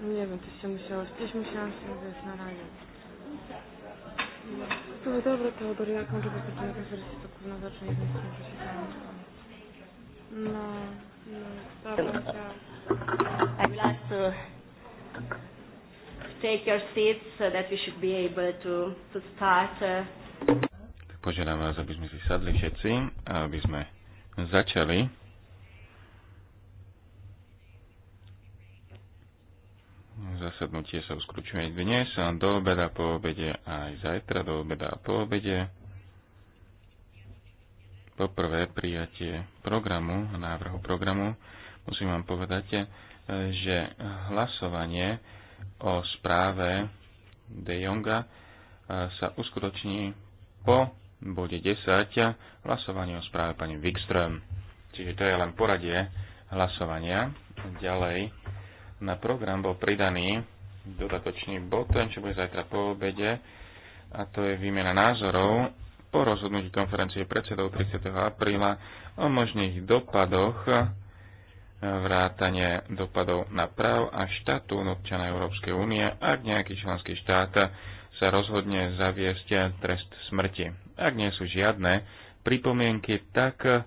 Nie wiem, coś się musiało, gdzieś musiałam się wiesz, na razie. To by dobre, Teodor, jak może być taka jakaś wersja, to kurna zacznie, więc może się tam... No, no, dobra, ciao. I'd like to take your seats so that we should be able to, to start. Uh... Požiadam vás, aby sme si sadli všetci a aby sme začali Zasadnutie sa uskutočňuje dnes do obeda, po obede aj zajtra do obeda a po obede. Poprvé prijatie programu, návrhu programu, musím vám povedať, eh, že hlasovanie o správe De Jonga eh, sa uskutoční po bode 10 hlasovanie o správe pani Wikström. Čiže to je len poradie hlasovania. Ďalej na program bol pridaný dodatočný bod, ten, čo bude zajtra po obede, a to je výmena názorov po rozhodnutí konferencie predsedov 30. apríla o možných dopadoch e, vrátanie dopadov na práv a štátu občana Európskej únie, ak nejaký členský štát sa rozhodne zaviesť trest smrti. Ak nie sú žiadne pripomienky, tak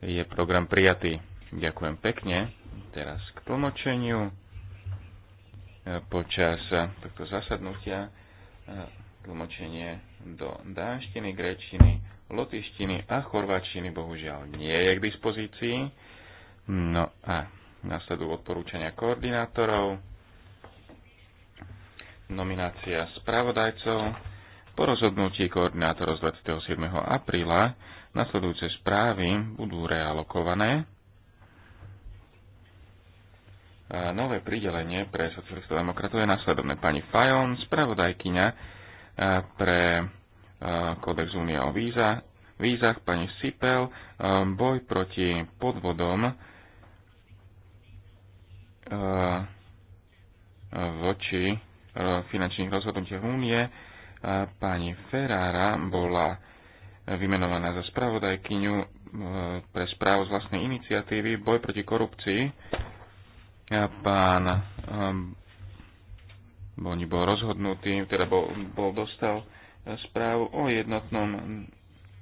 je program prijatý. Ďakujem pekne. Teraz tlmočeniu. E, počas tohto zasadnutia e, tlmočenie do dánštiny, gréčtiny, lotištiny a chorvačtiny bohužiaľ nie je k dispozícii. No a nasledujú odporúčania koordinátorov, nominácia spravodajcov, po rozhodnutí koordinátorov z 27. apríla nasledujúce správy budú realokované nové pridelenie pre socialistov demokratov je následovné. Pani Fajon, spravodajkyňa e, pre e, kódex únie o víza, vízach, pani Sipel, e, boj proti podvodom voči finančných rozhodnutiach únie. Pani Ferrara bola vymenovaná za spravodajkyňu pre správu z vlastnej iniciatívy Boj proti korupcii Pán ehm, bol bol rozhodnutý, teda bol, bol dostal e, správu o jednotnom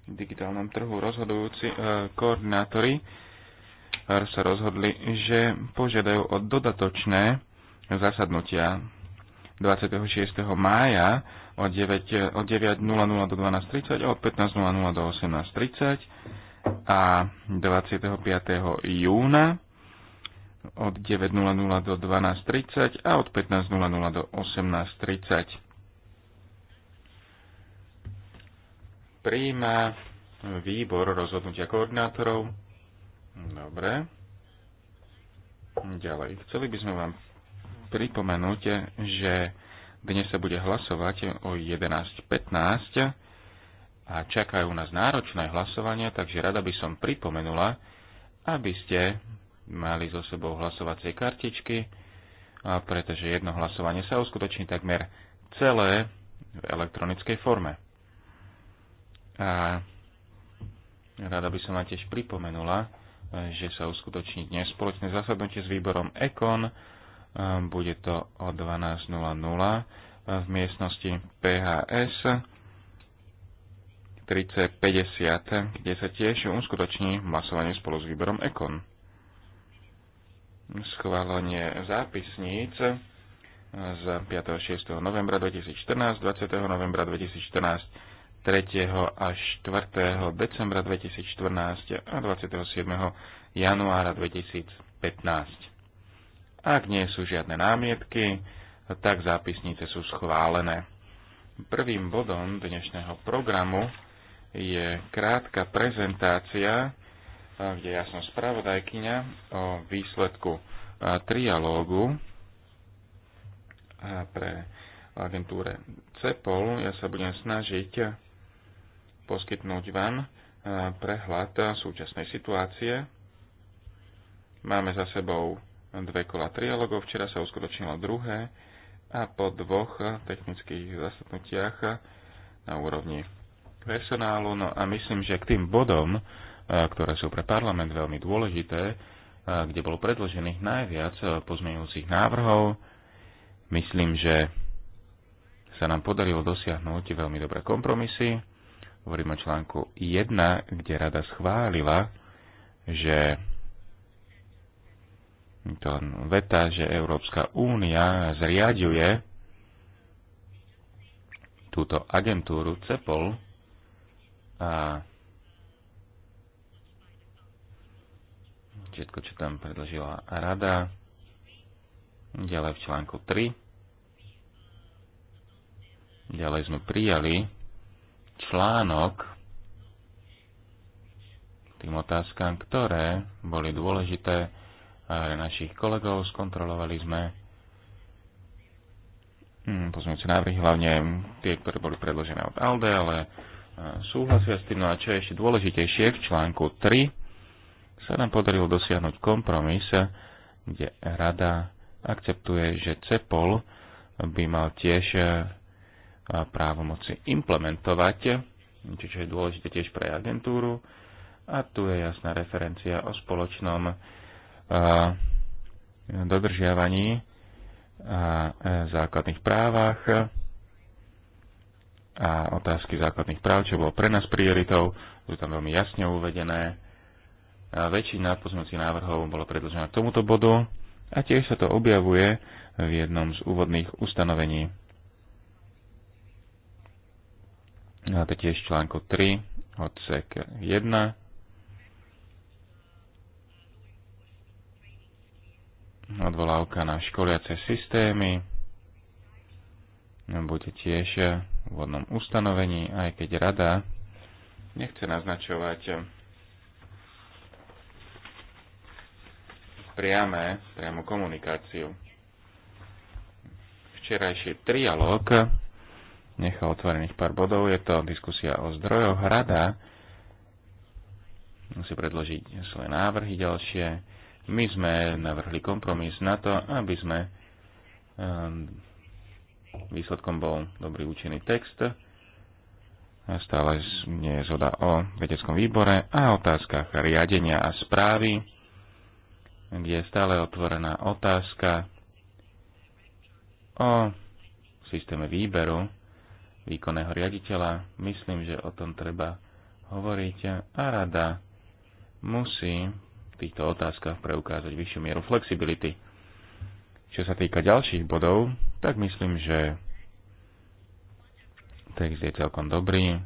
digitálnom trhu rozhodujúci e, koordinátori e, sa rozhodli, že požiadajú o dodatočné zasadnutia 26. mája od 9.00 od 9 do 12.30 a od 15.00 do 18.30 a 25. júna od 9.00 do 12.30 a od 15.00 do 18.30. Príjma výbor rozhodnutia koordinátorov. Dobre. Ďalej. Chceli by sme vám pripomenúť, že dnes sa bude hlasovať o 11.15 a čakajú nás náročné hlasovania, takže rada by som pripomenula, aby ste mali so sebou hlasovacie kartičky, a pretože jedno hlasovanie sa uskutoční takmer celé v elektronickej forme. A rada by som vám tiež pripomenula, že sa uskutoční dnes spoločné zasadnutie s výborom EKON. Bude to o 12.00 v miestnosti PHS 3050, kde sa tiež uskutoční hlasovanie spolu s výborom EKON schválenie zápisníc z 5. a 6. novembra 2014, 20. novembra 2014, 3. a 4. decembra 2014 a 27. januára 2015. Ak nie sú žiadne námietky, tak zápisnice sú schválené. Prvým bodom dnešného programu je krátka prezentácia kde ja som spravodajkyňa o výsledku e, trialógu e, pre agentúre CEPOL. Ja sa budem snažiť poskytnúť vám e, prehľad súčasnej situácie. Máme za sebou dve kola trialógov, včera sa uskutočnilo druhé a po dvoch technických zasadnutiach na úrovni personálu. No a myslím, že k tým bodom, ktoré sú pre parlament veľmi dôležité, kde bolo predložených najviac pozmeňujúcich návrhov. Myslím, že sa nám podarilo dosiahnuť veľmi dobré kompromisy. Hovorím o článku 1, kde rada schválila, že to veta, že Európska únia zriaďuje túto agentúru CEPOL a všetko, čo tam predložila rada. Ďalej v článku 3. Ďalej sme prijali článok tým otázkam, ktoré boli dôležité pre našich kolegov. Skontrolovali sme hm, pozmeňujúce návrhy, hlavne tie, ktoré boli predložené od ALDE, ale súhlasia s tým. No a čo je ešte dôležitejšie v článku 3, sa nám podarilo dosiahnuť kompromis, kde rada akceptuje, že CEPOL by mal tiež e, právomoci implementovať, čiže je dôležité tiež pre agentúru. A tu je jasná referencia o spoločnom e, dodržiavaní a e, základných právach a otázky základných práv, čo bolo pre nás prioritou, sú tam veľmi jasne uvedené väčšina pozmeňujúcich návrhov bola predložená k tomuto bodu a tiež sa to objavuje v jednom z úvodných ustanovení. No a to tiež článku 3, odsek 1. Odvolávka na školiace systémy. Bude tiež v úvodnom ustanovení, aj keď rada nechce naznačovať priame, priamu komunikáciu. Včerajší trialog nechal otvorených pár bodov. Je to diskusia o zdrojoch. Rada musí predložiť svoje návrhy ďalšie. My sme navrhli kompromis na to, aby sme ehm, výsledkom bol dobrý účinný text. Stále nie je zhoda o vedeckom výbore a otázkach riadenia a správy kde je stále otvorená otázka o systéme výberu výkonného riaditeľa. Myslím, že o tom treba hovoriť a rada musí v týchto otázkach preukázať vyššiu mieru flexibility. Čo sa týka ďalších bodov, tak myslím, že text je celkom dobrý.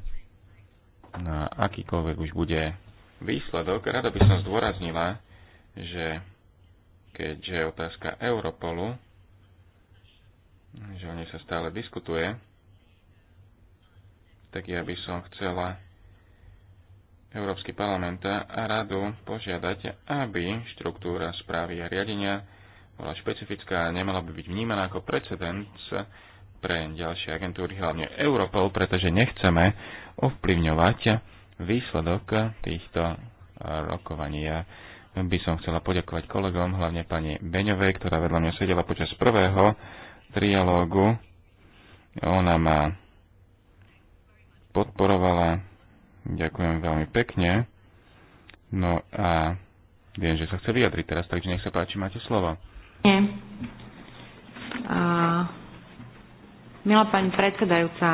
No, akýkoľvek už bude výsledok, rada by som zdôraznila, že keďže otázka Europolu, že o nej sa stále diskutuje, tak ja by som chcela Európsky parlament a radu požiadať, aby štruktúra správy a riadenia bola špecifická a nemala by byť vnímaná ako precedens pre ďalšie agentúry, hlavne Europol, pretože nechceme ovplyvňovať výsledok týchto rokovania by som chcela poďakovať kolegom, hlavne pani Beňovej, ktorá vedľa mňa sedela počas prvého trialógu. Ona ma podporovala. Ďakujem veľmi pekne. No a viem, že sa chce vyjadriť teraz, takže nech sa páči, máte slovo. Nie. A, milá pani predsedajúca,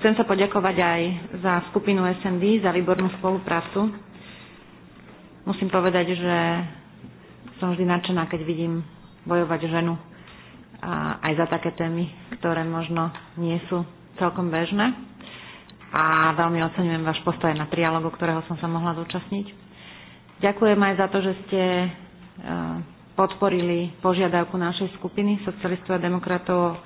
chcem sa poďakovať aj za skupinu SND, za výbornú spoluprácu musím povedať, že som vždy nadšená, keď vidím bojovať ženu a aj za také témy, ktoré možno nie sú celkom bežné. A veľmi oceňujem váš postoj na trialogu, ktorého som sa mohla zúčastniť. Ďakujem aj za to, že ste e, podporili požiadavku našej skupiny socialistov a demokratov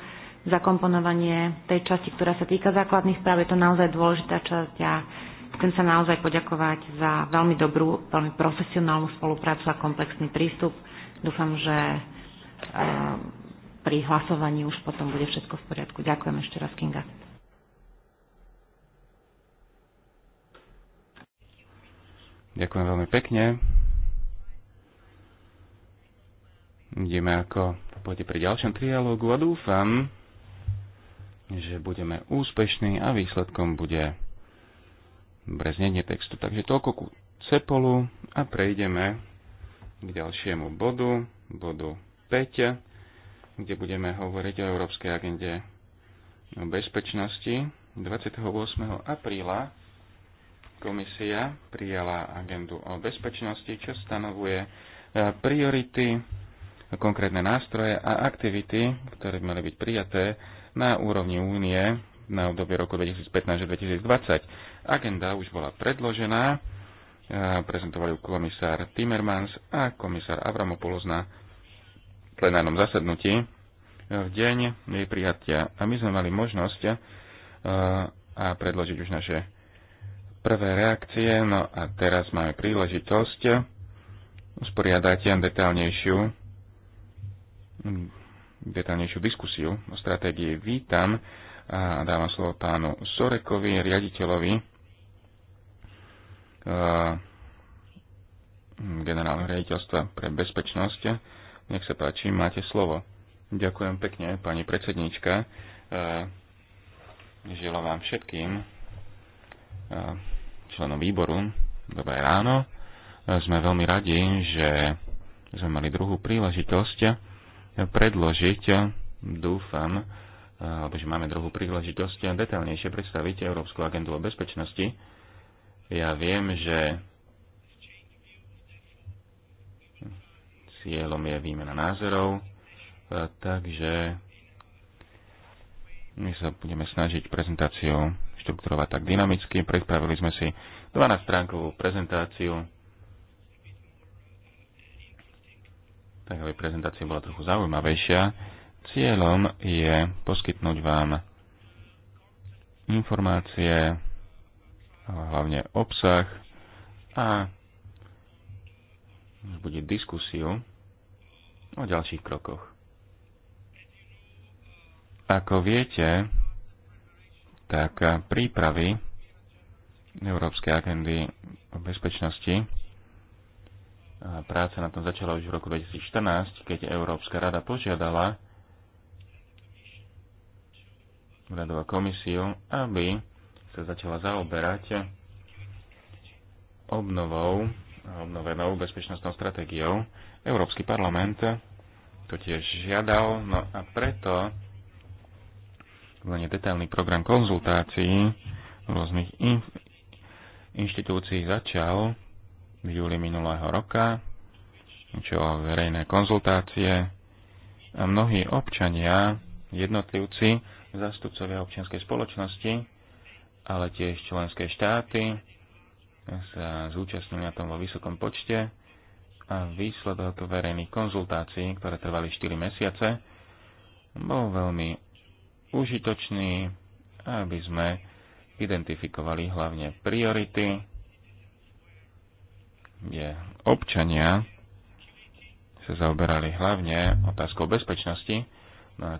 zakomponovanie tej časti, ktorá sa týka základných práv. Je to naozaj dôležitá časť a ja Chcem sa naozaj poďakovať za veľmi dobrú, veľmi profesionálnu spoluprácu a komplexný prístup. Dúfam, že eh, pri hlasovaní už potom bude všetko v poriadku. Ďakujem ešte raz, Kinga. Ďakujem veľmi pekne. Ideme ako pôjde pri ďalšom trialógu a dúfam, že budeme úspešní a výsledkom bude breznenie textu. Takže toľko ku cepolu a prejdeme k ďalšiemu bodu, bodu 5, kde budeme hovoriť o Európskej agende o bezpečnosti. 28. apríla komisia prijala agendu o bezpečnosti, čo stanovuje e, priority, konkrétne nástroje a aktivity, ktoré by mali byť prijaté na úrovni únie na obdobie roku 2015 až 2020. Agenda už bola predložená, e, prezentovali ju komisár Timmermans a komisár Avramopoulos na plenárnom zasadnutí e, v deň jej prijatia. A my sme mali možnosť e, a predložiť už naše prvé reakcie. No a teraz máme príležitosť usporiadať detálnejšiu, detálnejšiu diskusiu o stratégii. Vítam a dávam slovo pánu Sorekovi, riaditeľovi e, generálneho riaditeľstva pre bezpečnosť. Nech sa páči, máte slovo. Ďakujem pekne, pani predsednička. E, želám vám všetkým e, členom výboru dobré ráno. Sme veľmi radi, že sme mali druhú príležitosť predložiť, dúfam, alebo že máme druhú príležitosť a detailnejšie predstaviť Európsku agendu o bezpečnosti. Ja viem, že cieľom je výmena názorov, takže my sa budeme snažiť prezentáciu štruktúrovať tak dynamicky. Pripravili sme si 12-stránkovú prezentáciu, tak aby prezentácia bola trochu zaujímavejšia Cieľom je poskytnúť vám informácie, hlavne obsah a bude diskusiu o ďalších krokoch. Ako viete, tak prípravy Európskej agendy o bezpečnosti práca na tom začala už v roku 2014, keď Európska rada požiadala úradová komisiu, aby sa začala zaoberať obnovou, obnovenou bezpečnostnou stratégiou. Európsky parlament to tiež žiadal, no a preto len detailný program konzultácií rôznych in, inštitúcií začal v júli minulého roka, čo verejné konzultácie a mnohí občania, jednotlivci, Zástupcovia občianskej spoločnosti, ale tiež členské štáty sa zúčastnili na tom vo vysokom počte a výsledok verejných konzultácií, ktoré trvali 4 mesiace, bol veľmi užitočný, aby sme identifikovali hlavne priority, kde občania sa zaoberali hlavne otázkou bezpečnosti,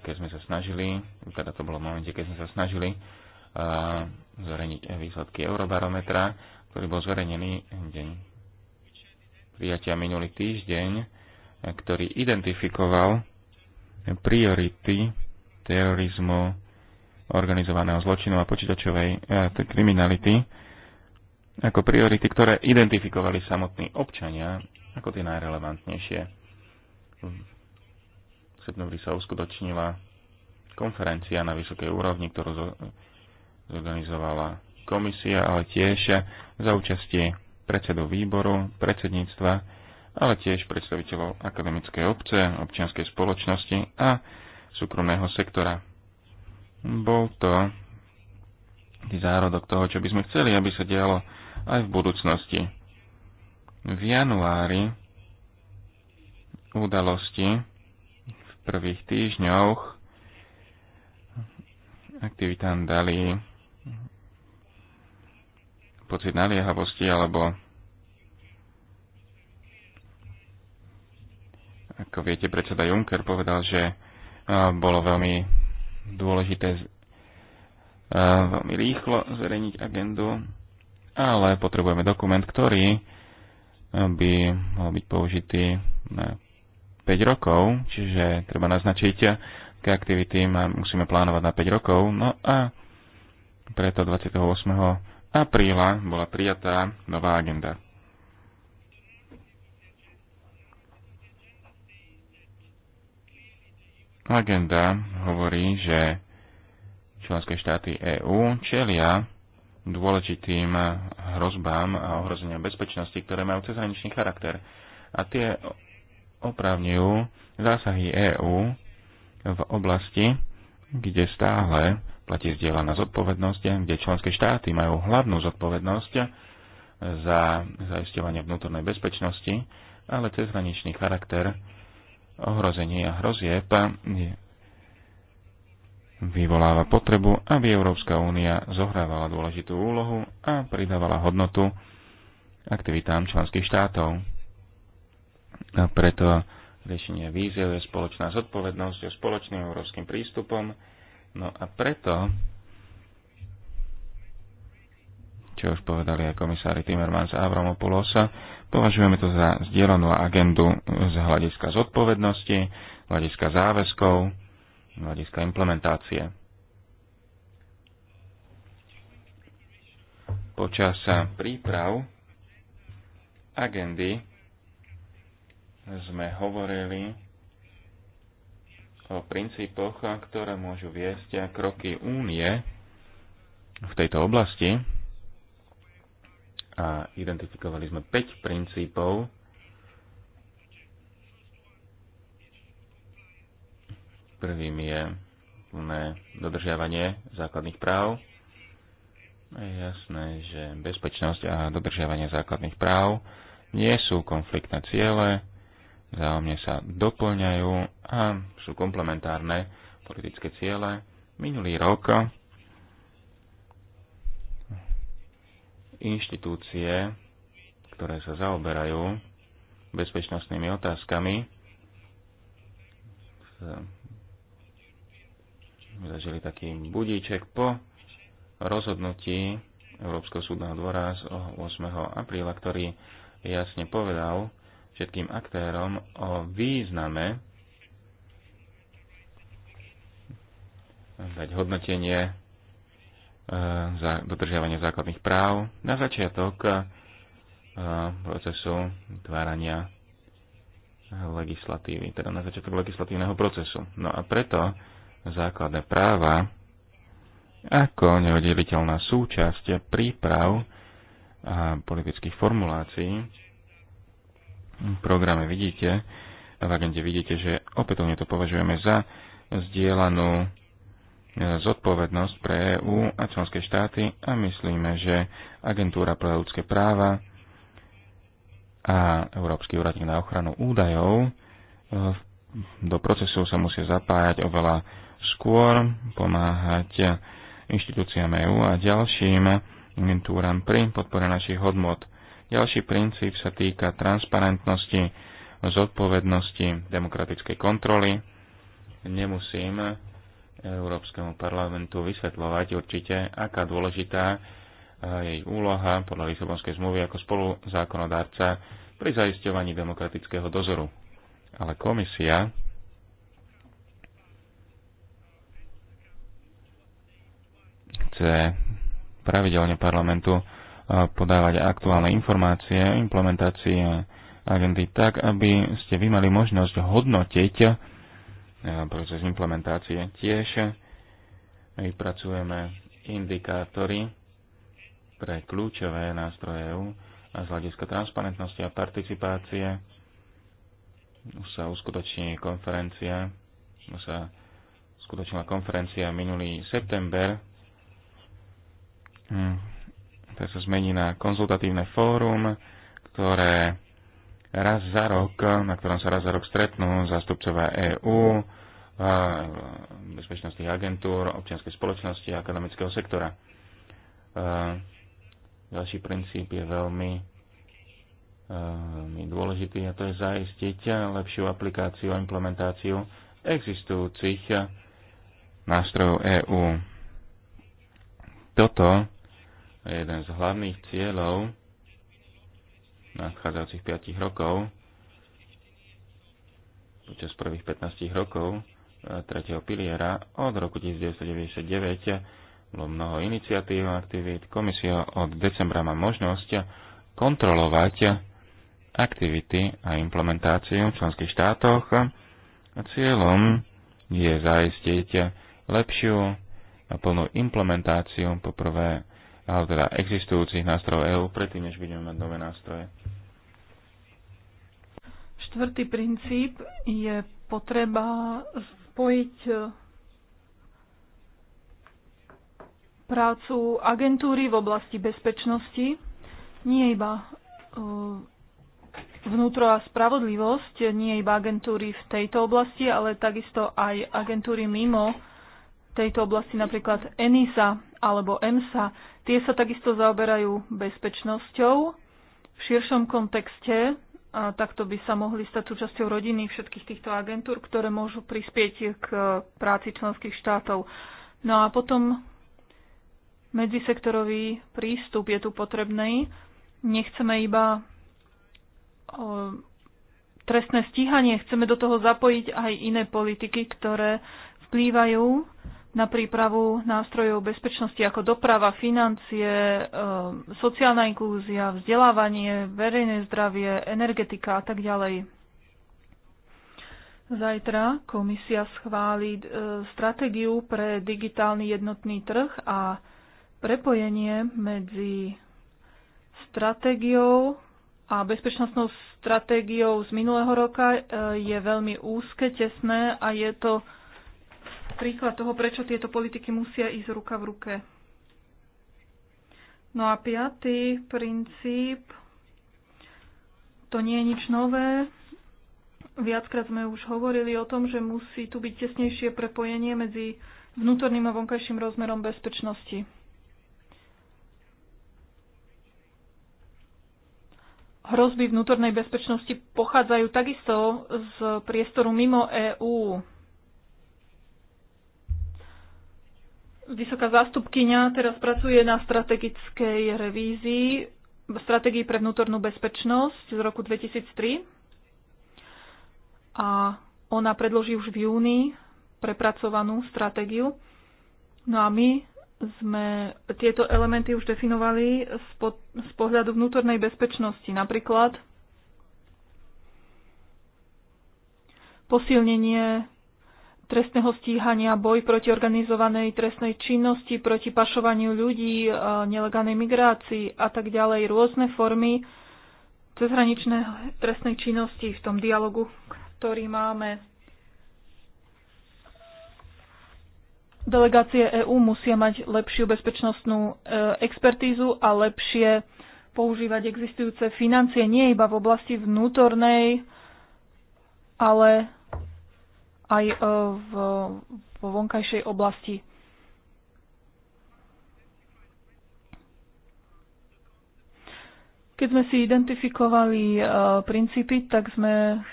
keď sme sa snažili, teda to bolo v momente, keď sme sa snažili uh, zverejniť výsledky Eurobarometra, ktorý bol zverejnený deň prijatia minulý týždeň, ktorý identifikoval priority terorizmu, organizovaného zločinu a počítačovej eh, kriminality ako priority, ktoré identifikovali samotní občania ako tie najrelevantnejšie septembri sa uskutočnila konferencia na vysokej úrovni, ktorú zorganizovala komisia, ale tiež za účasti predsedov výboru, predsedníctva, ale tiež predstaviteľov akademickej obce, občianskej spoločnosti a súkromného sektora. Bol to zárodok toho, čo by sme chceli, aby sa dialo aj v budúcnosti. V januári udalosti prvých týždňoch aktivitám dali pocit naliehavosti alebo ako viete, predseda Juncker povedal, že bolo veľmi dôležité e, veľmi rýchlo zverejniť agendu, ale potrebujeme dokument, ktorý e, by mal byť použitý na 5 rokov, čiže treba naznačiť, aké aktivity musíme plánovať na 5 rokov. No a preto 28. apríla bola prijatá nová agenda. Agenda hovorí, že členské štáty EÚ čelia dôležitým hrozbám a ohrozeniam bezpečnosti, ktoré majú cezhraničný charakter. A tie oprávňujú zásahy EÚ v oblasti, kde stále platí zdieľaná zodpovednosť, kde členské štáty majú hlavnú zodpovednosť za zaisťovanie vnútornej bezpečnosti, ale cezhraničný charakter ohrozenia a hrozieb vyvoláva potrebu, aby Európska únia zohrávala dôležitú úlohu a pridávala hodnotu aktivitám členských štátov. A preto riešenie víziev je spoločná zodpovednosť, je spoločným európskym prístupom. No a preto, čo už povedali aj komisári Timmermans a Avramopoulosa, považujeme to za zdieľanú agendu z hľadiska zodpovednosti, hľadiska záväzkov, hľadiska implementácie. Počas príprav agendy sme hovorili o princípoch, ktoré môžu viesť a kroky únie v tejto oblasti. A identifikovali sme 5 princípov, Prvým je plné dodržiavanie základných práv. Je jasné, že bezpečnosť a dodržiavanie základných práv nie sú konfliktné ciele, vzájomne sa doplňajú a sú komplementárne politické ciele. Minulý rok inštitúcie, ktoré sa zaoberajú bezpečnostnými otázkami, zažili taký budíček po rozhodnutí Európskeho súdneho dvora z 8. apríla, ktorý jasne povedal, všetkým aktérom o význame dať hodnotenie e, za dodržiavanie základných práv na začiatok e, procesu tvárania legislatívy, teda na začiatok legislatívneho procesu. No a preto základné práva ako neoddeliteľná súčasť príprav a politických formulácií programe vidíte, v agende vidíte, že opätovne to považujeme za zdieľanú e, zodpovednosť pre EÚ a členské štáty a myslíme, že Agentúra pre ľudské práva a Európsky úradník na ochranu údajov e, do procesu sa musia zapájať oveľa skôr, pomáhať inštitúciám EÚ a ďalším agentúram pri podpore našich hodnot. Ďalší princíp sa týka transparentnosti, zodpovednosti, demokratickej kontroly. Nemusím Európskemu parlamentu vysvetľovať určite, aká dôležitá eh, jej úloha podľa Lisabonskej zmluvy ako spoluzákonodárca pri zaisťovaní demokratického dozoru. Ale komisia chce pravidelne parlamentu podávať aktuálne informácie o implementácii agendy tak, aby ste vy mali možnosť hodnotiť proces implementácie. Tiež vypracujeme indikátory pre kľúčové nástroje EU a z hľadiska transparentnosti a participácie už sa uskutoční konferencia, už sa uskutočnila konferencia minulý september hm ktoré sa zmení na konzultatívne fórum, ktoré raz za rok, na ktorom sa raz za rok stretnú zástupcovia EÚ, bezpečnostných agentúr, občianskej spoločnosti a akademického sektora. Ďalší princíp je veľmi, veľmi dôležitý a to je zaistiť lepšiu aplikáciu a implementáciu existujúcich nástrojov EÚ. Toto jeden z hlavných cieľov nadchádzajúcich 5 rokov, počas prvých 15 rokov e, tretieho piliera od roku 1999 bolo mnoho iniciatív a aktivít. Komisia od decembra má možnosť kontrolovať aktivity a implementáciu v členských štátoch. A cieľom je zaistiť lepšiu a plnú implementáciu poprvé ale teda existujúcich nástrojov EÚ predtým, než budeme mať nové nástroje. Štvrtý princíp je potreba spojiť e, prácu agentúry v oblasti bezpečnosti, nie iba e, vnútro a spravodlivosť, nie iba agentúry v tejto oblasti, ale takisto aj agentúry mimo tejto oblasti, napríklad ENISA alebo EMSA. Tie sa takisto zaoberajú bezpečnosťou v širšom kontexte. A takto by sa mohli stať súčasťou rodiny všetkých týchto agentúr, ktoré môžu prispieť k e, práci členských štátov. No a potom medzisektorový prístup je tu potrebný. Nechceme iba trestné stíhanie, chceme do toho zapojiť aj iné politiky, ktoré vplývajú na prípravu nástrojov bezpečnosti ako doprava, financie, e, sociálna inklúzia, vzdelávanie, verejné zdravie, energetika a tak ďalej. Zajtra komisia schváli e, stratégiu pre digitálny jednotný trh a prepojenie medzi stratégiou a bezpečnostnou stratégiou z minulého roka e, je veľmi úzke, tesné a je to príklad toho, prečo tieto politiky musia ísť ruka v ruke. No a piatý princíp, to nie je nič nové. Viackrát sme už hovorili o tom, že musí tu byť tesnejšie prepojenie medzi vnútorným a vonkajším rozmerom bezpečnosti. Hrozby vnútornej bezpečnosti pochádzajú takisto z priestoru mimo EÚ. Vysoká zástupkyňa teraz pracuje na strategickej revízii strategii pre vnútornú bezpečnosť z roku 2003 a ona predloží už v júni prepracovanú stratégiu. No a my sme tieto elementy už definovali z pohľadu vnútornej bezpečnosti. Napríklad posilnenie trestného stíhania, boj proti organizovanej trestnej činnosti, proti pašovaniu ľudí, e, nelegálnej migrácii a tak ďalej, rôzne formy cezhraničnej trestnej činnosti v tom dialogu, ktorý máme. Delegácie EÚ musia mať lepšiu bezpečnostnú e, expertízu a lepšie používať existujúce financie nie iba v oblasti vnútornej, ale aj e, v, vo vonkajšej oblasti. Keď sme si identifikovali e, princípy, tak sme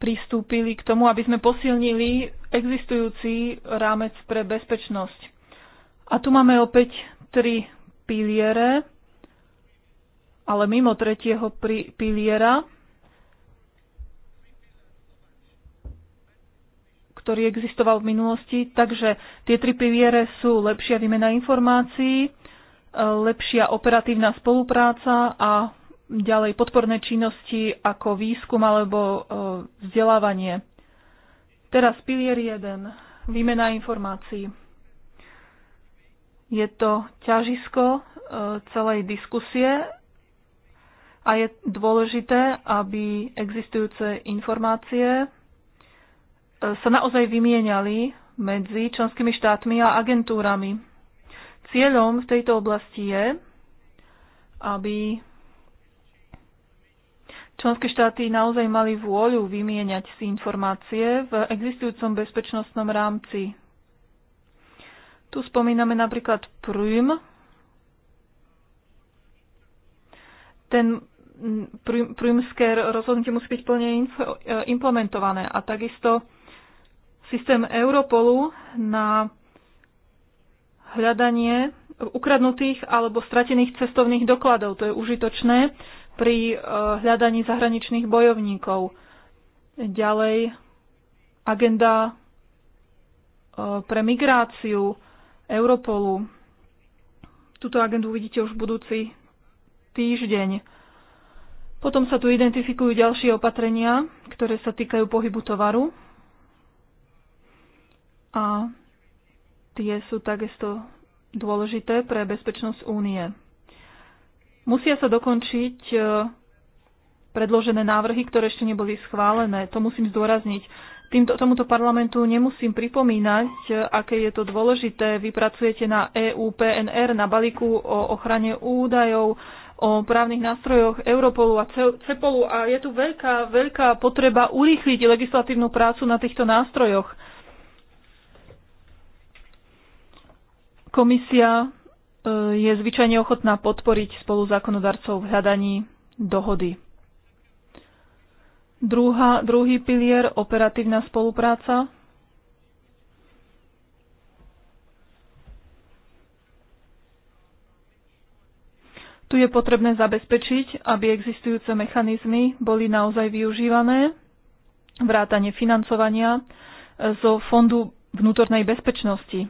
pristúpili k tomu, aby sme posilnili existujúci rámec pre bezpečnosť. A tu máme opäť tri piliere, ale mimo tretieho piliera ktorý existoval v minulosti. Takže tie tri piliere sú lepšia výmena informácií, e, lepšia operatívna spolupráca a ďalej podporné činnosti ako výskum alebo e, vzdelávanie. Teraz pilier 1. Výmena informácií. Je to ťažisko e, celej diskusie a je dôležité, aby existujúce informácie sa naozaj vymieniali medzi členskými štátmi a agentúrami. Cieľom v tejto oblasti je, aby členské štáty naozaj mali vôľu vymieňať si informácie v existujúcom bezpečnostnom rámci. Tu spomíname napríklad Prüm. Ten prümské rozhodnutie musí byť plne e, implementované a takisto systém Europolu na hľadanie ukradnutých alebo stratených cestovných dokladov. To je užitočné pri e, hľadaní zahraničných bojovníkov. Ďalej agenda e, pre migráciu Europolu. Tuto agendu uvidíte už v budúci týždeň. Potom sa tu identifikujú ďalšie opatrenia, ktoré sa týkajú pohybu tovaru a tie sú takisto dôležité pre bezpečnosť únie. Musia sa dokončiť e, predložené návrhy, ktoré ešte neboli schválené. To musím zdôrazniť. Týmto, tomuto parlamentu nemusím pripomínať, e, aké je to dôležité. Vy pracujete na EU PNR, na balíku o ochrane údajov, o právnych nástrojoch Europolu a CEPOLu a je tu veľká, veľká potreba urýchliť legislatívnu prácu na týchto nástrojoch. Komisia e, je zvyčajne ochotná podporiť spolu zákonodarcov v hľadaní dohody. Druhá, druhý pilier, operatívna spolupráca. Tu je potrebné zabezpečiť, aby existujúce mechanizmy boli naozaj využívané, vrátanie financovania e, zo Fondu vnútornej bezpečnosti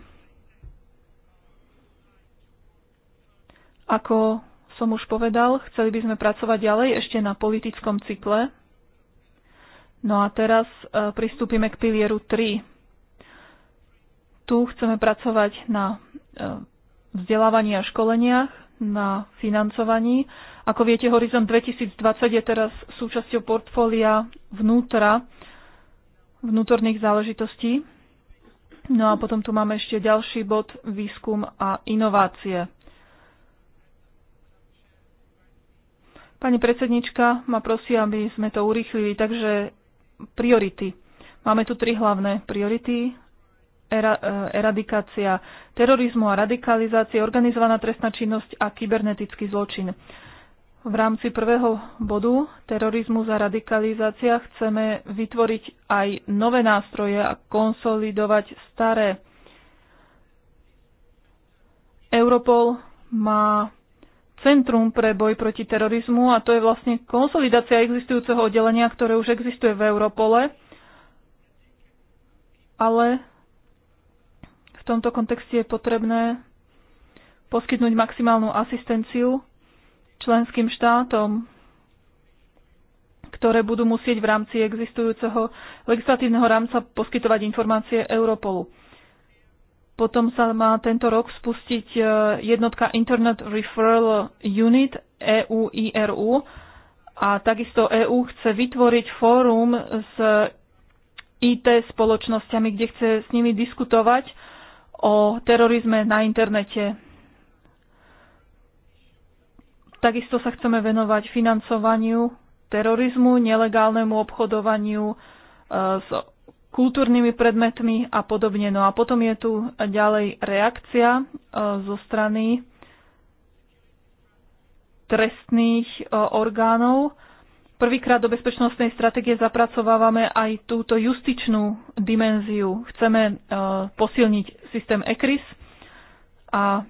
Ako som už povedal, chceli by sme pracovať ďalej ešte na politickom cykle. No a teraz e, pristúpime k pilieru 3. Tu chceme pracovať na e, vzdelávaní a školeniach, na financovaní. Ako viete, Horizont 2020 je teraz súčasťou portfólia vnútra, vnútorných záležitostí. No a potom tu máme ešte ďalší bod výskum a inovácie. Pani predsednička ma prosí, aby sme to urýchlili, takže priority. Máme tu tri hlavné priority. Era, e, eradikácia terorizmu a radikalizácie, organizovaná trestná činnosť a kybernetický zločin. V rámci prvého bodu terorizmu za radikalizácia chceme vytvoriť aj nové nástroje a konsolidovať staré. Europol má Centrum pre boj proti terorizmu a to je vlastne konsolidácia existujúceho oddelenia, ktoré už existuje v Europole. Ale v tomto kontexte je potrebné poskytnúť maximálnu asistenciu členským štátom, ktoré budú musieť v rámci existujúceho legislatívneho rámca poskytovať informácie Europolu. Potom sa má tento rok spustiť e, jednotka Internet Referral Unit EUIRU a takisto EU chce vytvoriť fórum s IT spoločnosťami, kde chce s nimi diskutovať o terorizme na internete. Takisto sa chceme venovať financovaniu terorizmu, nelegálnemu obchodovaniu e, s kultúrnymi predmetmi a podobne. No a potom je tu ďalej reakcia e, zo strany trestných e, orgánov. Prvýkrát do bezpečnostnej stratégie zapracovávame aj túto justičnú dimenziu. Chceme e, posilniť systém ECRIS a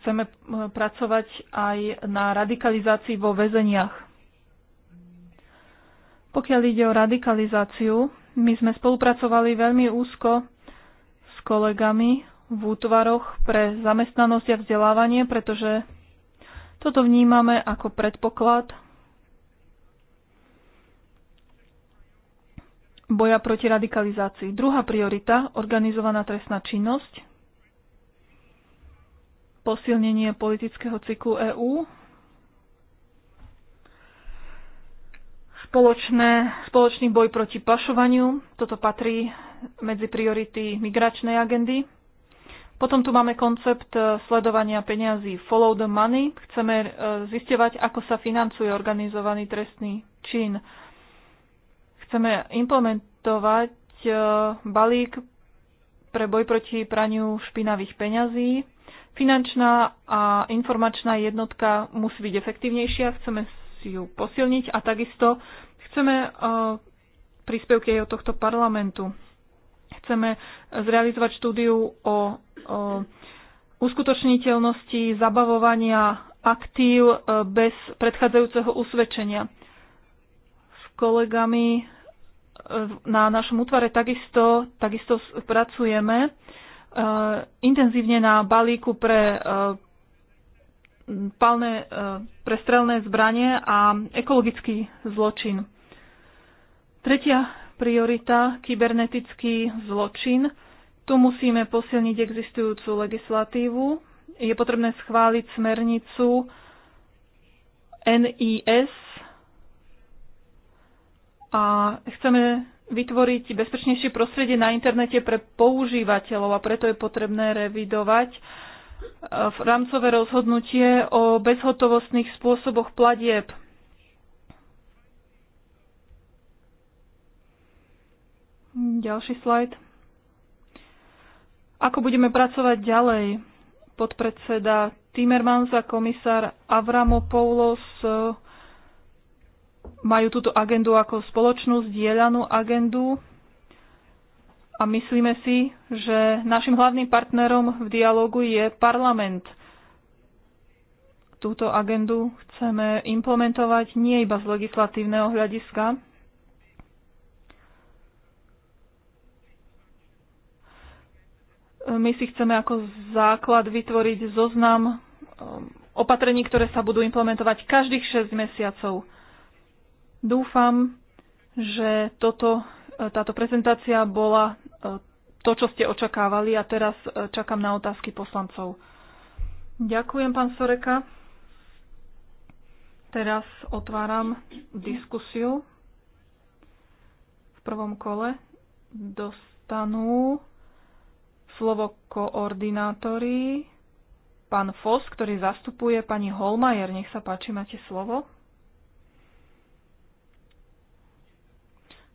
chceme pracovať aj na radikalizácii vo väzeniach. Pokiaľ ide o radikalizáciu, my sme spolupracovali veľmi úzko s kolegami v útvaroch pre zamestnanosť a vzdelávanie, pretože toto vnímame ako predpoklad boja proti radikalizácii. Druhá priorita, organizovaná trestná činnosť, posilnenie politického cyklu EÚ spoločné, spoločný boj proti pašovaniu. Toto patrí medzi priority migračnej agendy. Potom tu máme koncept e, sledovania peňazí Follow the Money. Chceme e, zistevať, ako sa financuje organizovaný trestný čin. Chceme implementovať e, balík pre boj proti praniu špinavých peňazí. Finančná a informačná jednotka musí byť efektívnejšia. Chceme ju posilniť a takisto chceme e, príspevky aj od tohto parlamentu. Chceme zrealizovať štúdiu o, o uskutočniteľnosti zabavovania aktív e, bez predchádzajúceho usvedčenia. S kolegami e, na našom útvare takisto, takisto pracujeme intenzívne na balíku pre palné e, prestrelné zbranie a ekologický zločin. Tretia priorita, kybernetický zločin. Tu musíme posilniť existujúcu legislatívu. Je potrebné schváliť smernicu NIS a chceme vytvoriť bezpečnejšie prostredie na internete pre používateľov a preto je potrebné revidovať v rámcové rozhodnutie o bezhotovostných spôsoboch platieb. Ďalší slajd. Ako budeme pracovať ďalej? Podpredseda Timmermans a komisár Avramopoulos e, majú túto agendu ako spoločnú zdieľanú agendu a myslíme si, že našim hlavným partnerom v dialogu je parlament. Túto agendu chceme implementovať nie iba z legislatívneho hľadiska, My si chceme ako základ vytvoriť zoznam um, opatrení, ktoré sa budú implementovať každých 6 mesiacov. Dúfam, že toto, e, táto prezentácia bola to, čo ste očakávali a teraz e, čakám na otázky poslancov. Ďakujem, pán Soreka. Teraz otváram diskusiu. V prvom kole dostanú slovo koordinátori. Pán Fos, ktorý zastupuje pani Holmajer, nech sa páči, máte slovo.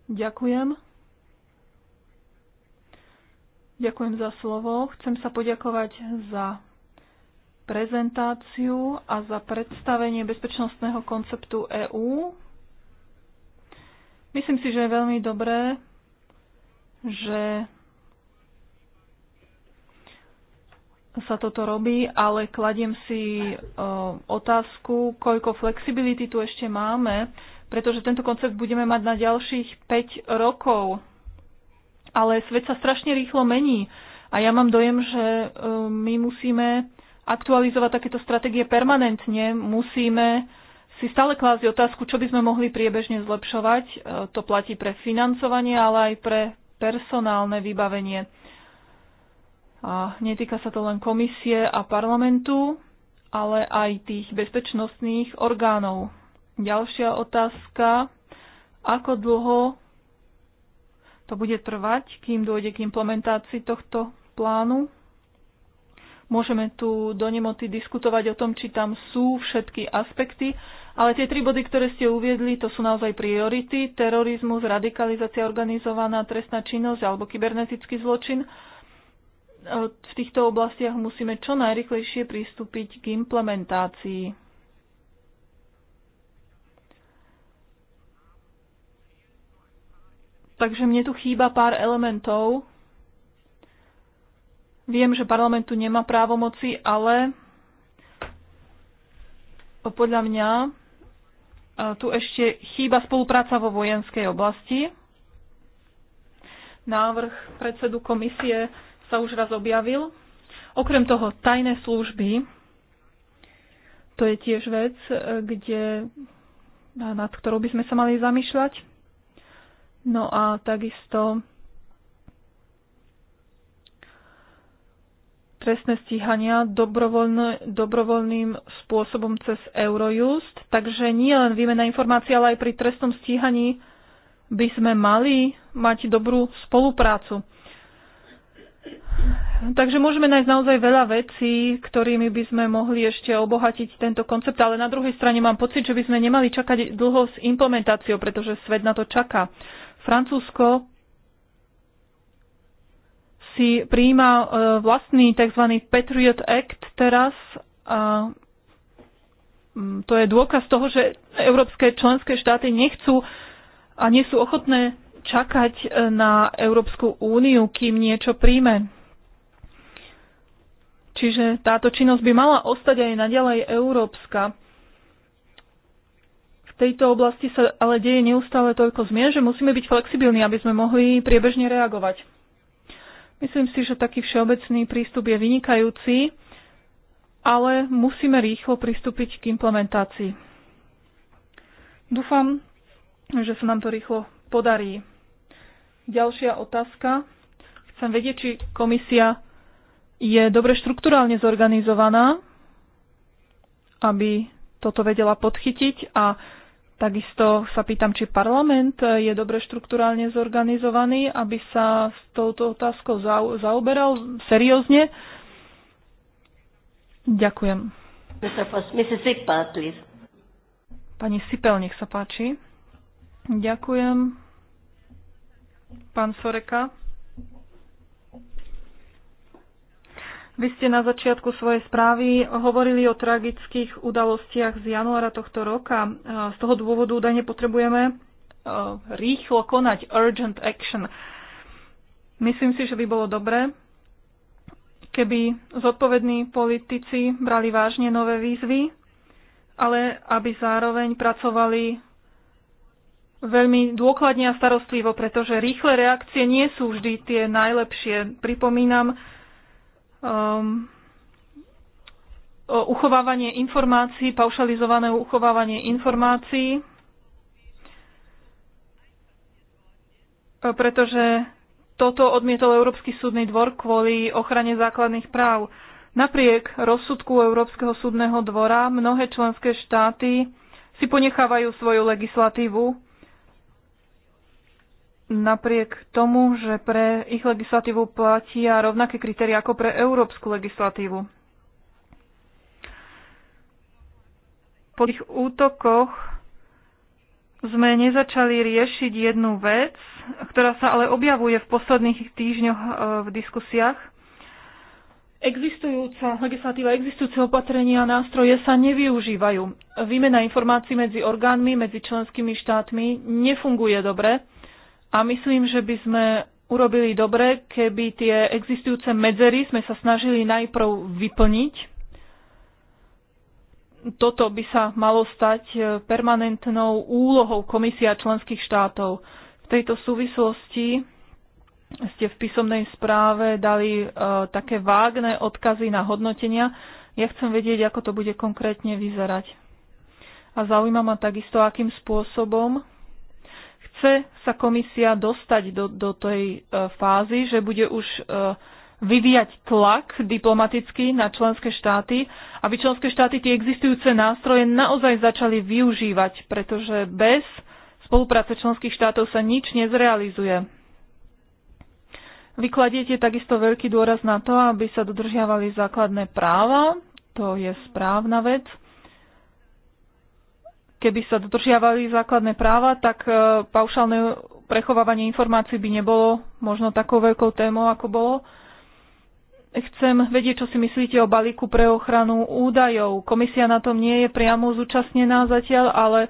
Ďakujem. Ďakujem za slovo. Chcem sa poďakovať za prezentáciu a za predstavenie bezpečnostného konceptu EÚ. Myslím si, že je veľmi dobré, že sa toto robí, ale kladiem si e, otázku, koľko flexibility tu ešte máme, pretože tento koncept budeme mať na ďalších 5 rokov. Ale svet sa strašne rýchlo mení a ja mám dojem, že e, my musíme aktualizovať takéto stratégie permanentne, musíme si stále klásť otázku, čo by sme mohli priebežne zlepšovať. E, to platí pre financovanie, ale aj pre personálne vybavenie. A netýka sa to len komisie a parlamentu, ale aj tých bezpečnostných orgánov. Ďalšia otázka, ako dlho to bude trvať, kým dôjde k implementácii tohto plánu. Môžeme tu do nemoty diskutovať o tom, či tam sú všetky aspekty, ale tie tri body, ktoré ste uviedli, to sú naozaj priority. Terorizmus, radikalizácia organizovaná, trestná činnosť alebo kybernetický zločin. V týchto oblastiach musíme čo najrychlejšie pristúpiť k implementácii. Takže mne tu chýba pár elementov. Viem, že parlament tu nemá právomoci, ale podľa mňa e, tu ešte chýba spolupráca vo vojenskej oblasti. Návrh predsedu komisie sa už raz objavil. Okrem toho, tajné služby, to je tiež vec, e, kde, nad ktorou by sme sa mali zamýšľať. No a takisto trestné stíhania dobrovoľným spôsobom cez Eurojust. Takže nie len výmena informácií, ale aj pri trestnom stíhaní by sme mali mať dobrú spoluprácu. Takže môžeme nájsť naozaj veľa vecí, ktorými by sme mohli ešte obohatiť tento koncept, ale na druhej strane mám pocit, že by sme nemali čakať dlho s implementáciou, pretože svet na to čaká. Francúzsko si prijíma e, vlastný tzv. Patriot Act teraz a mm, to je dôkaz toho, že európske členské štáty nechcú a nie sú ochotné čakať e, na Európsku úniu, kým niečo príjme. Čiže táto činnosť by mala ostať aj naďalej európska tejto oblasti sa ale deje neustále toľko zmien, že musíme byť flexibilní, aby sme mohli priebežne reagovať. Myslím si, že taký všeobecný prístup je vynikajúci, ale musíme rýchlo pristúpiť k implementácii. Dúfam, že sa nám to rýchlo podarí. Ďalšia otázka. Chcem vedieť, či komisia je dobre štruktúrálne zorganizovaná, aby toto vedela podchytiť a Takisto sa pýtam, či parlament je dobre štruktúrálne zorganizovaný, aby sa s touto otázkou zaoberal seriózne. Ďakujem. Pani Sipel, nech sa páči. Ďakujem. Pán Soreka. Vy ste na začiatku svojej správy hovorili o tragických udalostiach z januára tohto roka. E, z toho dôvodu údajne potrebujeme e, rýchlo konať, urgent action. Myslím si, že by bolo dobré, keby zodpovední politici brali vážne nové výzvy, ale aby zároveň pracovali veľmi dôkladne a starostlivo, pretože rýchle reakcie nie sú vždy tie najlepšie. Pripomínam, um, uchovávanie informácií, paušalizované uchovávanie informácií, pretože toto odmietol Európsky súdny dvor kvôli ochrane základných práv. Napriek rozsudku Európskeho súdneho dvora mnohé členské štáty si ponechávajú svoju legislatívu napriek tomu, že pre ich legislatívu platia rovnaké kritéria ako pre európsku legislatívu. Po tých útokoch sme nezačali riešiť jednu vec, ktorá sa ale objavuje v posledných týždňoch e, v diskusiách. Existujúca legislatíva, existujúce opatrenia a nástroje sa nevyužívajú. Výmena informácií medzi orgánmi, medzi členskými štátmi nefunguje dobre a myslím, že by sme urobili dobre, keby tie existujúce medzery sme sa snažili najprv vyplniť. Toto by sa malo stať e, permanentnou úlohou Komisia členských štátov. V tejto súvislosti ste v písomnej správe dali e, také vágne odkazy na hodnotenia. Ja chcem vedieť, ako to bude konkrétne vyzerať. A zaujíma ma takisto, akým spôsobom chce sa komisia dostať do, do tej e, fázy, že bude už e, vyvíjať tlak diplomaticky na členské štáty, aby členské štáty tie existujúce nástroje naozaj začali využívať, pretože bez spolupráce členských štátov sa nič nezrealizuje. Vykladiete takisto veľký dôraz na to, aby sa dodržiavali základné práva, to je správna vec keby sa dodržiavali základné práva, tak e, paušálne prechovávanie informácií by nebolo možno takou veľkou témou, ako bolo. Chcem vedieť, čo si myslíte o balíku pre ochranu údajov. Komisia na tom nie je priamo zúčastnená zatiaľ, ale e,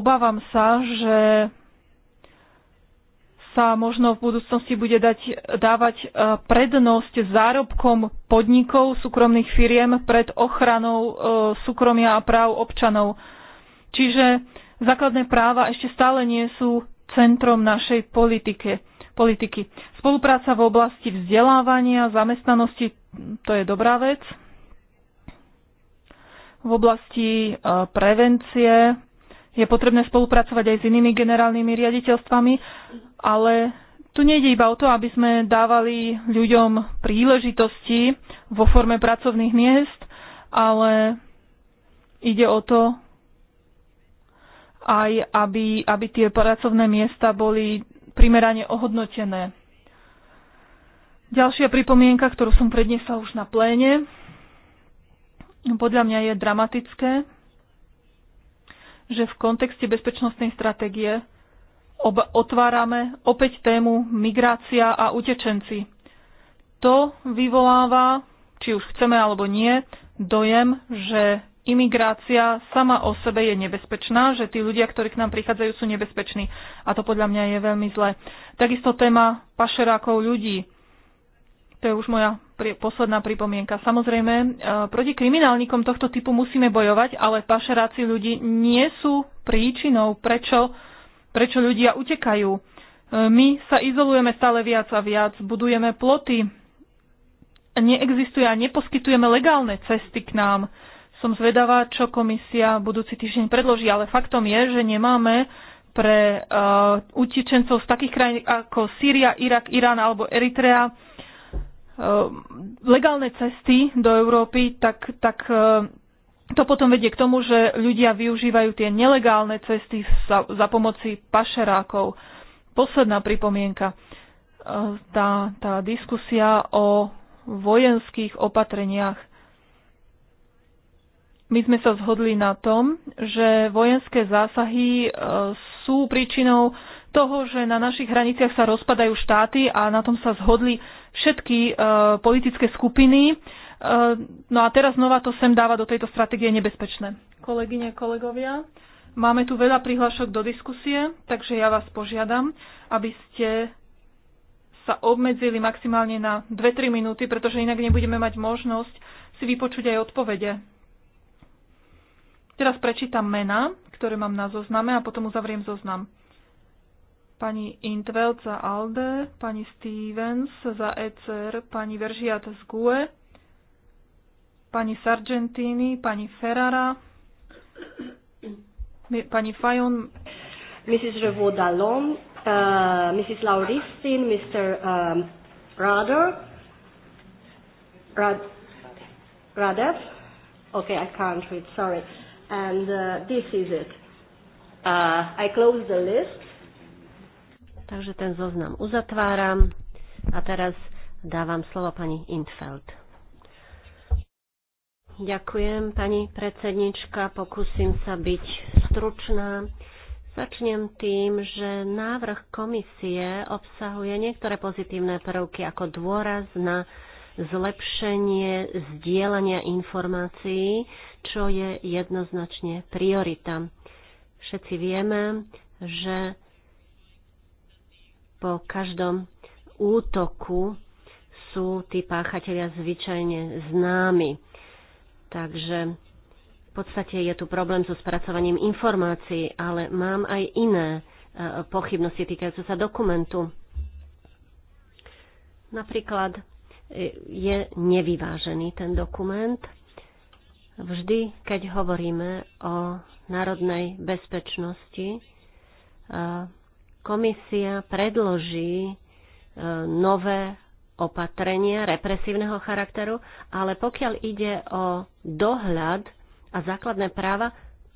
obávam sa, že sa možno v budúcnosti bude dať, dávať e, prednosť zárobkom podnikov súkromných firiem pred ochranou e, súkromia a práv občanov. Čiže základné práva ešte stále nie sú centrom našej politike, politiky. Spolupráca v oblasti vzdelávania, zamestnanosti, to je dobrá vec. V oblasti e, prevencie je potrebné spolupracovať aj s inými generálnymi riaditeľstvami ale tu nejde iba o to, aby sme dávali ľuďom príležitosti vo forme pracovných miest, ale ide o to aj, aby, aby tie pracovné miesta boli primerane ohodnotené. Ďalšia pripomienka, ktorú som predniesla už na pléne, podľa mňa je dramatické, že v kontexte bezpečnostnej stratégie otvárame opäť tému migrácia a utečenci. To vyvoláva, či už chceme alebo nie, dojem, že imigrácia sama o sebe je nebezpečná, že tí ľudia, ktorí k nám prichádzajú, sú nebezpeční. A to podľa mňa je veľmi zlé. Takisto téma pašerákov ľudí. To je už moja posledná pripomienka. Samozrejme, e, proti kriminálnikom tohto typu musíme bojovať, ale pašeráci ľudí nie sú príčinou, prečo prečo ľudia utekajú. E, my sa izolujeme stále viac a viac, budujeme ploty, neexistuje a neposkytujeme legálne cesty k nám. Som zvedavá, čo komisia budúci týždeň predloží, ale faktom je, že nemáme pre uh, utečencov z takých krajín ako Sýria, Irak, Irán alebo Eritrea uh, legálne cesty do Európy, tak, tak uh, to potom vedie k tomu, že ľudia využívajú tie nelegálne cesty za, za pomoci pašerákov. Posledná pripomienka. E, tá, tá diskusia o vojenských opatreniach. My sme sa zhodli na tom, že vojenské zásahy e, sú príčinou toho, že na našich hraniciach sa rozpadajú štáty a na tom sa zhodli všetky e, politické skupiny Eh, no a teraz znova to sem dáva do tejto stratégie nebezpečné. Kolegyne, kolegovia, máme tu veľa prihlášok do diskusie, takže ja vás požiadam, aby ste sa obmedzili maximálne na 2-3 minúty, pretože inak nebudeme mať možnosť si vypočuť aj odpovede. Teraz prečítam mena, ktoré mám na zozname a potom uzavriem zoznam. Pani Intveld za ALDE, pani Stevens za ECR, pani Veržiat z GUE, pani Sargentini, pani Ferrara, pani Fajon, Mrs. Revaud Dallon, uh, Mrs. Lauristin, Mr. Um, Rader, Rad, Radev, okay, I can't read, sorry, and uh, this is it. Uh, I close the list. Takže ten zoznam uzatváram a teraz dávam slovo pani Intfeld. Ďakujem, pani predsednička. Pokúsim sa byť stručná. Začnem tým, že návrh komisie obsahuje niektoré pozitívne prvky ako dôraz na zlepšenie zdieľania informácií, čo je jednoznačne priorita. Všetci vieme, že po každom útoku sú tí páchatelia zvyčajne známi Takže v podstate je tu problém so spracovaním informácií, ale mám aj iné e, pochybnosti týkajúce sa dokumentu. Napríklad e, je nevyvážený ten dokument. Vždy, keď hovoríme o národnej bezpečnosti, e, komisia predloží nové opatrenia represívneho charakteru, ale pokiaľ ide o dohľad a základné práva,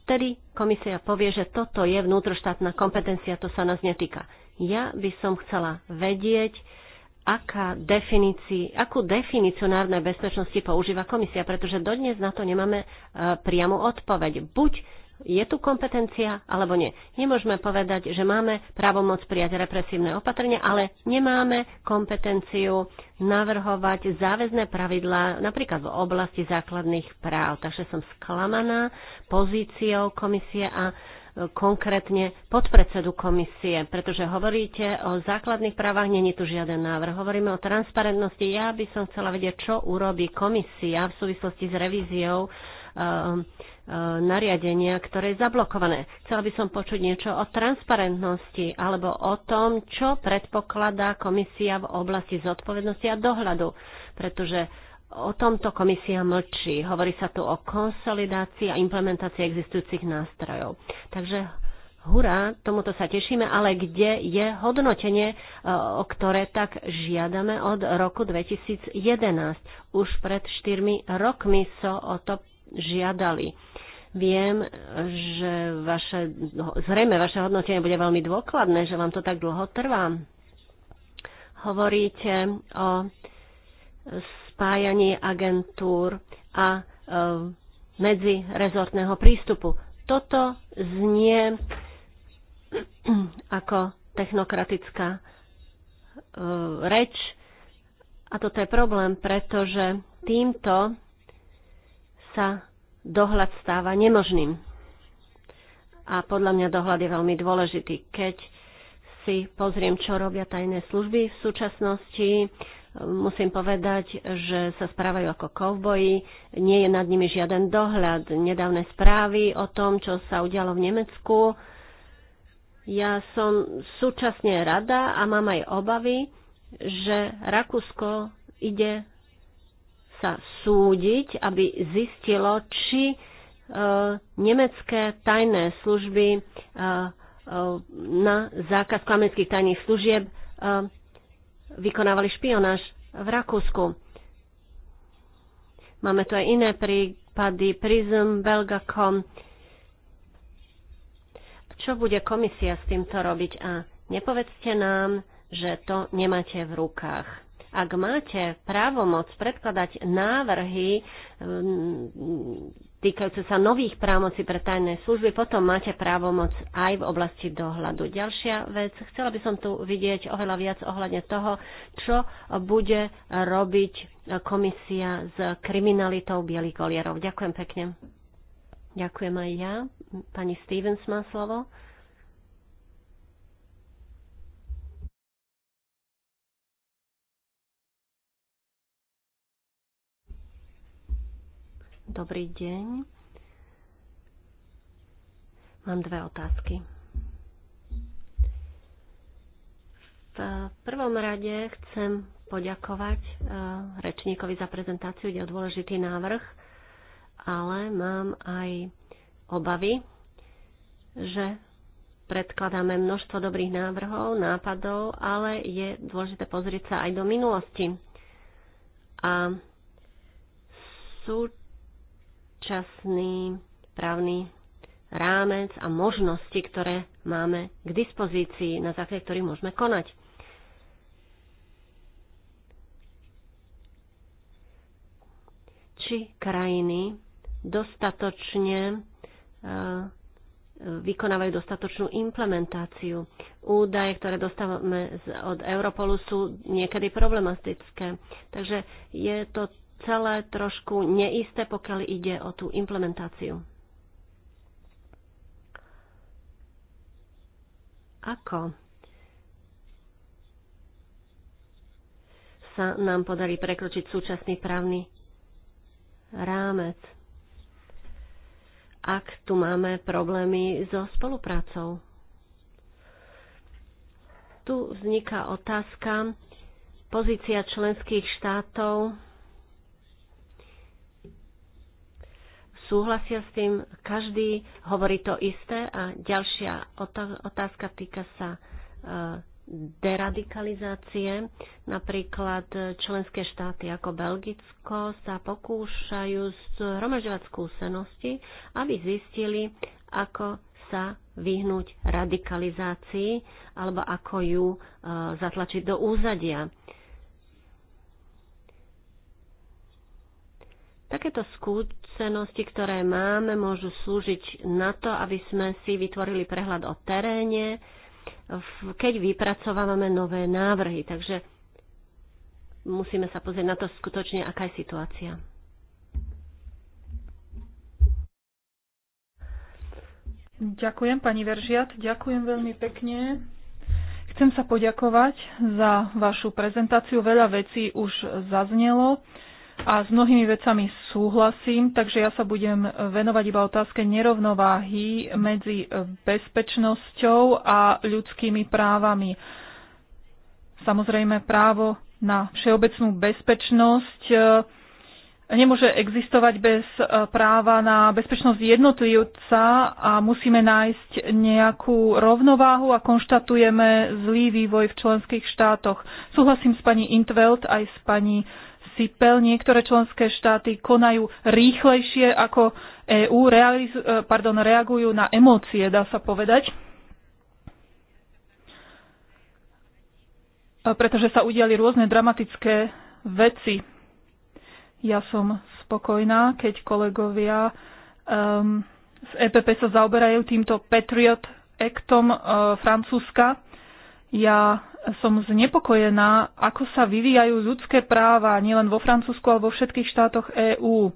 vtedy komisia povie, že toto je vnútroštátna kompetencia, to sa nás netýka. Ja by som chcela vedieť, aká akú definíciu národnej bezpečnosti používa komisia, pretože dodnes na to nemáme e, priamu odpoveď. Buď je tu kompetencia alebo nie. Nemôžeme povedať, že máme právomoc prijať represívne opatrenia, ale nemáme kompetenciu navrhovať záväzné pravidlá napríklad v oblasti základných práv. Takže som sklamaná pozíciou komisie a e, konkrétne podpredsedu komisie, pretože hovoríte o základných právach, není tu žiaden návrh. Hovoríme o transparentnosti. Ja by som chcela vedieť, čo urobí komisia v súvislosti s revíziou Um, um, nariadenia, ktoré je zablokované. Chcela by som počuť niečo o transparentnosti alebo o tom, čo predpokladá komisia v oblasti zodpovednosti a dohľadu, pretože o tomto komisia mlčí. Hovorí sa tu o konsolidácii a implementácii existujúcich nástrojov. Takže hurá, tomuto sa tešíme, ale kde je hodnotenie, uh, o ktoré tak žiadame od roku 2011? Už pred 4 rokmi sa so o to žiadali. Viem, že vaše, zrejme vaše hodnotenie bude veľmi dôkladné, že vám to tak dlho trvá. Hovoríte o spájaní agentúr a e, medzirezortného prístupu. Toto znie ako technokratická e, reč a toto je problém, pretože týmto sa dohľad stáva nemožným. A podľa mňa dohľad je veľmi dôležitý. Keď si pozriem, čo robia tajné služby v súčasnosti, musím povedať, že sa správajú ako kovboji, nie je nad nimi žiaden dohľad. Nedávne správy o tom, čo sa udialo v Nemecku, ja som súčasne rada a mám aj obavy, že Rakúsko ide sa súdiť, aby zistilo, či e, nemecké tajné služby e, e, na zákaz klamenských tajných služieb vykonávali špionáž v Rakúsku. Máme tu aj iné prípady, PRISM, Belgacom. Čo bude komisia s týmto robiť? A nepovedzte nám, že to nemáte v rukách. Ak máte právomoc predkladať návrhy týkajúce sa nových právomocí pre tajné služby, potom máte právomoc aj v oblasti dohľadu. Ďalšia vec, chcela by som tu vidieť oveľa viac ohľadne toho, čo bude robiť komisia s kriminalitou bielých kolierov. Ďakujem pekne. Ďakujem aj ja. Pani Stevens má slovo. Dobrý deň. Mám dve otázky. V prvom rade chcem poďakovať e, rečníkovi za prezentáciu, ide o dôležitý návrh, ale mám aj obavy, že predkladáme množstvo dobrých návrhov, nápadov, ale je dôležité pozrieť sa aj do minulosti. A sú súčasný právny rámec a možnosti, ktoré máme k dispozícii, na základe ktorých môžeme konať. Či krajiny dostatočne eh, vykonávajú dostatočnú implementáciu. Údaje, ktoré dostávame od Europolu, sú niekedy problematické. Takže je to celé trošku neisté, pokiaľ ide o tú implementáciu. Ako sa nám podarí prekročiť súčasný právny rámec? Ak tu máme problémy so spoluprácou. Tu vzniká otázka, pozícia členských štátov súhlasia s tým, každý hovorí to isté. A ďalšia otázka týka sa e, deradikalizácie. Napríklad e, členské štáty ako Belgicko sa pokúšajú zhromažďovať skúsenosti, aby zistili, ako sa vyhnúť radikalizácii alebo ako ju e, zatlačiť do úzadia. Takéto skúsenosti, ktoré máme, môžu slúžiť na to, aby sme si vytvorili prehľad o teréne, keď vypracovávame nové návrhy. Takže musíme sa pozrieť na to skutočne, aká je situácia. Ďakujem, pani Veržiat. Ďakujem veľmi pekne. Chcem sa poďakovať za vašu prezentáciu. Veľa vecí už zaznelo a s mnohými vecami súhlasím, takže ja sa budem venovať iba otázke nerovnováhy medzi bezpečnosťou a ľudskými právami. Samozrejme, právo na všeobecnú bezpečnosť eh, nemôže existovať bez eh, práva na bezpečnosť jednotlivca a musíme nájsť nejakú rovnováhu a konštatujeme zlý vývoj v členských štátoch. Súhlasím s pani Intveld aj s pani sypel. Niektoré členské štáty konajú rýchlejšie ako EÚ, e, pardon, reagujú na emócie, dá sa povedať. E, pretože sa udiali rôzne dramatické veci. Ja som spokojná, keď kolegovia um, z EPP sa zaoberajú týmto Patriot Actom uh, Francúzska. Ja som znepokojená, ako sa vyvíjajú ľudské práva nielen vo Francúzsku, ale vo všetkých štátoch EÚ.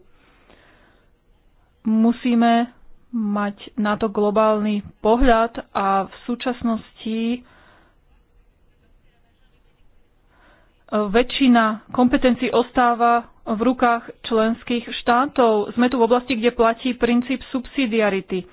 Musíme mať na to globálny pohľad a v súčasnosti väčšina kompetencií ostáva v rukách členských štátov. Sme tu v oblasti, kde platí princíp subsidiarity.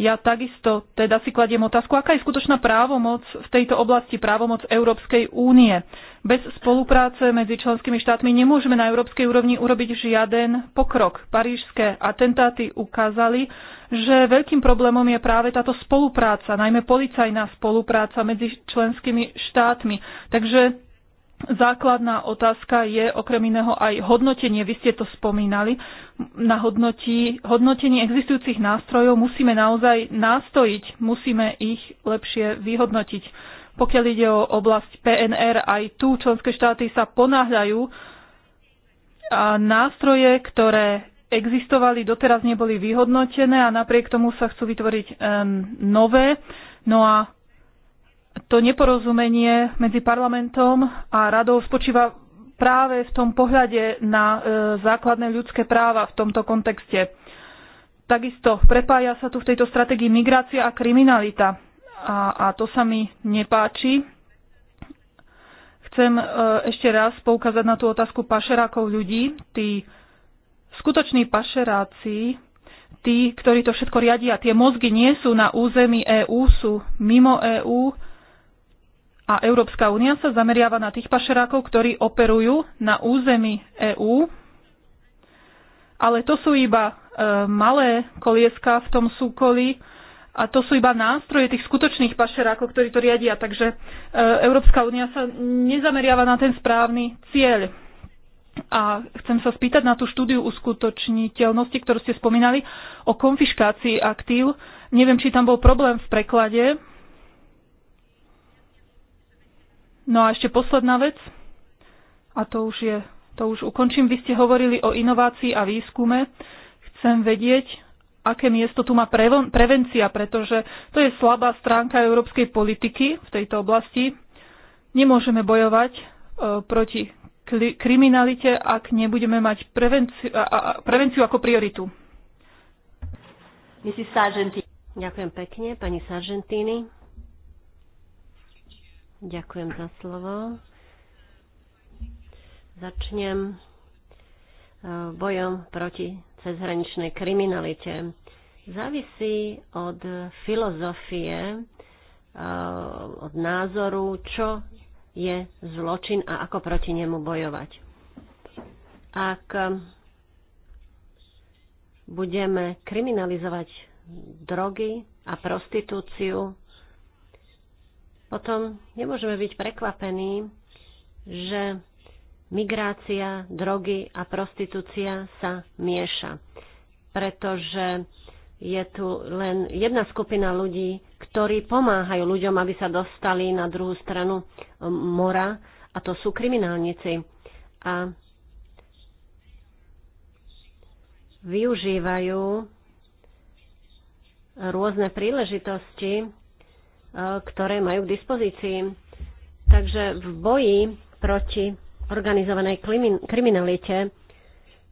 Ja takisto teda si kladiem otázku, aká je skutočná právomoc v tejto oblasti, právomoc Európskej únie. Bez spolupráce medzi členskými štátmi nemôžeme na európskej úrovni urobiť žiaden pokrok. Parížské atentáty ukázali, že veľkým problémom je práve táto spolupráca, najmä policajná spolupráca medzi členskými štátmi. Takže Základná otázka je okrem iného aj hodnotenie, vy ste to spomínali. Na hodnotí, hodnotení existujúcich nástrojov musíme naozaj nástojiť, musíme ich lepšie vyhodnotiť. Pokiaľ ide o oblasť PNR, aj tu členské štáty sa ponáhľajú a nástroje, ktoré existovali, doteraz neboli vyhodnotené a napriek tomu sa chcú vytvoriť um, nové. No a to neporozumenie medzi parlamentom a radou spočíva práve v tom pohľade na e, základné ľudské práva v tomto kontexte. Takisto prepája sa tu v tejto stratégii migrácia a kriminalita. A, a to sa mi nepáči. Chcem e, ešte raz poukázať na tú otázku pašerákov ľudí. Tí skutoční pašeráci, tí, ktorí to všetko riadia, tie mozgy nie sú na území EÚ, sú mimo EÚ a Európska únia sa zameriava na tých pašerákov, ktorí operujú na území EÚ, ale to sú iba e, malé kolieska v tom súkolí a to sú iba nástroje tých skutočných pašerákov, ktorí to riadia. Takže e, Európska únia sa nezameriava na ten správny cieľ. A chcem sa spýtať na tú štúdiu uskutočniteľnosti, ktorú ste spomínali, o konfiškácii aktív. Neviem, či tam bol problém v preklade, No a ešte posledná vec, a to už, je, to už ukončím. Vy ste hovorili o inovácii a výskume. Chcem vedieť, aké miesto tu má prevencia, pretože to je slabá stránka európskej politiky v tejto oblasti. Nemôžeme bojovať e, proti kriminalite, ak nebudeme mať prevenciu, prevenciu ako prioritu. Ďakujem pekne, pani Sargentini. Ďakujem za slovo. Začnem e, bojom proti cezhraničnej kriminalite. Závisí od filozofie, e, od názoru, čo je zločin a ako proti nemu bojovať. Ak budeme kriminalizovať drogy a prostitúciu, potom nemôžeme byť prekvapení, že migrácia, drogy a prostitúcia sa mieša, pretože je tu len jedna skupina ľudí, ktorí pomáhajú ľuďom, aby sa dostali na druhú stranu mora, a to sú kriminálnici. A využívajú rôzne príležitosti, ktoré majú k dispozícii. Takže v boji proti organizovanej kriminalite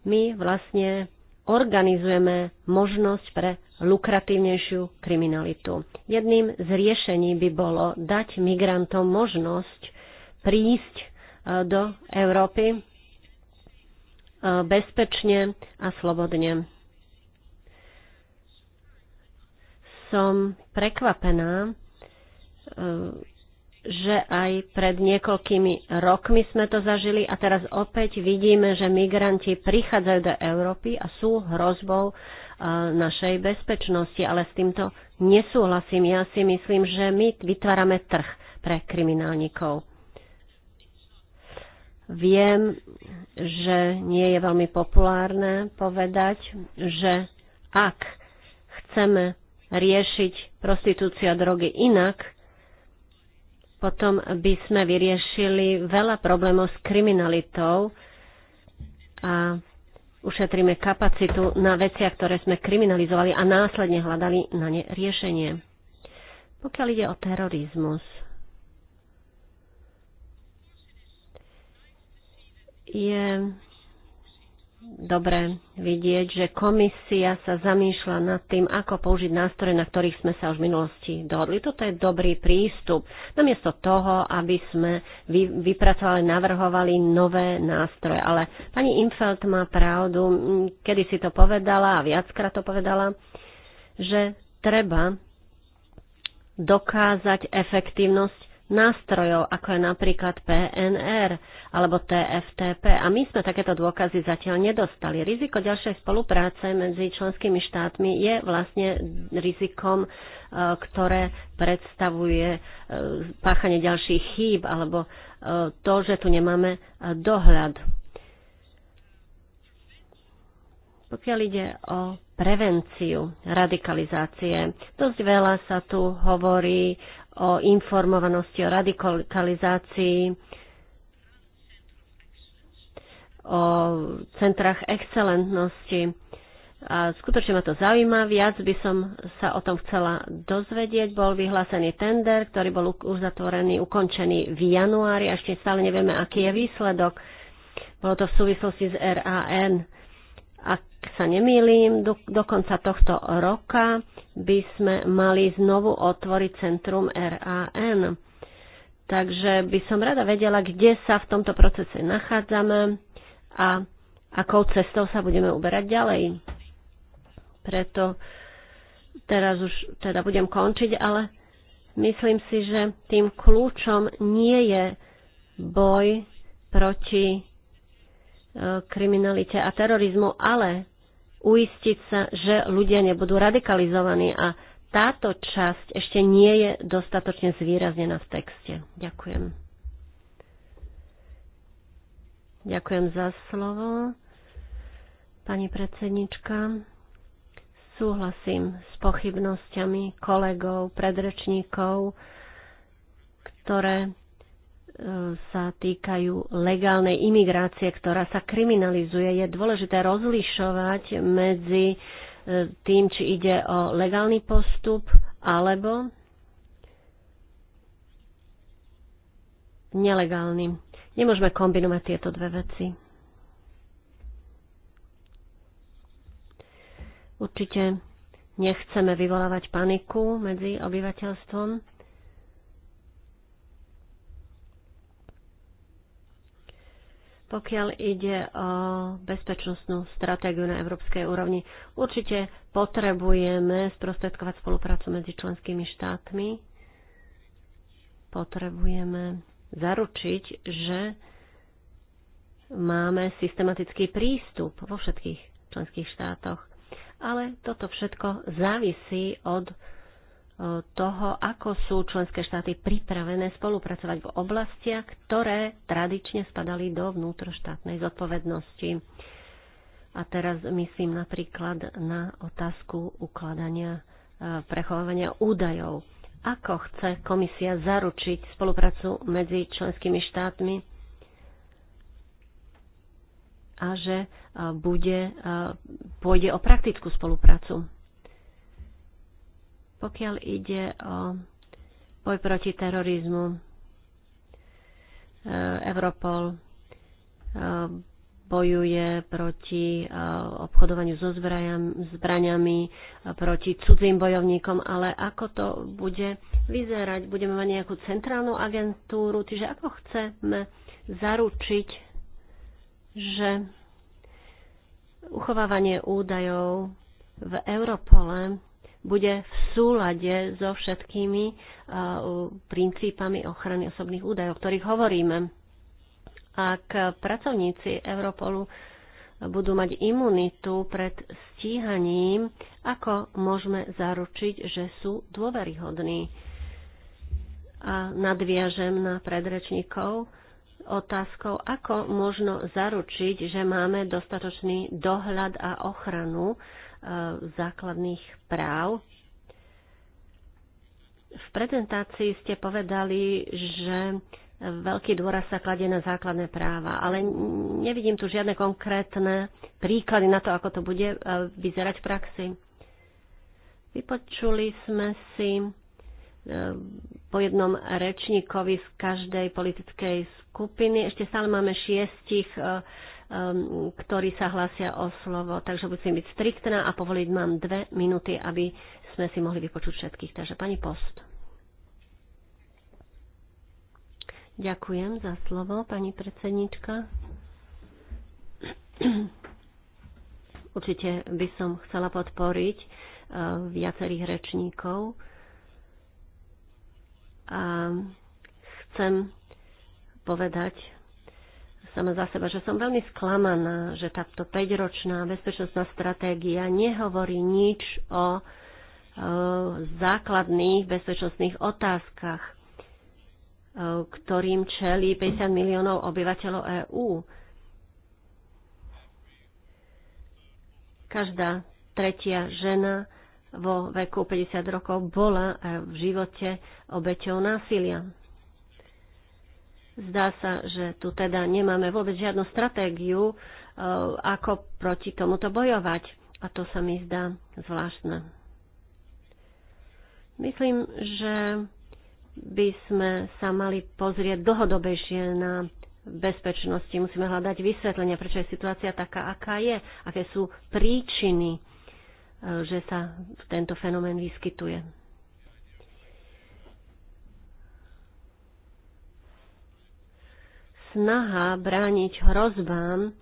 my vlastne organizujeme možnosť pre lukratívnejšiu kriminalitu. Jedným z riešení by bolo dať migrantom možnosť prísť e, do Európy e, bezpečne a slobodne. Som prekvapená, E, že aj pred niekoľkými rokmi sme to zažili a teraz opäť vidíme, že migranti prichádzajú do Európy a sú hrozbou e, našej bezpečnosti, ale s týmto nesúhlasím. Ja si myslím, že my vytvárame trh pre kriminálnikov. Viem, že nie je veľmi populárne povedať, že ak chceme riešiť prostitúcia drogy inak, potom by sme vyriešili veľa problémov s kriminalitou a ušetríme kapacitu na veciach, ktoré sme kriminalizovali a následne hľadali na ne riešenie. Pokiaľ ide o terorizmus, je dobre vidieť, že komisia sa zamýšľa nad tým, ako použiť nástroje, na ktorých sme sa už v minulosti dohodli. Toto je dobrý prístup. Namiesto toho, aby sme vypracovali, navrhovali nové nástroje. Ale pani Infeld má pravdu, kedy si to povedala a viackrát to povedala, že treba dokázať efektívnosť nástrojov, ako je napríklad PNR alebo TFTP. A my sme takéto dôkazy zatiaľ nedostali. Riziko ďalšej spolupráce medzi členskými štátmi je vlastne rizikom, e, ktoré predstavuje e, páchanie ďalších chýb alebo e, to, že tu nemáme dohľad. Pokiaľ ide o prevenciu radikalizácie. Dosť veľa sa tu hovorí o informovanosti o radikalizácii, o centrách excelentnosti. A skutočne ma to zaujíma, viac by som sa o tom chcela dozvedieť. Bol vyhlásený tender, ktorý bol uzatvorený, ukončený v januári, a ešte stále nevieme, aký je výsledok. Bolo to v súvislosti s RAN. A ak sa nemýlim, do, do konca tohto roka by sme mali znovu otvoriť centrum RAN. Takže by som rada vedela, kde sa v tomto procese nachádzame a akou cestou sa budeme uberať ďalej. Preto teraz už teda budem končiť, ale myslím si, že tým kľúčom nie je boj proti e, kriminalite a terorizmu, ale uistiť sa, že ľudia nebudú radikalizovaní a táto časť ešte nie je dostatočne zvýraznená v texte. Ďakujem. Ďakujem za slovo. Pani predsednička, súhlasím s pochybnosťami kolegov, predrečníkov, ktoré sa týkajú legálnej imigrácie, ktorá sa kriminalizuje. Je dôležité rozlišovať medzi e, tým, či ide o legálny postup alebo nelegálny. Nemôžeme kombinovať tieto dve veci. Určite nechceme vyvolávať paniku medzi obyvateľstvom pokiaľ ide o bezpečnostnú stratégiu na európskej úrovni. Určite potrebujeme sprostredkovať spoluprácu medzi členskými štátmi. Potrebujeme zaručiť, že máme systematický prístup vo všetkých členských štátoch. Ale toto všetko závisí od toho, ako sú členské štáty pripravené spolupracovať v oblastiach, ktoré tradične spadali do vnútroštátnej zodpovednosti. A teraz myslím napríklad na otázku ukladania e, prechovávania údajov. Ako chce komisia zaručiť spoluprácu medzi členskými štátmi a že e, bude, e, pôjde o praktickú spoluprácu? Pokiaľ ide o boj proti terorizmu, e, Europol e, bojuje proti e, obchodovaniu so zbraniami, proti cudzým bojovníkom, ale ako to bude vyzerať? Budeme mať nejakú centrálnu agentúru, čiže ako chceme zaručiť, že uchovávanie údajov v Europole bude v súlade so všetkými eh, princípami ochrany osobných údajov, o ktorých hovoríme. Ak pracovníci Europolu budú mať imunitu pred stíhaním, ako môžeme zaručiť, že sú dôveryhodní. A nadviažem na predrečníkov otázkou, ako možno zaručiť, že máme dostatočný dohľad a ochranu základných práv. V prezentácii ste povedali, že veľký dôraz sa kladie na základné práva, ale nevidím tu žiadne konkrétne príklady na to, ako to bude e, vyzerať v praxi. Vypočuli sme si e, po jednom rečníkovi z každej politickej skupiny. Ešte stále máme šiestich e, um, ktorí sa hlásia o slovo. Takže musím byť striktná a povoliť mám dve minúty, aby sme si mohli vypočuť všetkých. Takže pani Post. Ďakujem za slovo, pani predsednička. Určite by som chcela podporiť uh, viacerých rečníkov a chcem povedať sama za seba, že som veľmi sklamaná, že táto 5-ročná bezpečnostná stratégia nehovorí nič o základných bezpečnostných otázkach, ktorým čelí 50 miliónov obyvateľov EÚ. Každá tretia žena vo veku 50 rokov bola v živote obeťou násilia. Zdá sa, že tu teda nemáme vôbec žiadnu stratégiu, e, ako proti tomuto bojovať. A to sa mi zdá zvláštne. Myslím, že by sme sa mali pozrieť dlhodobejšie na bezpečnosti. Musíme hľadať vysvetlenia, prečo je situácia taká, aká je, aké sú príčiny, e, že sa tento fenomén vyskytuje. snaha brániť hrozbám e,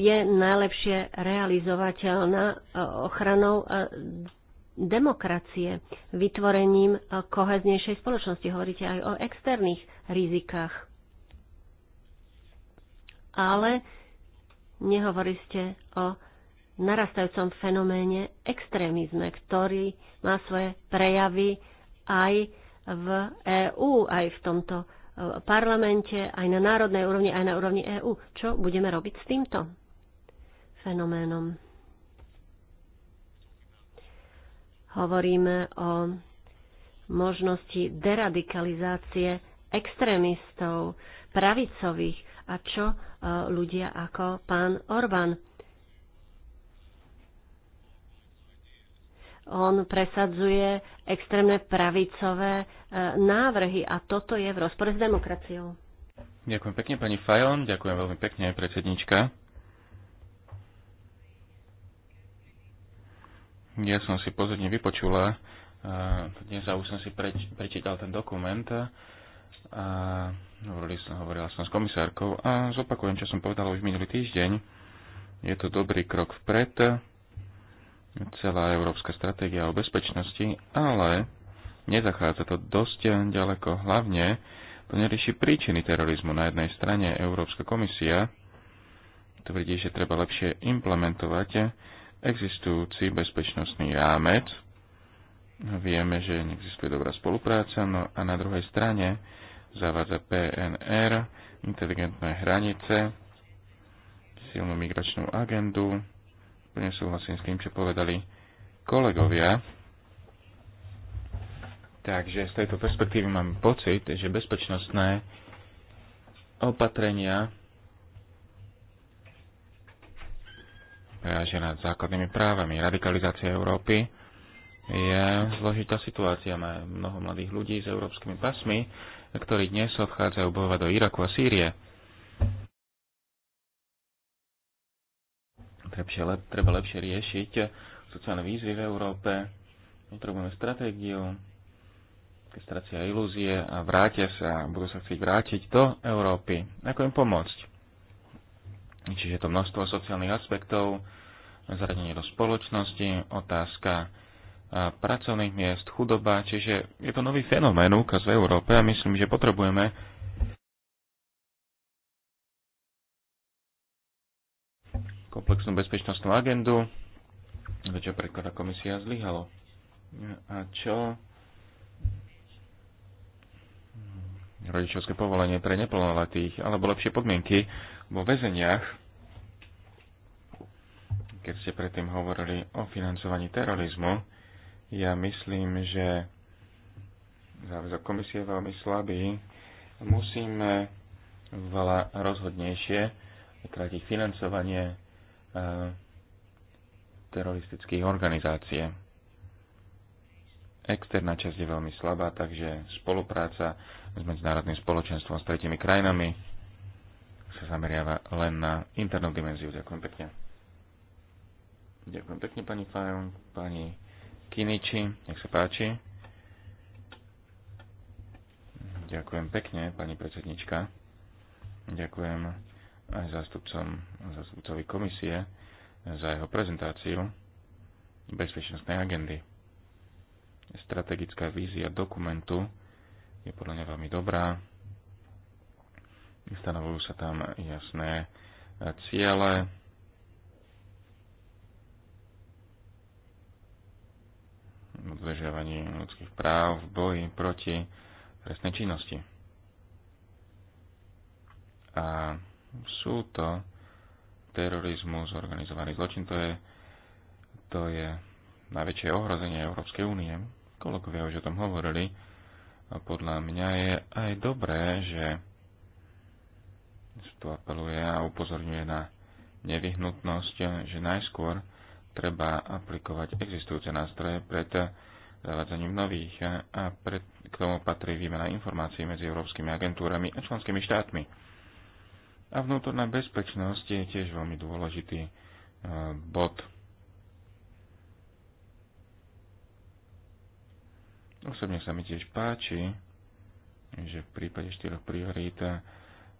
je najlepšie realizovateľná e, ochranou e, demokracie, vytvorením koheznejšej spoločnosti. Hovoríte aj o externých rizikách. Ale nehovorí ste o narastajúcom fenoméne extrémizme, ktorý má svoje prejavy aj v EÚ, aj v tomto parlamente, aj na národnej úrovni, aj na úrovni EÚ. Čo budeme robiť s týmto fenoménom? Hovoríme o možnosti deradikalizácie extrémistov, pravicových a čo e, ľudia ako pán Orbán on presadzuje extrémne pravicové e, návrhy a toto je v rozpore s demokraciou. Ďakujem pekne pani Fajon, ďakujem veľmi pekne predsednička. Ja som si pozorne vypočula, e, dnes už som si preč, prečítal ten dokument a hovorila som s komisárkou a zopakujem, čo som povedal už minulý týždeň. Je to dobrý krok vpred, celá európska stratégia o bezpečnosti, ale nezachádza to dosť ďaleko. Hlavne to nerieši príčiny terorizmu. Na jednej strane Európska komisia tvrdí, že treba lepšie implementovať existujúci bezpečnostný rámec. Vieme, že neexistuje dobrá spolupráca, no a na druhej strane zavádza PNR, inteligentné hranice, silnú migračnú agendu, úplne súhlasím s tým, čo povedali kolegovia. Takže z tejto perspektívy mám pocit, že bezpečnostné opatrenia že nad základnými právami. Radikalizácia Európy je zložitá situácia. Má mnoho mladých ľudí s európskymi pasmi, ktorí dnes odchádzajú bojovať do Iraku a Sýrie. Trebšie, lep, treba lepšie riešiť sociálne výzvy v Európe. Potrebujeme stratégiu, keď stratia ilúzie a vrátia sa, budú sa chcieť vrátiť do Európy. Ako im pomôcť? Čiže je to množstvo sociálnych aspektov, zaradenie do spoločnosti, otázka pracovných miest, chudoba, čiže je to nový fenomén, úkaz v Európe a myslím, že potrebujeme komplexnú bezpečnostnú agendu, za čo predkladá komisia, zlyhalo. A čo rodičovské povolenie pre neplnoletých, alebo lepšie podmienky vo väzeniach, keď ste predtým hovorili o financovaní terorizmu, ja myslím, že záväzok komisie je veľmi slabý. Musíme veľa rozhodnejšie krátiť financovanie Eh, teroristických organizácií. Externá časť je veľmi slabá, takže spolupráca s medzinárodným spoločenstvom s tretimi krajinami sa zameriava len na internú dimenziu. Ďakujem pekne. Ďakujem pekne pani Fajon, pani Kiniči, nech sa páči. Ďakujem pekne, pani predsednička. Ďakujem aj zástupcom, zástupcovi komisie za jeho prezentáciu bezpečnostnej agendy. Strategická vízia dokumentu je podľa mňa veľmi dobrá. Stanovujú sa tam jasné ciele, dodržiavaní ľudských práv v boji proti trestnej činnosti. A sú to terorizmus, organizovaný zločin, to je, to je najväčšie ohrozenie Európskej únie. Kolokovia už o tom hovorili. A podľa mňa je aj dobré, že tu apeluje a upozorňuje na nevyhnutnosť, že najskôr treba aplikovať existujúce nástroje pred zavádzaním nových a pred, k tomu patrí výmena informácií medzi európskymi agentúrami a členskými štátmi a vnútorná bezpečnosť je tiež veľmi dôležitý e, bod. Osobne sa mi tiež páči, že v prípade štyroch priorít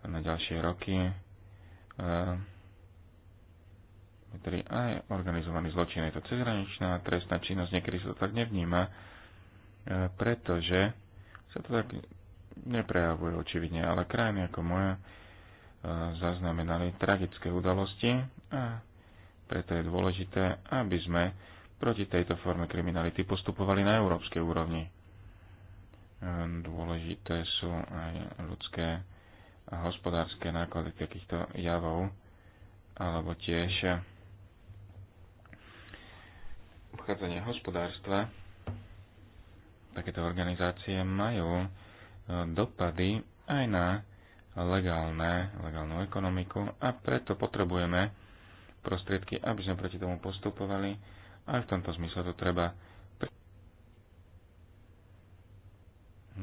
na ďalšie roky e, ktorý aj organizovaný zločin, je to cezhraničná trestná činnosť, niekedy sa to tak nevníma, e, pretože sa to tak neprejavuje očividne, ale krajiny ako moja zaznamenali tragické udalosti a preto je dôležité, aby sme proti tejto forme kriminality postupovali na európskej úrovni. Ehm, dôležité sú aj ľudské a hospodárske náklady takýchto javov, alebo tiež obchádzanie hospodárstva. Takéto organizácie majú ehm, dopady aj na legálne, legálnu ekonomiku a preto potrebujeme prostriedky, aby sme proti tomu postupovali. Aj v tomto zmysle to treba pri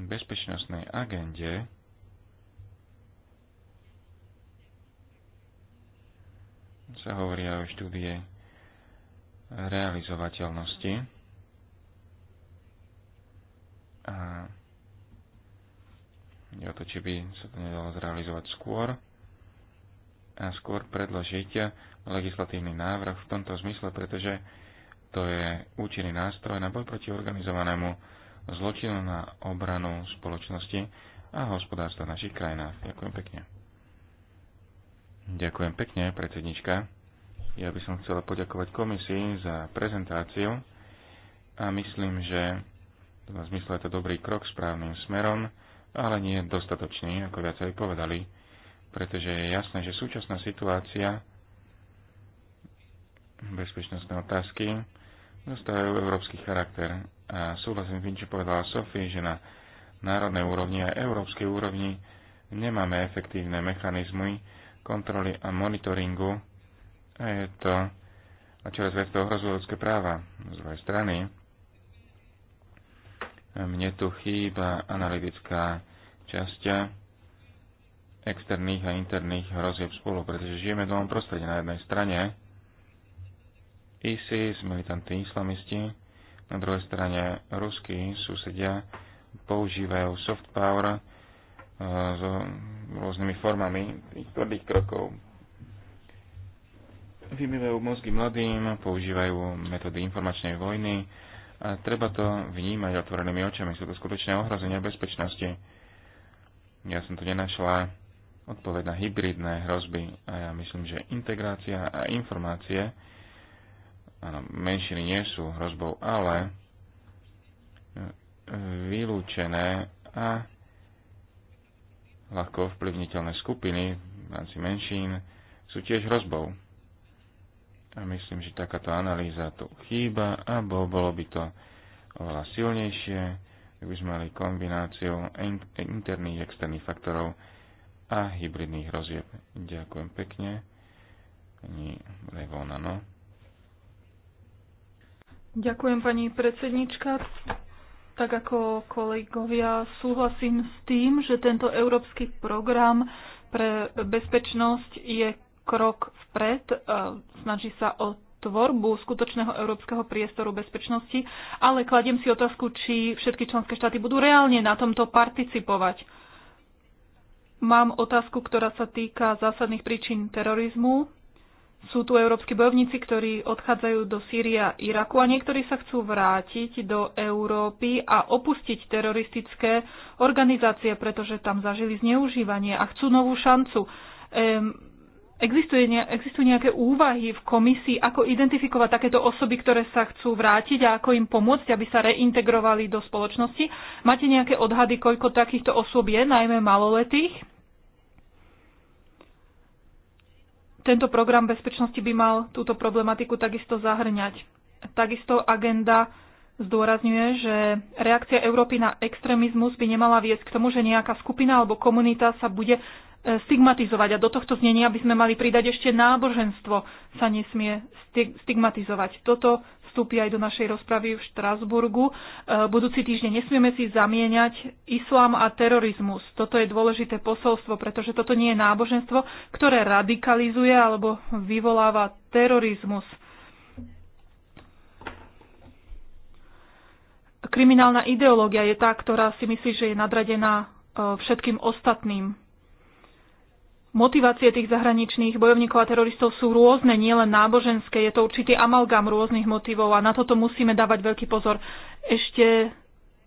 bezpečnostnej agende sa hovorí aj o štúdie realizovateľnosti. A o to, či by sa to nedalo zrealizovať skôr a skôr predložiť legislatívny návrh v tomto zmysle, pretože to je účinný nástroj na boj proti organizovanému zločinu na obranu spoločnosti a hospodárstva v našich krajinách. Ďakujem pekne. Ďakujem pekne, predsednička. Ja by som chcela poďakovať komisii za prezentáciu a myslím, že v zmysle je to dobrý krok správnym smerom ale nie je dostatočný, ako viacej povedali, pretože je jasné, že súčasná situácia bezpečnostné otázky dostávajú európsky charakter. A súhlasím tým, čo povedala Sofie, že na národnej úrovni a európskej úrovni nemáme efektívne mechanizmy kontroly a monitoringu a je to a čoraz viac to ohrozuje ľudské práva. Z druhej strany mne tu chýba analytická časť externých a interných hrozieb spolu, pretože žijeme v novom prostredí. Na jednej strane ISIS, militantní islamisti, na druhej strane ruskí susedia používajú soft power eh, s rôznymi formami tých tvrdých krokov. Vymývajú mozgy mladým, používajú metódy informačnej vojny a treba to vnímať otvorenými očami. Sú to skutočné ohrozenia bezpečnosti ja som tu nenašla odpoveď na hybridné hrozby a ja myslím, že integrácia a informácie áno, menšiny nie sú hrozbou, ale e, vylúčené a ľahko vplyvniteľné skupiny v rámci menšín sú tiež hrozbou. A myslím, že takáto analýza tu chýba a bolo by to oveľa silnejšie by sme mali kombináciu interných externých faktorov a hybridných hrozieb. Ďakujem pekne. Pani Levona, no. Ďakujem, pani predsednička. Tak ako kolegovia, súhlasím s tým, že tento európsky program pre bezpečnosť je krok vpred. Snaží sa o tvorbu skutočného európskeho priestoru bezpečnosti, ale kladiem si otázku, či všetky členské štáty budú reálne na tomto participovať. Mám otázku, ktorá sa týka zásadných príčin terorizmu. Sú tu európsky bojovníci, ktorí odchádzajú do Sýria a Iraku a niektorí sa chcú vrátiť do Európy a opustiť teroristické organizácie, pretože tam zažili zneužívanie a chcú novú šancu. Ehm, Existuje, existujú nejaké úvahy v komisii, ako identifikovať takéto osoby, ktoré sa chcú vrátiť a ako im pomôcť, aby sa reintegrovali do spoločnosti? Máte nejaké odhady, koľko takýchto osôb je, najmä maloletých? Tento program bezpečnosti by mal túto problematiku takisto zahrňať. Takisto agenda zdôrazňuje, že reakcia Európy na extrémizmus by nemala viesť k tomu, že nejaká skupina alebo komunita sa bude E, stigmatizovať. A do tohto znenia by sme mali pridať ešte náboženstvo sa nesmie stigmatizovať. Toto vstúpi aj do našej rozpravy v Štrasburgu. E, budúci týždeň nesmieme si zamieňať islám a terorizmus. Toto je dôležité posolstvo, pretože toto nie je náboženstvo, ktoré radikalizuje alebo vyvoláva terorizmus. Kriminálna ideológia je tá, ktorá si myslí, že je nadradená e, všetkým ostatným Motivácie tých zahraničných bojovníkov a teroristov sú rôzne, nielen náboženské. Je to určitý amalgam rôznych motivov a na toto musíme dávať veľký pozor. Ešte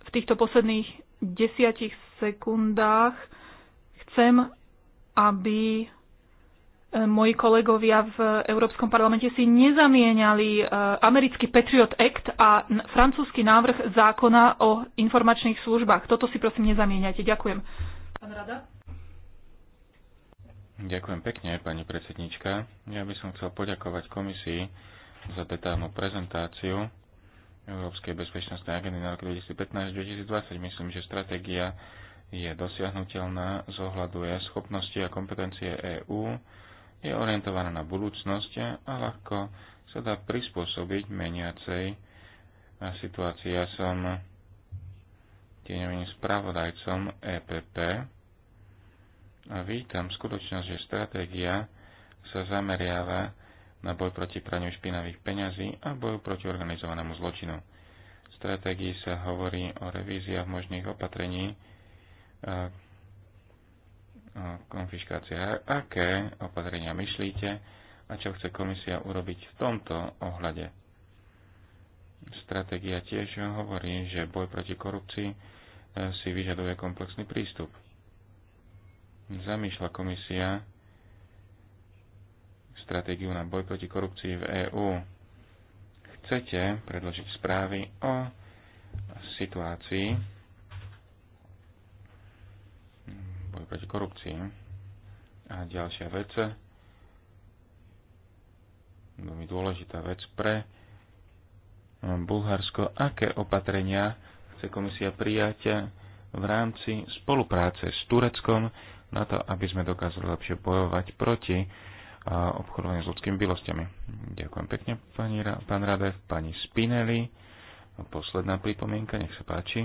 v týchto posledných desiatich sekundách chcem, aby eh, moji kolegovia v Európskom parlamente si nezamieniali eh, americký Patriot Act a francúzsky návrh zákona o informačných službách. Toto si prosím nezamieniajte. Ďakujem. Pán Rada? Ďakujem pekne, pani predsednička. Ja by som chcel poďakovať komisii za detálnu prezentáciu Európskej bezpečnostnej agendy na rok 2015-2020. Myslím, že stratégia je dosiahnutelná, zohľaduje schopnosti a kompetencie EÚ, je orientovaná na budúcnosť a ľahko sa dá prispôsobiť meniacej situácii. Ja som tieňovým spravodajcom EPP Vítam skutočnosť, že stratégia sa zameriava na boj proti praniu špinavých peňazí a boju proti organizovanému zločinu. V stratégii sa hovorí o revíziách možných opatrení, a konfiškáciách, aké opatrenia myslíte a čo chce komisia urobiť v tomto ohľade. Stratégia tiež hovorí, že boj proti korupcii e, si vyžaduje komplexný prístup zamýšľa komisia stratégiu na boj proti korupcii v EÚ. Chcete predložiť správy o situácii boj proti korupcii. A ďalšia vec, veľmi dôležitá vec pre Bulharsko, aké opatrenia chce komisia prijať v rámci spolupráce s Tureckom na to, aby sme dokázali lepšie bojovať proti obchodovaniu s ľudskými bylostiami. Ďakujem pekne, pani, pán Radev, pani Spinelli. Posledná pripomienka, nech sa páči.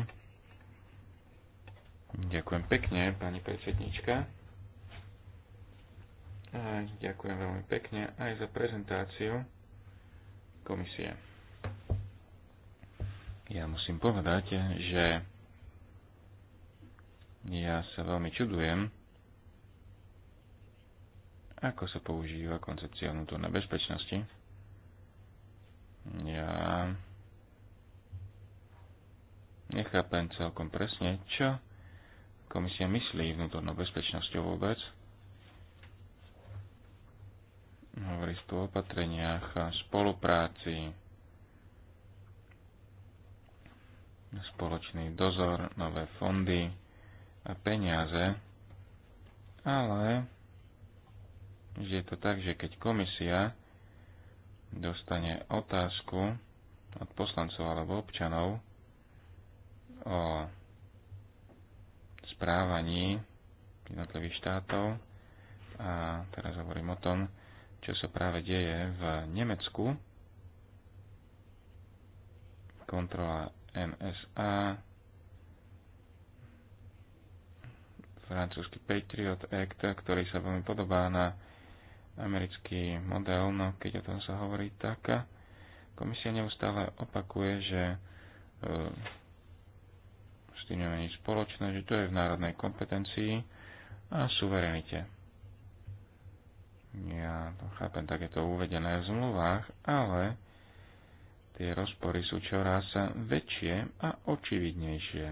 Ďakujem pekne, pani predsednička. A ďakujem veľmi pekne aj za prezentáciu komisie. Ja musím povedať, že ja sa veľmi čudujem, ako sa používa koncepcia vnútornej bezpečnosti? Ja nechápem celkom presne, čo komisia myslí vnútornou bezpečnosťou vôbec. Hovorí tu o opatreniach, spolupráci, spoločný dozor, nové fondy a peniaze, ale že je to tak, že keď komisia dostane otázku od poslancov alebo občanov o správaní jednotlivých štátov, a teraz hovorím o tom, čo sa práve deje v Nemecku, kontrola NSA, francúzsky Patriot Act, ktorý sa veľmi podobá na americký model, no keď o tom sa hovorí tak, komisia neustále opakuje, že e, s tým nemá nič spoločné, že to je v národnej kompetencii a suverenite. Ja to chápem, tak je to uvedené v zmluvách, ale tie rozpory sú čoraz väčšie a očividnejšie.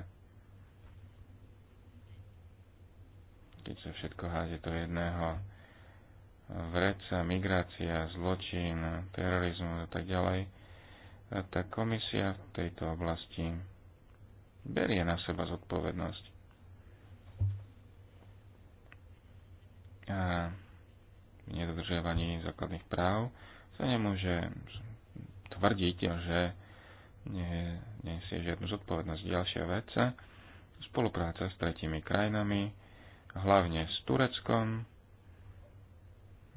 Keď sa všetko háže do jedného vreca, migrácia, zločin, terorizmus a tak ďalej, tá komisia v tejto oblasti berie na seba zodpovednosť. A nedodržiavaní základných práv sa nemôže tvrdiť, že nie, nesie žiadnu zodpovednosť. Ďalšia vec, spolupráca s tretimi krajinami, hlavne s Tureckom,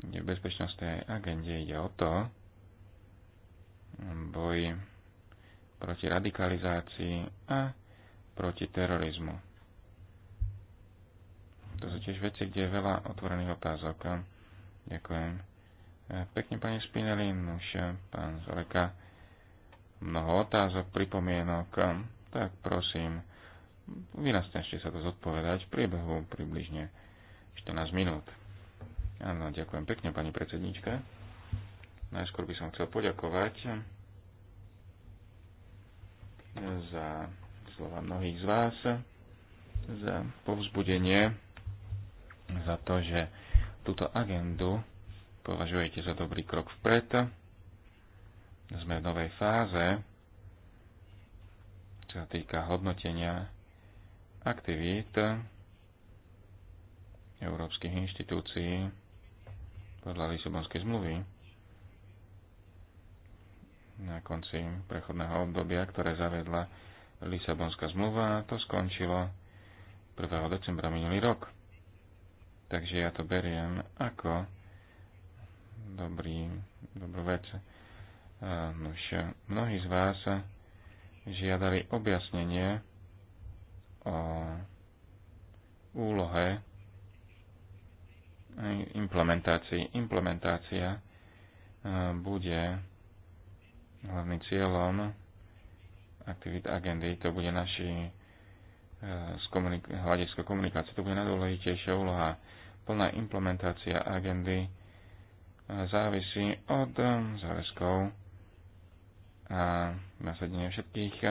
v bezpečnostnej agende ide o to, boj proti radikalizácii a proti terorizmu. To sú tiež veci, kde je veľa otvorených otázok. Ďakujem. Pekne, pani Spinelli, už pán Zoreka, mnoho otázok, pripomienok, tak prosím, vynastačte sa to zodpovedať v priebehu približne 14 minút. Áno, ďakujem pekne, pani predsednička. Najskôr by som chcel poďakovať za slova mnohých z vás, za povzbudenie, za to, že túto agendu považujete za dobrý krok vpred. Sme v novej fáze, čo sa týka hodnotenia aktivít európskych inštitúcií podľa Lisabonskej zmluvy na konci prechodného obdobia, ktoré zavedla Lisabonská zmluva, to skončilo 1. decembra minulý rok. Takže ja to beriem ako dobrý, dobrú vec. Nož, mnohí z vás žiadali objasnenie o úlohe implementácii. Implementácia e, bude hlavným cieľom aktivít agendy. To bude naši e, z komunik- hľadiska komunikácie. To bude najdôležitejšia úloha. Plná implementácia agendy e, závisí od záväzkov a nasadenia všetkých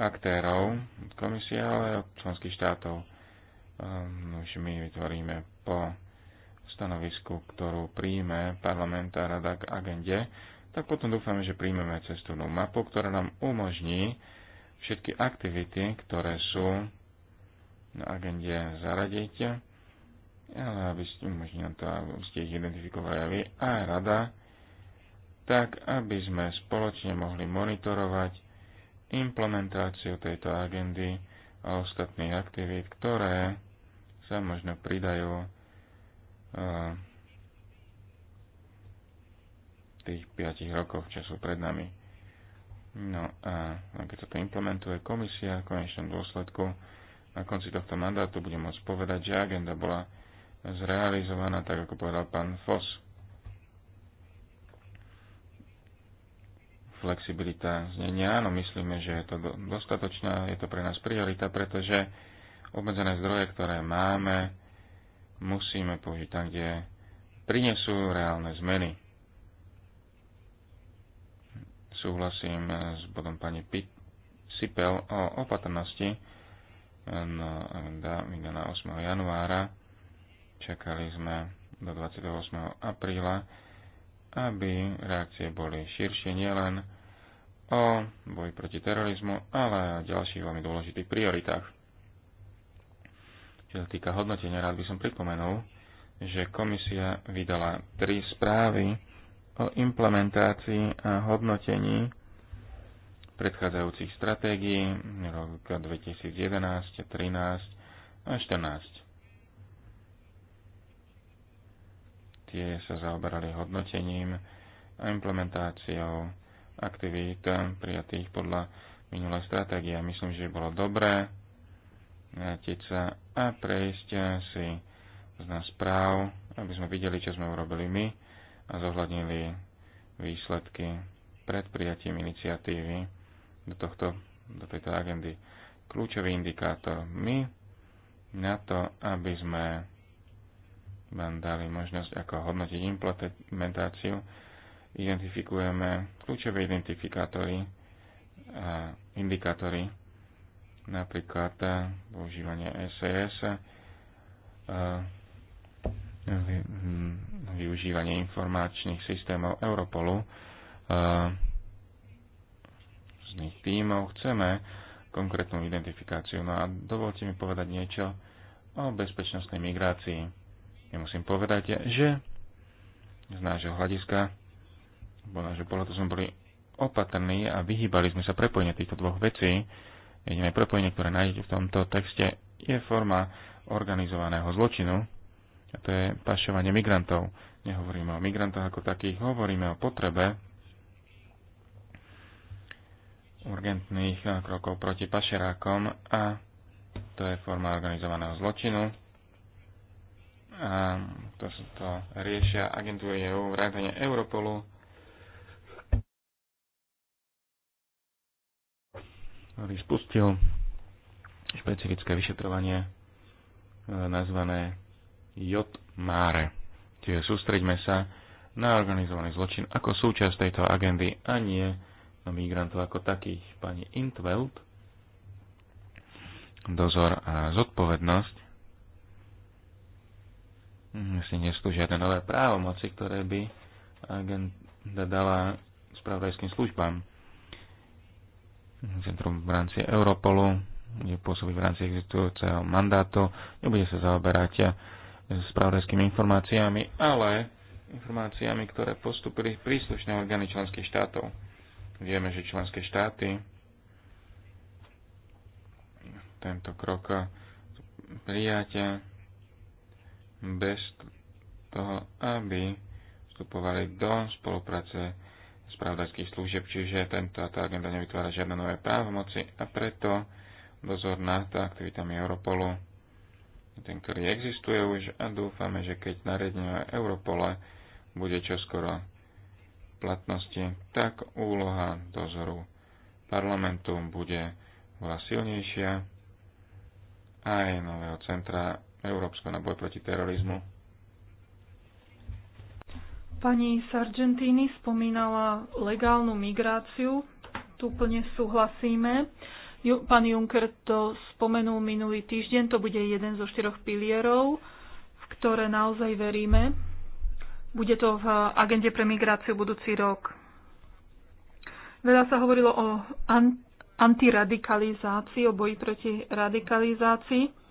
aktérov komisie, ale od členských štátov už ehm, my vytvoríme po stanovisku, ktorú príjme parlament a rada k agende, tak potom dúfame, že príjmeme cestovnú mapu, ktorá nám umožní všetky aktivity, ktoré sú na agende zaradiť, ale aby ste umožnili to, aby ste ich identifikovali aj vy, aj rada, tak aby sme spoločne mohli monitorovať implementáciu tejto agendy a ostatných aktivít, ktoré sa možno pridajú v e, tých 5 rokoch, čo sú pred nami. No a no, keď sa to implementuje, komisia v konečnom dôsledku na konci tohto mandátu budem môcť povedať, že agenda bola zrealizovaná, tak ako povedal pán Foss. Flexibilita znenia, áno, myslíme, že je to dostatočná, je to pre nás priorita, pretože obmedzené zdroje, ktoré máme, musíme použiť tam, kde prinesú reálne zmeny. Súhlasím s bodom pani Pit- Sipel o opatrnosti. No, na, na 8. januára čakali sme do 28. apríla, aby reakcie boli širšie nielen o boji proti terorizmu, ale aj o ďalších veľmi dôležitých prioritách. Čo sa týka hodnotenia, rád by som pripomenul, že komisia vydala tri správy o implementácii a hodnotení predchádzajúcich stratégií rok 2011, 13 a 14. Tie sa zaoberali hodnotením a implementáciou aktivít prijatých podľa minulé stratégie. Myslím, že bolo dobré vrátiť sa a prejsť si z nás správ, aby sme videli, čo sme urobili my a zohľadnili výsledky pred prijatím iniciatívy do, tohto, do tejto agendy. Kľúčový indikátor my na to, aby sme vám dali možnosť ako hodnotiť implementáciu, identifikujeme kľúčové identifikátory a indikátory, napríklad eh, používanie SES, eh, hm, využívanie informačných systémov Europolu, eh, z nich týmov. chceme konkrétnu identifikáciu. No a dovolte mi povedať niečo o bezpečnostnej migrácii. Ja musím povedať, že z nášho hľadiska, bo nášho pohľadu sme boli opatrní a vyhýbali sme sa prepojenia týchto dvoch vecí, Jediné prepojenie, ktoré nájdete v tomto texte, je forma organizovaného zločinu, a to je pašovanie migrantov. Nehovoríme o migrantoch ako takých, hovoríme o potrebe urgentných krokov proti pašerákom a to je forma organizovaného zločinu. A to, to riešia agentúry EU, vrátane Europolu, ktorý spustil špecifické vyšetrovanie e, nazvané J. Máre. Čiže sústreďme sa na organizovaný zločin ako súčasť tejto agendy a nie na migrantov ako takých. Pani Intveld, dozor a zodpovednosť hm, nie sú žiadne nové právomoci, ktoré by agenda dala spravodajským službám centrum v rámci Europolu, bude pôsobiť v rámci existujúceho mandátu, nebude sa zaoberať spravodajskými informáciami, ale informáciami, ktoré postupili príslušné orgány členských štátov. Vieme, že členské štáty tento krok prijatia bez toho, aby vstupovali do spolupráce spravodajských služieb, čiže tento, tá agenda nevytvára žiadne nové právomoci a preto dozor nad aktivitami Europolu, ten, ktorý existuje už a dúfame, že keď nariadenie Europole bude čoskoro platnosti, tak úloha dozoru parlamentu bude bola silnejšia aj nového centra Európsko na boj proti terorizmu Pani Sargentini spomínala legálnu migráciu. Tu plne súhlasíme. Pán Juncker to spomenul minulý týždeň. To bude jeden zo štyroch pilierov, v ktoré naozaj veríme. Bude to v agende pre migráciu budúci rok. Veľa sa hovorilo o antiradikalizácii, o boji proti radikalizácii.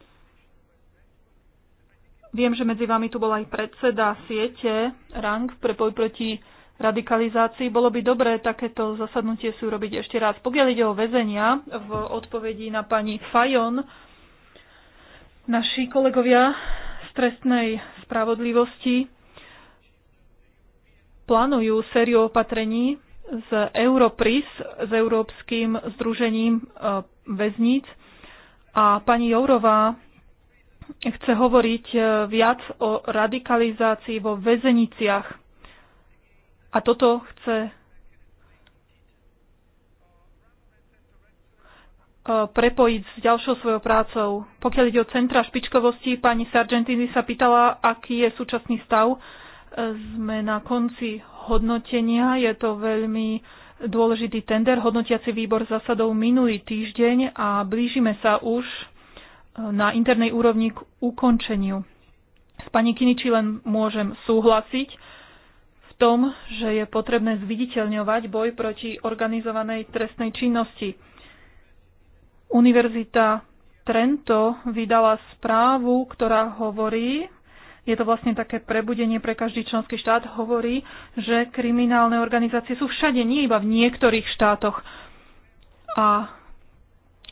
Viem, že medzi vami tu bol aj predseda siete Rang pre boj proti radikalizácii. Bolo by dobré takéto zasadnutie si urobiť ešte raz. Pokiaľ ide o väzenia, v odpovedi na pani Fajon, naši kolegovia z trestnej spravodlivosti plánujú sériu opatrení z Europris, s Európskym združením e, väzníc. A pani Jourová chce hovoriť e, viac o radikalizácii vo väzeniciach. A toto chce e, prepojiť s ďalšou svojou prácou. Pokiaľ ide o centra špičkovosti, pani Sargentini sa pýtala, aký je súčasný stav. E, sme na konci hodnotenia. Je to veľmi dôležitý tender. Hodnotiaci výbor zasadov minulý týždeň a blížime sa už na internej úrovni k ukončeniu. S pani Kiniči len môžem súhlasiť v tom, že je potrebné zviditeľňovať boj proti organizovanej trestnej činnosti. Univerzita Trento vydala správu, ktorá hovorí, je to vlastne také prebudenie pre každý členský štát, hovorí, že kriminálne organizácie sú všade, nie iba v niektorých štátoch. A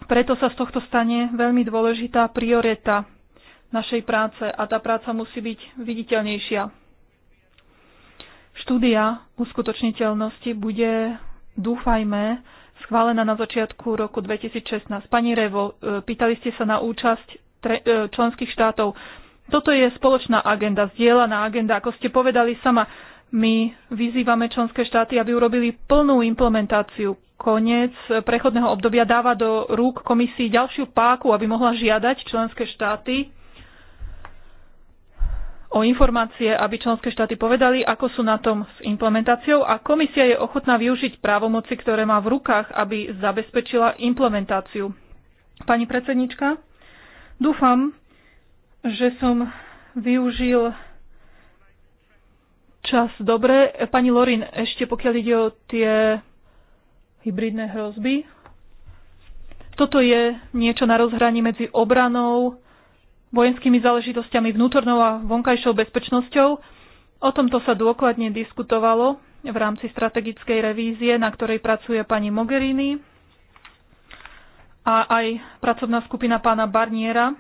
preto sa z tohto stane veľmi dôležitá priorita našej práce a tá práca musí byť viditeľnejšia. Štúdia uskutočniteľnosti bude, dúfajme, schválená na začiatku roku 2016. Pani Revo, e, pýtali ste sa na účasť e, členských štátov. Toto je spoločná agenda, zdieľaná agenda. Ako ste povedali sama, my vyzývame členské štáty, aby urobili plnú implementáciu, koniec prechodného obdobia dáva do rúk komisii ďalšiu páku, aby mohla žiadať členské štáty o informácie, aby členské štáty povedali, ako sú na tom s implementáciou a komisia je ochotná využiť právomoci, ktoré má v rukách, aby zabezpečila implementáciu. Pani predsednička, dúfam, že som využil čas dobre. Pani Lorin, ešte pokiaľ ide o tie hybridné hrozby. Toto je niečo na rozhraní medzi obranou, vojenskými záležitosťami, vnútornou a vonkajšou bezpečnosťou. O tomto sa dôkladne diskutovalo v rámci strategickej revízie, na ktorej pracuje pani Mogherini a aj pracovná skupina pána Barniera.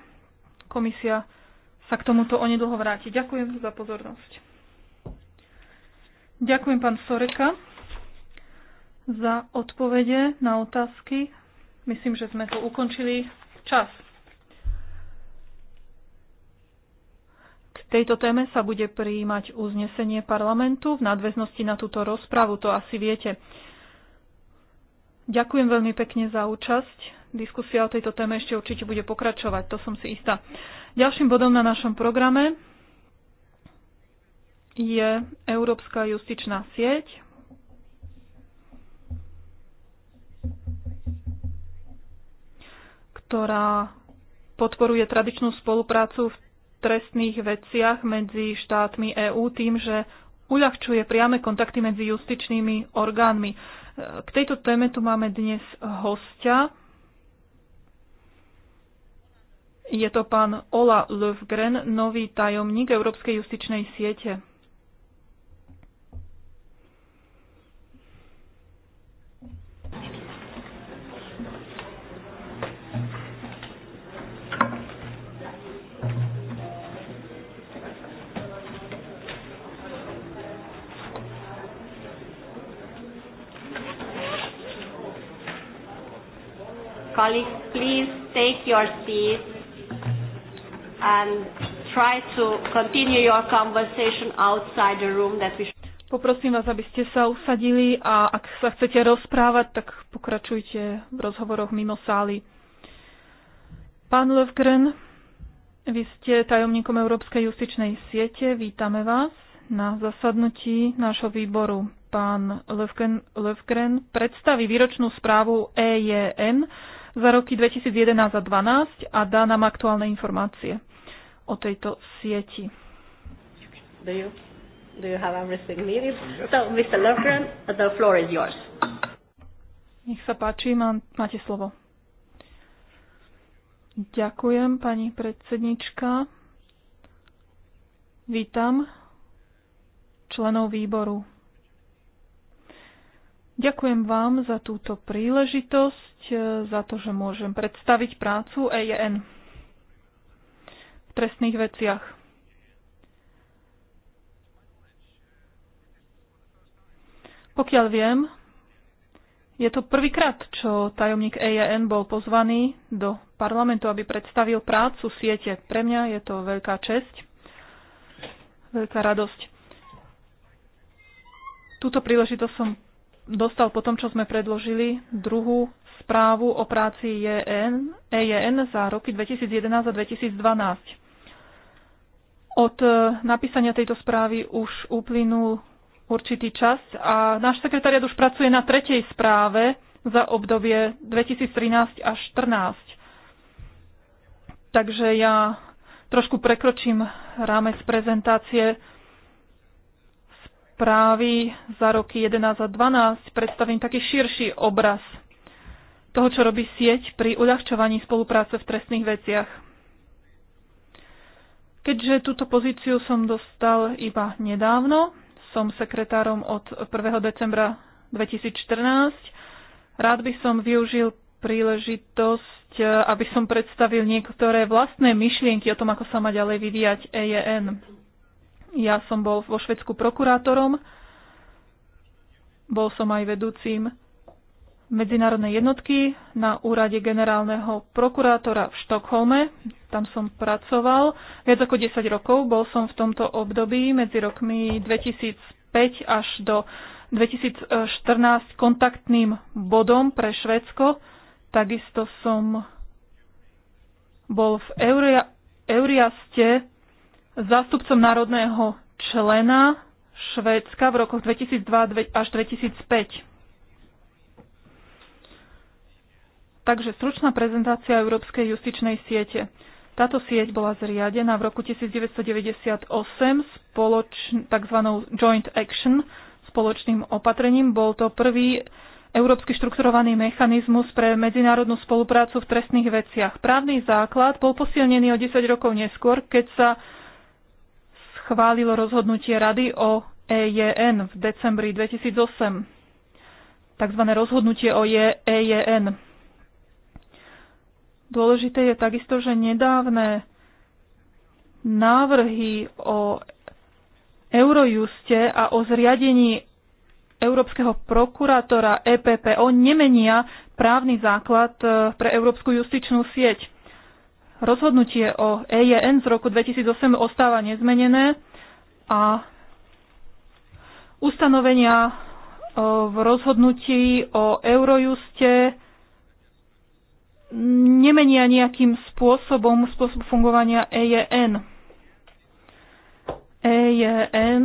Komisia sa k tomuto onedlho vráti. Ďakujem za pozornosť. Ďakujem pán Soreka za odpovede na otázky. Myslím, že sme to ukončili čas. K tejto téme sa bude prijímať uznesenie parlamentu v nadväznosti na túto rozpravu, to asi viete. Ďakujem veľmi pekne za účasť. Diskusia o tejto téme ešte určite bude pokračovať, to som si istá. Ďalším bodom na našom programe je Európska justičná sieť, ktorá podporuje tradičnú spoluprácu v trestných veciach medzi štátmi EÚ tým, že uľahčuje priame kontakty medzi justičnými orgánmi. E, k tejto téme tu máme dnes hostia. Je to pán Ola Löfgren, nový tajomník Európskej justičnej siete. Colleagues, please take your seats and try to continue your conversation outside the room that we Poprosím vás, aby ste sa usadili a ak sa chcete rozprávať, tak pokračujte v rozhovoroch mimo sály. Pán Lovgren, vy ste tajomníkom Európskej justičnej siete. Vítame vás na zasadnutí nášho výboru. Pán Lovgren, Löfgren predstaví výročnú správu EJN za roky 2011 a 2012 a dá nám aktuálne informácie o tejto sieti. Do you, do you have everything needed? So, Mr. Lovgren, the floor is yours. Nech sa páči, má, máte slovo. Ďakujem, pani predsednička. Vítam členov výboru. Ďakujem vám za túto príležitosť, e, za to, že môžem predstaviť prácu EJN v trestných veciach. Pokiaľ viem, je to prvýkrát, čo tajomník EJN bol pozvaný do parlamentu, aby predstavil prácu siete. Pre mňa je to veľká česť, veľká radosť. Túto príležitosť som dostal po tom, čo sme predložili druhú správu o práci EN, EJN za roky 2011 a 2012. Od e, napísania tejto správy už uplynul určitý čas a náš sekretariat už pracuje na tretej správe za obdobie 2013 až 2014. Takže ja trošku prekročím rámec prezentácie správy za roky 11 a 12 predstavím taký širší obraz toho, čo robí sieť pri uľahčovaní spolupráce v trestných veciach. Keďže túto pozíciu som dostal iba nedávno, som sekretárom od 1. decembra 2014, rád by som využil príležitosť, aby som predstavil niektoré vlastné myšlienky o tom, ako sa má ďalej vyvíjať EJN. Ja som bol vo Švedsku prokurátorom, bol som aj vedúcim medzinárodnej jednotky na úrade generálneho prokurátora v Štokholme. Tam som pracoval viac ako 10 rokov. Bol som v tomto období medzi rokmi 2005 až do 2014 kontaktným bodom pre Švedsko. Takisto som bol v Euriaste zástupcom národného člena Švédska v rokoch 2002 až 2005. Takže stručná prezentácia Európskej justičnej siete. Táto sieť bola zriadená v roku 1998 spoločn- tzv. Joint Action, spoločným opatrením. Bol to prvý európsky štrukturovaný mechanizmus pre medzinárodnú spoluprácu v trestných veciach. Právny základ bol posilnený o 10 rokov neskôr, keď sa schválilo rozhodnutie Rady o EJN v decembri 2008, takzvané rozhodnutie o EJN. Dôležité je takisto, že nedávne návrhy o Eurojuste a o zriadení Európskeho prokurátora EPPO nemenia právny základ eh, pre Európsku justičnú sieť. Rozhodnutie o EJN z roku 2008 ostáva nezmenené a ustanovenia e, v rozhodnutí o Eurojuste nemenia nejakým spôsobom spôsob fungovania EJN. EJN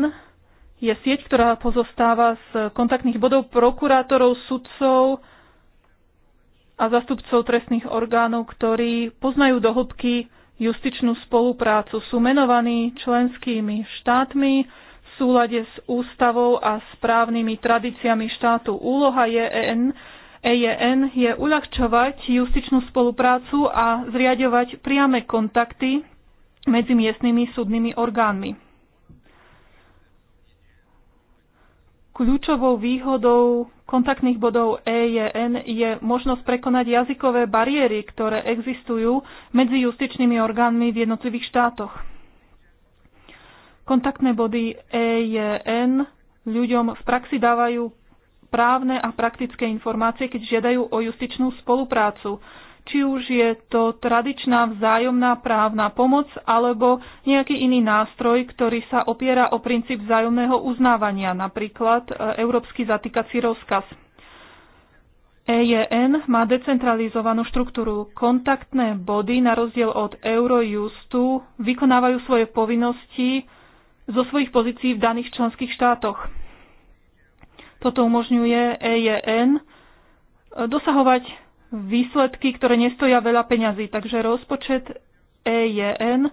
je sieť, ktorá pozostáva z kontaktných bodov prokurátorov, sudcov, a zastupcov trestných orgánov, ktorí poznajú dohodky justičnú spoluprácu. Sú menovaní členskými štátmi v súlade s ústavou a správnymi tradíciami štátu. Úloha EN, e EJN je uľahčovať justičnú spoluprácu a zriadovať priame kontakty medzi miestnymi súdnymi orgánmi. Kľúčovou výhodou kontaktných bodov EJN je možnosť prekonať jazykové bariéry, ktoré existujú medzi justičnými orgánmi v jednotlivých štátoch. Kontaktné body EJN ľuďom v praxi dávajú právne a praktické informácie, keď žiadajú o justičnú spoluprácu či už je to tradičná vzájomná právna pomoc alebo nejaký iný nástroj, ktorý sa opiera o princíp vzájomného uznávania, napríklad e, Európsky zatýkací rozkaz. EJN má decentralizovanú štruktúru. Kontaktné body, na rozdiel od Eurojustu, vykonávajú svoje povinnosti zo svojich pozícií v daných členských štátoch. Toto umožňuje EJN e, dosahovať výsledky, ktoré nestoja veľa peňazí. Takže rozpočet EJN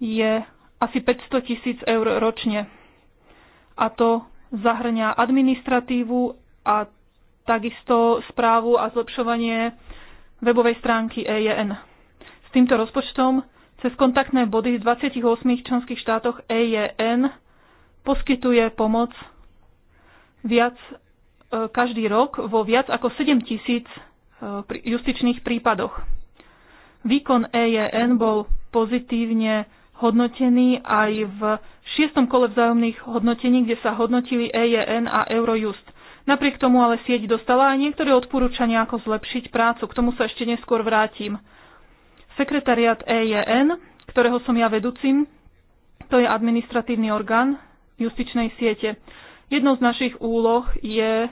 je asi 500 tisíc eur ročne. A to zahrňa administratívu a takisto správu a zlepšovanie webovej stránky EJN. S týmto rozpočtom cez kontaktné body v 28 členských štátoch EJN poskytuje pomoc viac e, každý rok vo viac ako 7 tisíc justičných prípadoch. Výkon EJN bol pozitívne hodnotený aj v šiestom kole vzájomných hodnotení, kde sa hodnotili EJN a Eurojust. Napriek tomu ale sieť dostala aj niektoré odporúčania, ako zlepšiť prácu. K tomu sa ešte neskôr vrátim. Sekretariat EJN, ktorého som ja vedúcim, to je administratívny orgán justičnej siete. Jednou z našich úloh je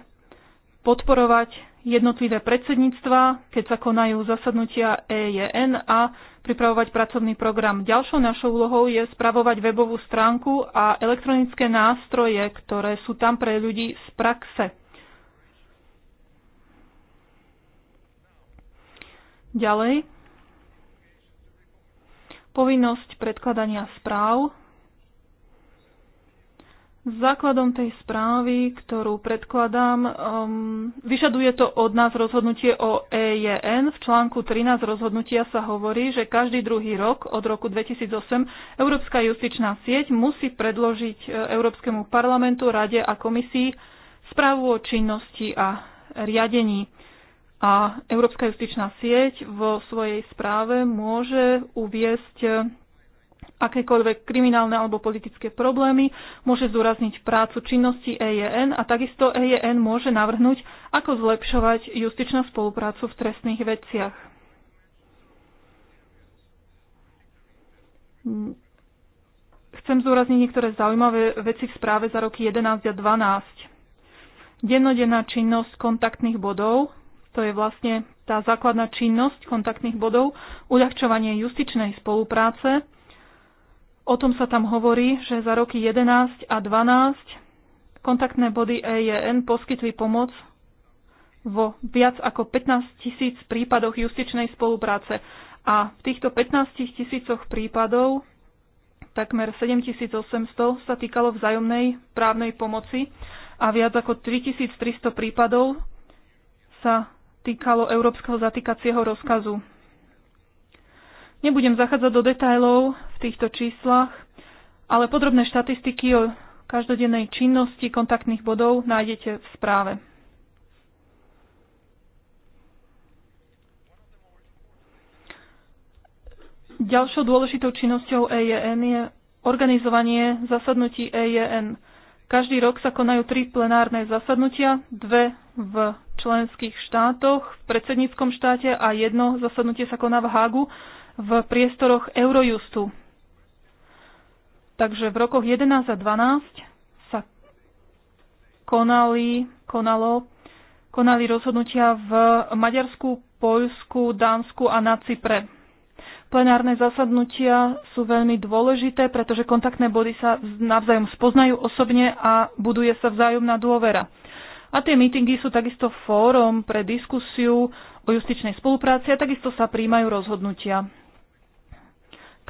podporovať jednotlivé predsedníctva, keď sa konajú zasadnutia EJN a pripravovať pracovný program. Ďalšou našou úlohou je spravovať webovú stránku a elektronické nástroje, ktoré sú tam pre ľudí z praxe. Ďalej. Povinnosť predkladania správ Základom tej správy, ktorú predkladám, um, vyžaduje to od nás rozhodnutie o EJN. V článku 13 rozhodnutia sa hovorí, že každý druhý rok od roku 2008 Európska justičná sieť musí predložiť e, Európskemu parlamentu, Rade a komisii správu o činnosti a riadení. A Európska justičná sieť vo svojej správe môže uviesť e, akékoľvek kriminálne alebo politické problémy, môže zdôrazniť prácu činnosti EJN a takisto EJN môže navrhnúť, ako zlepšovať justičnú spoluprácu v trestných veciach. Chcem zdôrazniť niektoré zaujímavé veci v správe za roky 11 a 12. Dennodenná činnosť kontaktných bodov, to je vlastne tá základná činnosť kontaktných bodov, uľahčovanie justičnej spolupráce, O tom sa tam hovorí, že za roky 11 a 12 kontaktné body EJN poskytli pomoc vo viac ako 15 tisíc prípadoch justičnej spolupráce. A v týchto 15 tisícoch prípadov takmer 7800 sa týkalo vzájomnej právnej pomoci a viac ako 3300 prípadov sa týkalo európskeho zatýkacieho rozkazu. Nebudem zachádzať do detajlov týchto číslach, ale podrobné štatistiky o každodennej činnosti kontaktných bodov nájdete v správe. Ďalšou dôležitou činnosťou EJN je organizovanie zasadnutí EJN. Každý rok sa konajú tri plenárne zasadnutia, dve v členských štátoch, v predsedníckom štáte a jedno zasadnutie sa koná v HAGU v priestoroch Eurojustu. Takže v rokoch 11 a 12 sa konali, konalo, konali rozhodnutia v Maďarsku, Poľsku, Dánsku a na Cypre. Plenárne zasadnutia sú veľmi dôležité, pretože kontaktné body sa navzájom spoznajú osobne a buduje sa vzájomná dôvera. A tie mítingy sú takisto fórom pre diskusiu o justičnej spolupráci a takisto sa príjmajú rozhodnutia.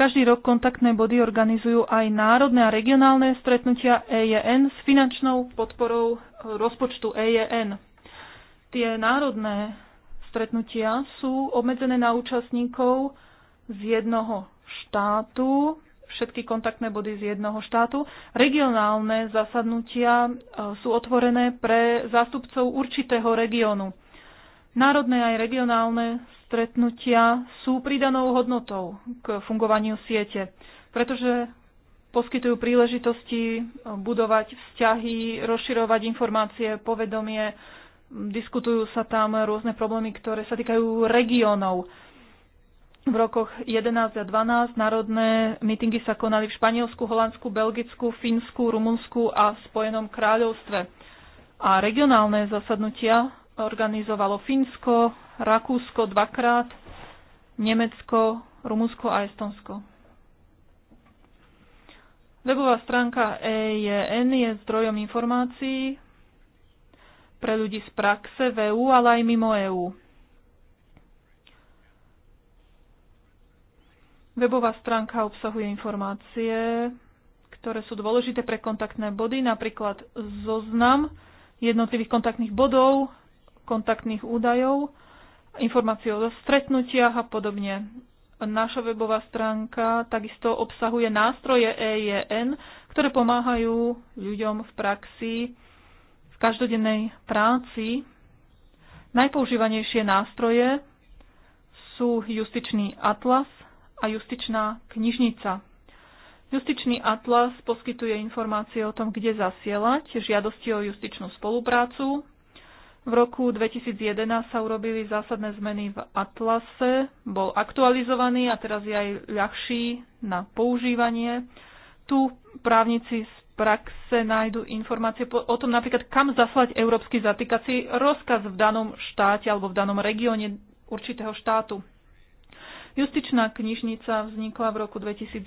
Každý rok kontaktné body organizujú aj národné a regionálne stretnutia EJN s finančnou podporou rozpočtu EJN. Tie národné stretnutia sú obmedzené na účastníkov z jednoho štátu, všetky kontaktné body z jednoho štátu. Regionálne zasadnutia e, sú otvorené pre zástupcov určitého regiónu. Národné aj regionálne stretnutia sú pridanou hodnotou k fungovaniu siete, pretože poskytujú príležitosti eh, budovať vzťahy, rozširovať informácie, povedomie, diskutujú sa tam rôzne problémy, ktoré sa týkajú regiónov. V rokoch 11 a 12 národné mítingy sa konali v Španielsku, Holandsku, Belgicku, Fínsku, Rumunsku a Spojenom kráľovstve. A regionálne zasadnutia organizovalo Fínsko, Rakúsko dvakrát, Nemecko, Rumunsko a Estonsko. Webová stránka EJN je zdrojom informácií pre ľudí z praxe v EU, ale aj mimo EU. Webová stránka obsahuje informácie, ktoré sú dôležité pre kontaktné body, napríklad zoznam jednotlivých kontaktných bodov, kontaktných údajov, informácie o stretnutiach a podobne. Naša webová stránka takisto obsahuje nástroje EIN, ktoré pomáhajú ľuďom v praxi, v každodennej práci. Najpoužívanejšie nástroje sú justičný atlas a justičná knižnica. Justičný atlas poskytuje informácie o tom, kde zasielať žiadosti o justičnú spoluprácu, v roku 2011 sa urobili zásadné zmeny v Atlase, bol aktualizovaný a teraz je aj ľahší na používanie. Tu právnici z praxe nájdu informácie o tom napríklad, kam zaslať európsky zatýkací rozkaz v danom štáte alebo v danom regióne určitého štátu. Justičná knižnica vznikla v roku 2011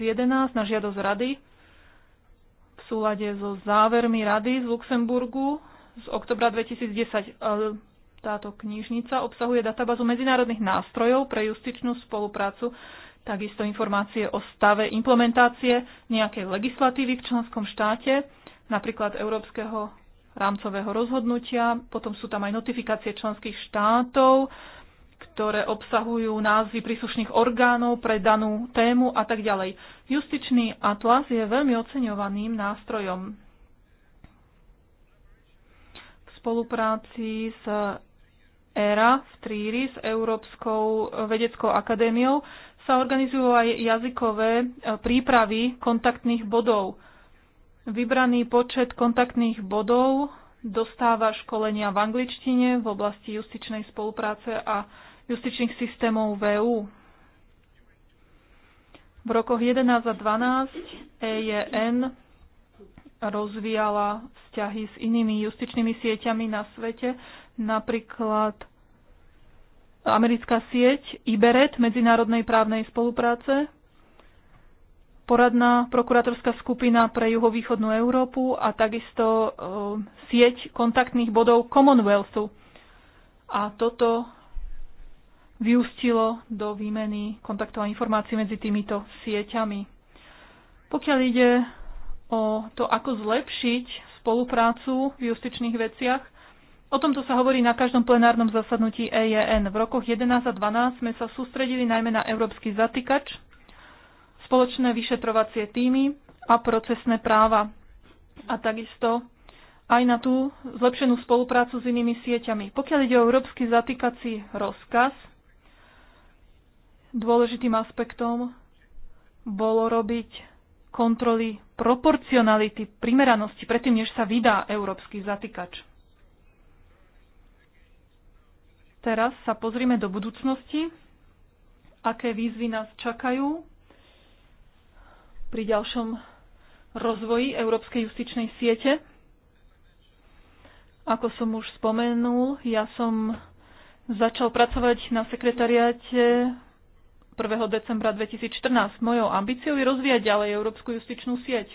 na žiadosť rady v súlade so závermi rady z Luxemburgu z oktobra 2010. E, táto knižnica obsahuje databázu medzinárodných nástrojov pre justičnú spoluprácu, takisto informácie o stave implementácie nejakej legislatívy v členskom štáte, napríklad Európskeho rámcového rozhodnutia, potom sú tam aj notifikácie členských štátov, ktoré obsahujú názvy príslušných orgánov pre danú tému a tak ďalej. Justičný atlas je veľmi oceňovaným nástrojom spolupráci s ERA v Tríri, s Európskou vedeckou akadémiou, sa organizujú aj jazykové e, prípravy kontaktných bodov. Vybraný počet kontaktných bodov dostáva školenia v angličtine v oblasti justičnej spolupráce a justičných systémov VÚ. E v rokoch 11 a 12 EJN rozvíjala vzťahy s inými justičnými sieťami na svete, napríklad americká sieť IBERET medzinárodnej právnej spolupráce, poradná prokurátorská skupina pre juhovýchodnú Európu a takisto e, sieť kontaktných bodov Commonwealthu. A toto vyústilo do výmeny kontaktov a informácií medzi týmito sieťami. Pokiaľ ide o to, ako zlepšiť spoluprácu v justičných veciach. O tomto sa hovorí na každom plenárnom zasadnutí EJN. V rokoch 11 a 12 sme sa sústredili najmä na európsky zatýkač, spoločné vyšetrovacie týmy a procesné práva. A takisto aj na tú zlepšenú spoluprácu s inými sieťami. Pokiaľ ide o európsky zatýkací rozkaz, dôležitým aspektom bolo robiť kontroly proporcionality, primeranosti predtým, než sa vydá európsky zatýkač. Teraz sa pozrime do budúcnosti, aké výzvy nás čakajú pri ďalšom rozvoji Európskej justičnej siete. Ako som už spomenul, ja som začal pracovať na sekretariáte 1. decembra 2014. Mojou ambíciou je rozvíjať ďalej Európsku justičnú sieť.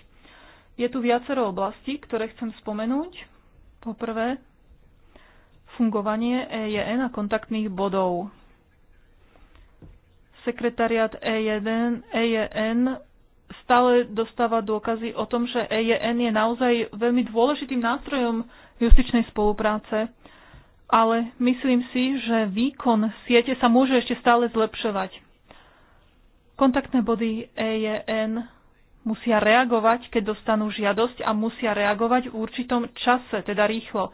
Je tu viacero oblastí, ktoré chcem spomenúť. Poprvé, fungovanie EJN a kontaktných bodov. Sekretariat EJN, EJN stále dostáva dôkazy o tom, že EJN je naozaj veľmi dôležitým nástrojom justičnej spolupráce, ale myslím si, že výkon siete sa môže ešte stále zlepšovať. Kontaktné body EJN musia reagovať, keď dostanú žiadosť a musia reagovať v určitom čase, teda rýchlo.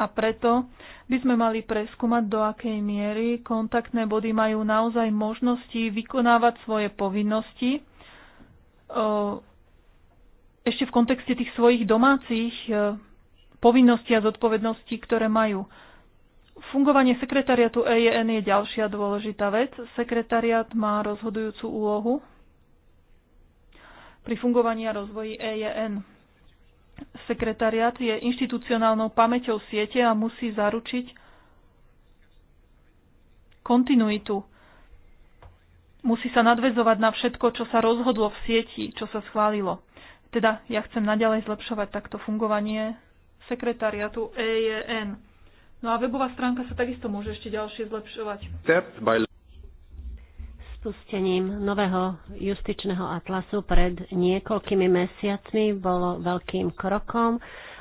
A preto by sme mali preskúmať, do akej miery kontaktné body majú naozaj možnosti vykonávať svoje povinnosti ešte v kontexte tých svojich domácich e, povinností a zodpovedností, ktoré majú. Fungovanie sekretariatu EJN je ďalšia dôležitá vec. Sekretariat má rozhodujúcu úlohu pri fungovaní a rozvoji EJN. Sekretariat je inštitucionálnou pamäťou siete a musí zaručiť kontinuitu. Musí sa nadvezovať na všetko, čo sa rozhodlo v sieti, čo sa schválilo. Teda ja chcem naďalej zlepšovať takto fungovanie sekretariatu EJN. No a webová stránka sa takisto môže ešte ďalšie zlepšovať. Spustením nového justičného atlasu pred niekoľkými mesiacmi bolo veľkým krokom.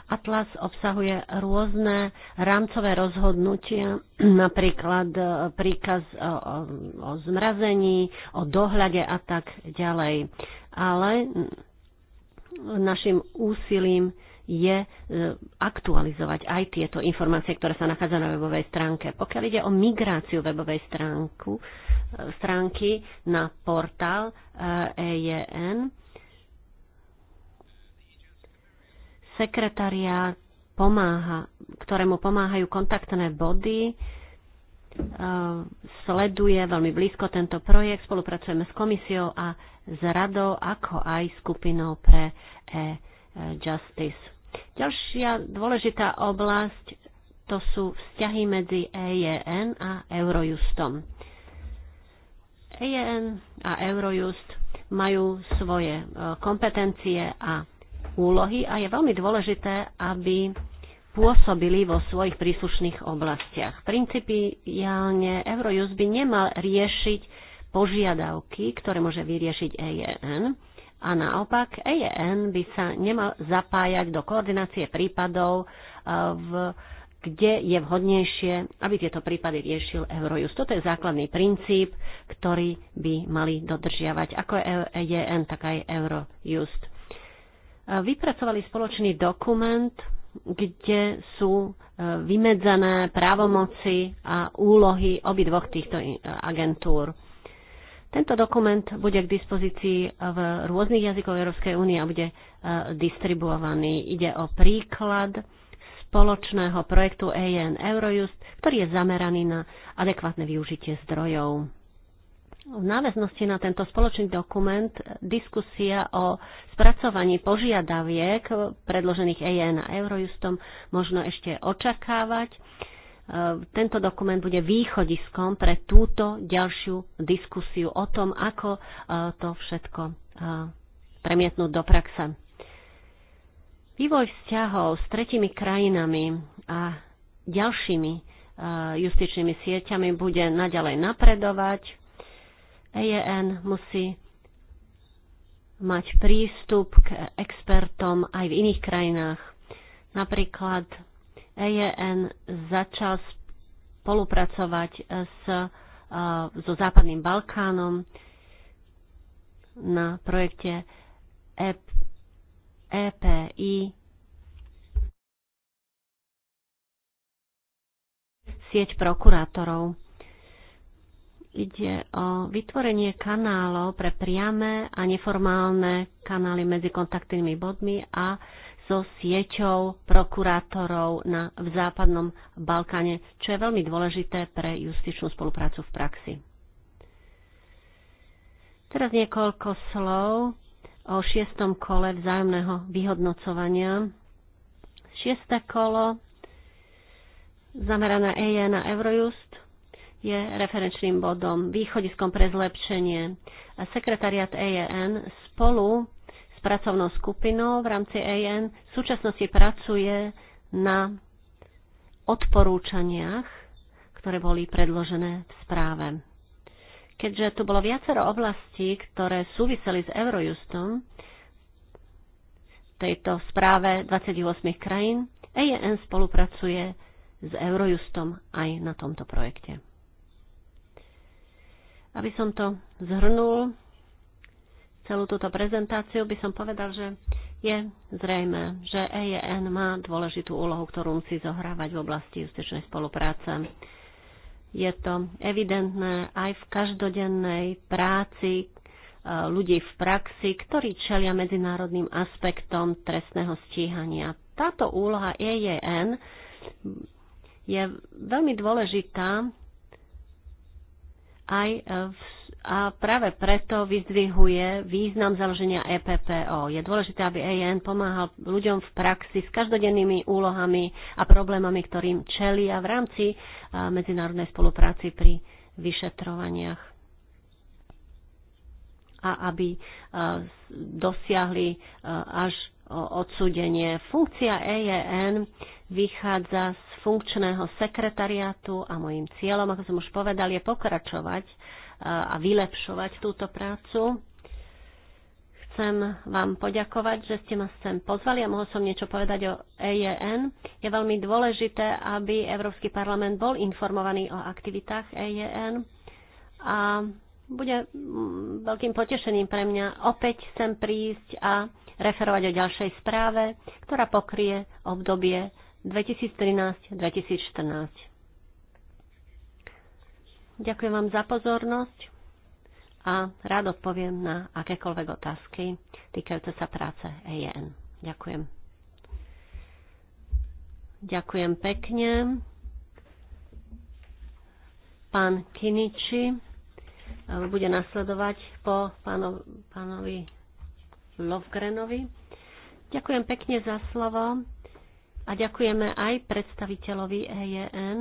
Atlas obsahuje rôzne rámcové rozhodnutia, napríklad e, príkaz o, o zmrazení, o dohľade a tak ďalej. Ale našim úsilím je e, aktualizovať aj tieto informácie, ktoré sa nachádzajú na webovej stránke. Pokiaľ ide o migráciu webovej stránku, e, stránky na portál EJN, e sekretariát pomáha, ktorému pomáhajú kontaktné body, sleduje veľmi blízko tento projekt, spolupracujeme s komisiou a s radou, ako aj skupinou pre e-justice. Ďalšia dôležitá oblasť to sú vzťahy medzi EJN a Eurojustom. EJN a Eurojust majú svoje e, kompetencie a úlohy a je veľmi dôležité, aby pôsobili vo svojich príslušných oblastiach. Principiálne Eurojust by nemal riešiť požiadavky, ktoré môže vyriešiť EJN, a naopak EJN by sa nemal zapájať do koordinácie prípadov, e, v, kde je vhodnejšie, aby tieto prípady riešil Eurojust. Toto je základný princíp, ktorý by mali dodržiavať ako EJN, e tak aj Eurojust. E, vypracovali spoločný dokument, kde sú vymedzené právomoci a úlohy obidvoch týchto agentúr. Tento dokument bude k dispozícii v rôznych jazykoch Európskej únie a bude e, distribuovaný. Ide o príklad spoločného projektu EN Eurojust, ktorý je zameraný na adekvátne využitie zdrojov. V náväznosti na tento spoločný dokument e, diskusia o spracovaní požiadaviek e, predložených EN a Eurojustom možno ešte očakávať tento dokument bude východiskom pre túto ďalšiu diskusiu o tom, ako e, to všetko e, premietnúť do praxe. Vývoj vzťahov s tretimi krajinami a ďalšími e, justičnými sieťami bude naďalej napredovať. EJN musí mať prístup k expertom aj v iných krajinách. Napríklad EJN začal spolupracovať e, s, e, so Západným Balkánom na projekte EPI e sieť prokurátorov. Ide o vytvorenie kanálov pre priame a neformálne kanály medzi kontaktnými bodmi a so sieťou prokurátorov na, v západnom Balkáne, čo je veľmi dôležité pre justičnú spoluprácu v praxi. Teraz niekoľko slov o šiestom kole vzájomného vyhodnocovania. Šiesté kolo zamerané EJ na Eurojust je referenčným bodom, východiskom pre zlepšenie. Sekretariat EJN spolu s pracovnou skupinou v rámci AN. V súčasnosti pracuje na odporúčaniach, ktoré boli predložené v správe. Keďže tu bolo viacero oblastí, ktoré súviseli s Eurojustom, tejto správe 28 krajín, AN spolupracuje s Eurojustom aj na tomto projekte. Aby som to zhrnul, celú túto prezentáciu, by som povedal, že je zrejme, že EJN má dôležitú úlohu, ktorú musí zohrávať v oblasti justičnej spolupráce. Je to evidentné aj v každodennej práci e, ľudí v praxi, ktorí čelia medzinárodným aspektom trestného stíhania. Táto úloha EJN je veľmi dôležitá aj v a práve preto vyzdvihuje význam založenia EPPO. Je dôležité, aby EN pomáhal ľuďom v praxi s každodennými úlohami a problémami, ktorým čelia v rámci medzinárodnej spolupráci pri vyšetrovaniach a aby dosiahli až odsúdenie. Funkcia EJN vychádza z funkčného sekretariátu a môjim cieľom, ako som už povedal, je pokračovať a vylepšovať túto prácu. Chcem vám poďakovať, že ste ma sem pozvali a mohol som niečo povedať o EJN. Je veľmi dôležité, aby Európsky parlament bol informovaný o aktivitách EJN a bude veľkým potešením pre mňa opäť sem prísť a referovať o ďalšej správe, ktorá pokrie obdobie 2013-2014. Ďakujem vám za pozornosť a rád odpoviem na akékoľvek otázky týkajúce sa práce EIN. Ďakujem. Ďakujem pekne. Pán Kiniči eh, bude nasledovať po páno, pánovi Lovgrenovi. Ďakujem pekne za slovo a ďakujeme aj predstaviteľovi EJN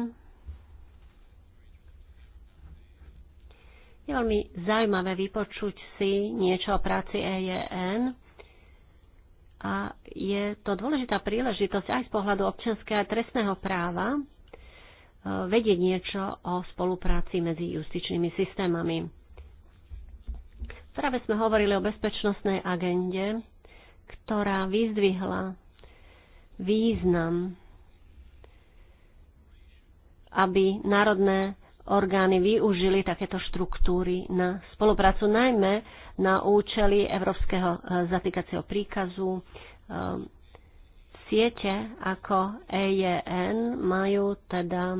Je veľmi zaujímavé vypočuť si niečo o práci EJN a je to dôležitá príležitosť aj z pohľadu občianského a trestného práva e, vedieť niečo o spolupráci medzi justičnými systémami. Práve sme hovorili o bezpečnostnej agende, ktorá vyzdvihla význam, aby národné orgány využili takéto štruktúry na spoluprácu, najmä na účely Európskeho eh, zatýkacieho príkazu. Eh, siete ako EJN majú teda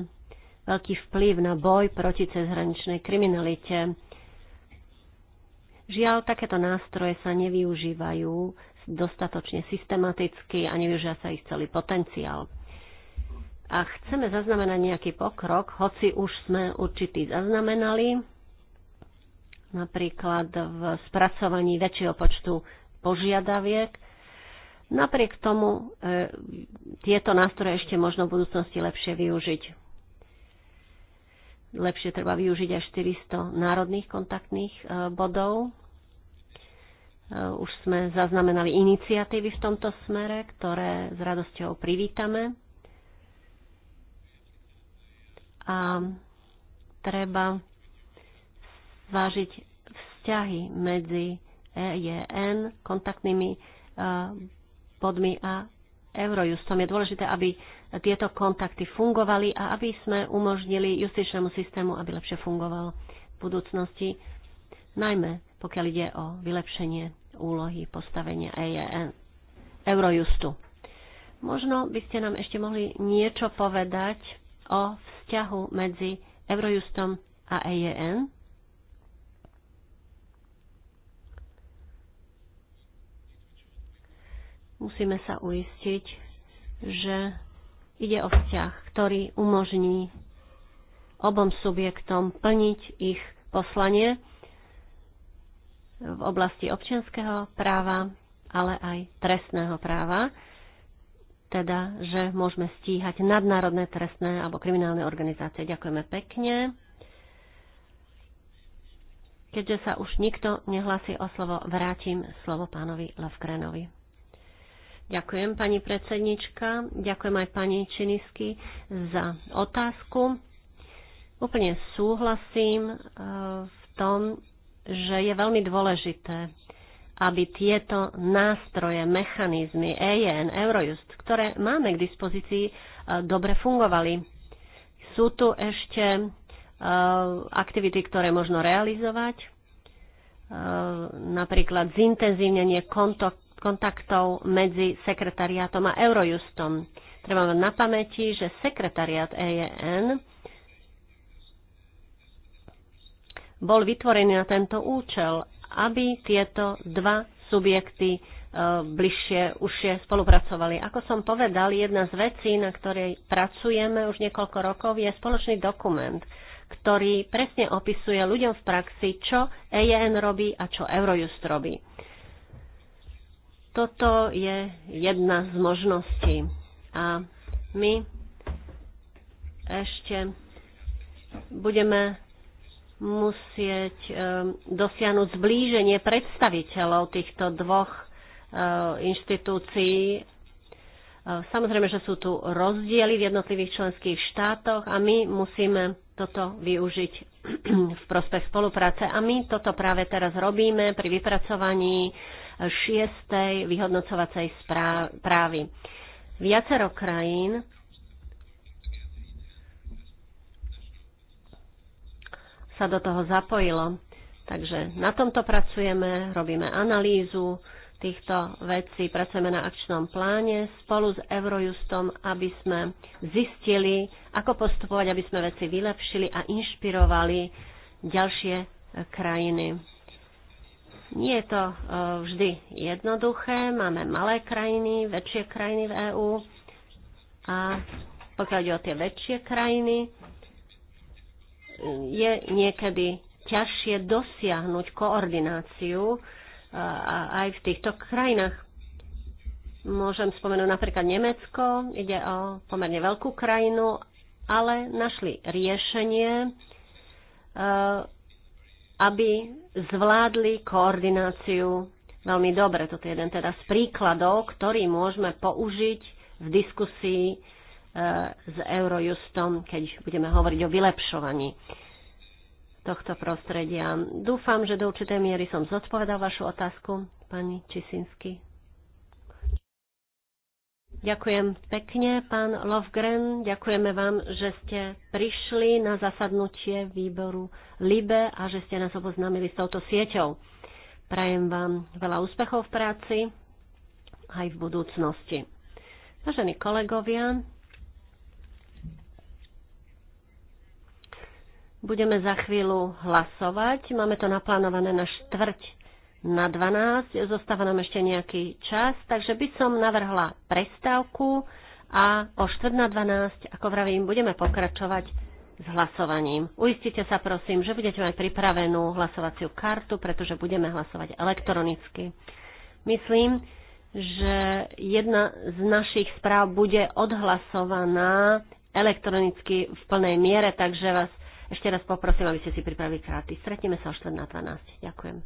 veľký vplyv na boj proti cezhraničnej kriminalite. Žiaľ, takéto nástroje sa nevyužívajú dostatočne systematicky a nevyužia sa ich celý potenciál a chceme zaznamenať nejaký pokrok, hoci už sme určitý zaznamenali, napríklad v spracovaní väčšieho počtu požiadaviek. Napriek tomu e, tieto nástroje ešte možno v budúcnosti lepšie využiť. Lepšie treba využiť až 400 národných kontaktných e, bodov. E, už sme zaznamenali iniciatívy v tomto smere, ktoré s radosťou privítame a treba zvážiť vzťahy medzi EJN, kontaktnými e, bodmi a Eurojustom. Je dôležité, aby tieto kontakty fungovali a aby sme umožnili justičnému systému, aby lepšie fungoval v budúcnosti, najmä pokiaľ ide o vylepšenie úlohy postavenia EJN, Eurojustu. Možno by ste nám ešte mohli niečo povedať o vzťahu medzi Eurojustom a EJN. Musíme sa uistiť, že ide o vzťah, ktorý umožní obom subjektom plniť ich poslanie v oblasti občianského práva, ale aj trestného práva teda, že môžeme stíhať nadnárodné trestné alebo kriminálne organizácie. Ďakujeme pekne. Keďže sa už nikto nehlasí o slovo, vrátim slovo pánovi Lovkrenovi. Ďakujem, pani predsednička. Ďakujem aj pani Činisky za otázku. Úplne súhlasím eh, v tom, že je veľmi dôležité aby tieto nástroje, mechanizmy EIN, Eurojust, ktoré máme k dispozícii, e, dobre fungovali. Sú tu ešte e, aktivity, ktoré možno realizovať, e, napríklad zintenzívnenie kontaktov medzi sekretariátom a Eurojustom. Treba mať na pamäti, že sekretariát EIN bol vytvorený na tento účel aby tieto dva subjekty e, bližšie, užšie spolupracovali. Ako som povedal, jedna z vecí, na ktorej pracujeme už niekoľko rokov, je spoločný dokument, ktorý presne opisuje ľuďom v praxi, čo EJN robí a čo Eurojust robí. Toto je jedna z možností. A my ešte budeme musieť ehm, dosiahnuť zblíženie predstaviteľov týchto dvoch ehm, inštitúcií. Ehm, samozrejme, že sú tu rozdiely v jednotlivých členských štátoch a my musíme toto využiť v prospech spolupráce. A my toto práve teraz robíme pri vypracovaní šiestej vyhodnocovacej správy. Viacero krajín sa do toho zapojilo. Takže na tomto pracujeme, robíme analýzu týchto vecí, pracujeme na akčnom pláne spolu s Eurojustom, aby sme zistili, ako postupovať, aby sme veci vylepšili a inšpirovali ďalšie e, krajiny. Nie je to e, vždy jednoduché, máme malé krajiny, väčšie krajiny v EÚ a pokiaľ ide o tie väčšie krajiny, je niekedy ťažšie dosiahnuť koordináciu aj v týchto krajinách. Môžem spomenúť napríklad Nemecko, ide o pomerne veľkú krajinu, ale našli riešenie, aby zvládli koordináciu veľmi dobre. Toto je jeden teda z príkladov, ktorý môžeme použiť v diskusii s Eurojustom, keď budeme hovoriť o vylepšovaní tohto prostredia. Dúfam, že do určitej miery som zodpovedal vašu otázku, pani Čisinsky. Ďakujem pekne, pán Lovgren. Ďakujeme vám, že ste prišli na zasadnutie výboru LIBE a že ste nás oboznámili s touto sieťou. Prajem vám veľa úspechov v práci aj v budúcnosti. Vážení kolegovia, Budeme za chvíľu hlasovať. Máme to naplánované na štvrť na 12. Zostáva nám ešte nejaký čas, takže by som navrhla prestávku a o štvrť na 12, ako vravím, budeme pokračovať s hlasovaním. Uistite sa prosím, že budete mať pripravenú hlasovaciu kartu, pretože budeme hlasovať elektronicky. Myslím, že jedna z našich správ bude odhlasovaná elektronicky v plnej miere, takže vás ešte raz poprosím, aby ste si pripravili kráty. Stretneme sa o 4 na 12. Ďakujem.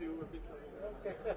do a picture.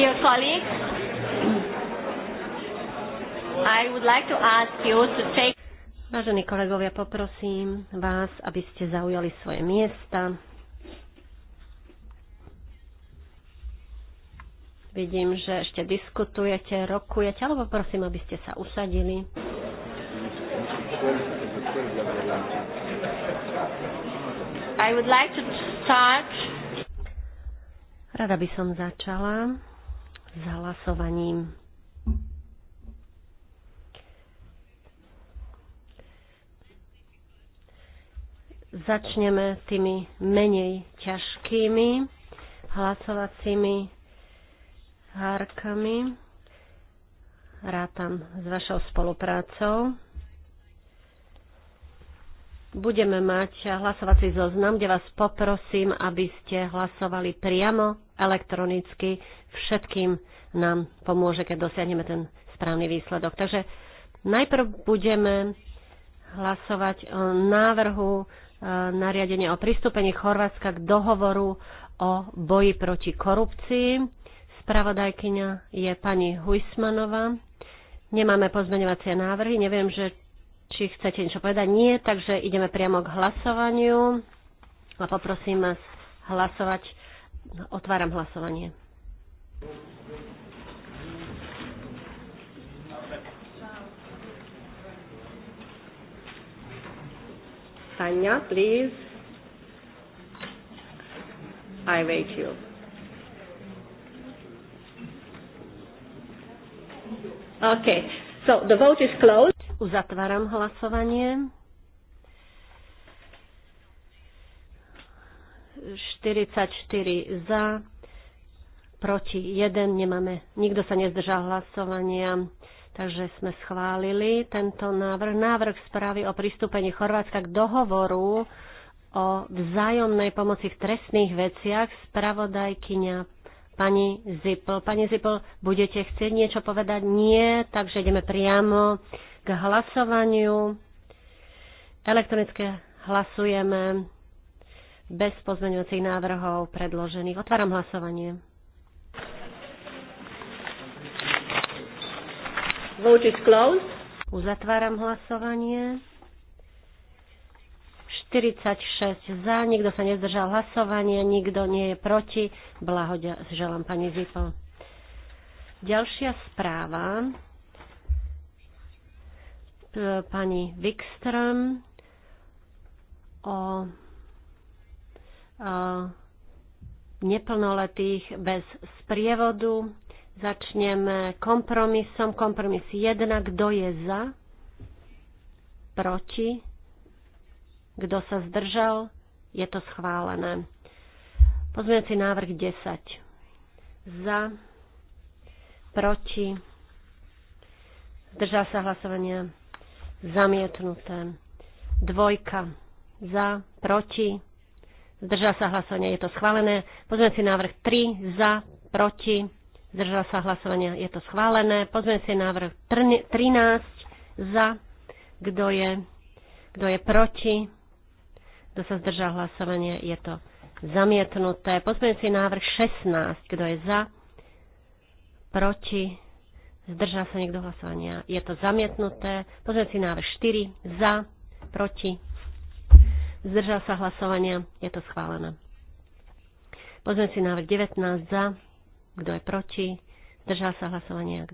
Dear colleagues, I would like to ask you to take... Vážení kolegovia, poprosím vás, aby ste zaujali svoje miesta. Vidím, že ešte diskutujete, rokujete, alebo prosím, aby ste sa usadili. I would like to start Rada by som začala s hlasovaním. Začneme tými menej ťažkými hlasovacími hárkami. Rátam s vašou spoluprácou budeme mať hlasovací zoznam, kde vás poprosím, aby ste hlasovali priamo elektronicky. Všetkým nám pomôže, keď dosiahneme ten správny výsledok. Takže najprv budeme hlasovať o návrhu e, nariadenia o pristúpení Chorvátska k dohovoru o boji proti korupcii. Spravodajkyňa je pani Huismanová. Nemáme pozmeňovacie návrhy. Neviem, že či chcete niečo povedať. Nie, takže ideme priamo k hlasovaniu a poprosím vás hlasovať. No, otváram hlasovanie. Tanya, please. I wait you. Okay, so the vote is closed. Uzatváram hlasovanie. 44 za, proti 1, nemáme, nikto sa nezdržal hlasovania, takže sme schválili tento návrh. Návrh správy o pristúpení Chorvátska k dohovoru o vzájomnej pomoci v trestných veciach spravodajkyňa pani Zipl. Pani Zipl, budete chcieť niečo povedať? Nie, takže ideme priamo k hlasovaniu. Elektronické hlasujeme bez pozmeňujúcich návrhov predložených. Otváram hlasovanie. Vote is closed. Uzatváram hlasovanie. 46 za, nikto sa nezdržal hlasovanie, nikto nie je proti. Blahoželám pani Zipo. Ďalšia správa pani Wikström o neplnoletých bez sprievodu. Začneme kompromisom. Kompromis 1. Kto je za? Proti? Kto sa zdržal? Je to schválené. Pozmeňujúci návrh 10. Za? Proti? Zdržal sa hlasovania zamietnuté. Dvojka za, proti, zdržal sa hlasovanie, je to schválené. Pozrieme si návrh 3 za, proti, zdržal sa hlasovanie, je to schválené. Pozrieme si návrh 13 za, kto je, kto je proti, kto sa zdržal hlasovanie, je to zamietnuté. Pozrieme si návrh 16, kto je za, proti, Zdržal sa niekto hlasovania? Je to zamietnuté. si návrh 4. Za. Proti. Zdržal sa hlasovania? Je to schválené. si návrh 19. Za. Kto je proti? Zdržal sa hlasovania?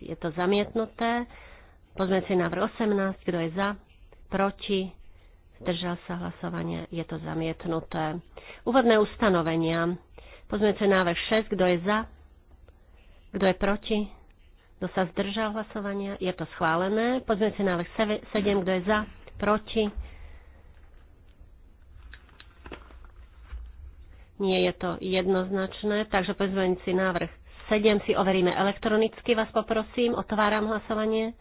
Je to zamietnuté. si návrh 18. Kto je za? Proti? Zdržal sa hlasovania? Je to zamietnuté. Úvodné ustanovenia. si návrh 6. Kto je za? Kto je proti? Kto sa zdržal hlasovania? Je to schválené. Poďme si návrh 7. Kto je za? Proti? Nie je to jednoznačné, takže si návrh 7 si overíme elektronicky, vás poprosím. Otváram hlasovanie.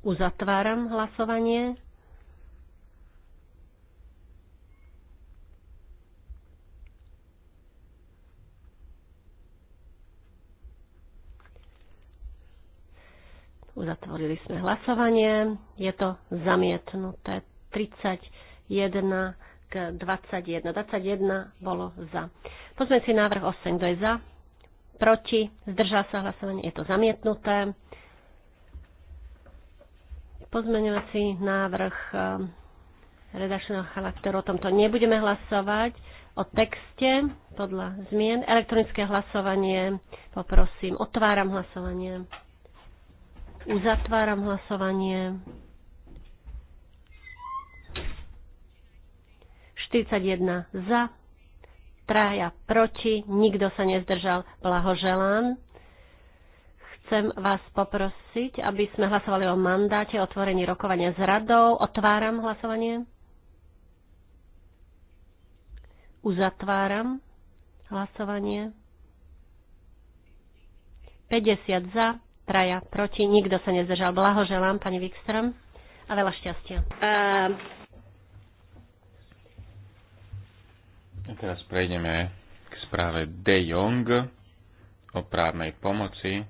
Uzatváram hlasovanie. Uzatvorili sme hlasovanie. Je to zamietnuté. 31 k 21. 21 bolo za. Pozme si návrh 8. Kto je za? Proti? Zdržal sa hlasovanie? Je to zamietnuté. si návrh eh, redačného charakteru. O tomto nebudeme hlasovať. O texte podľa zmien. Elektronické hlasovanie poprosím. Otváram hlasovanie. Uzatváram hlasovanie. 41 za, traja proti, nikto sa nezdržal. Blahoželám. Chcem vás poprosiť, aby sme hlasovali o mandáte, otvorení rokovania s radou. Otváram hlasovanie. Uzatváram hlasovanie. 50 za, traja proti, nikto sa nezdržal. Blahoželám, pani Wikström, a veľa šťastia. Um. A teraz prejdeme k správe De Jong o právnej pomoci.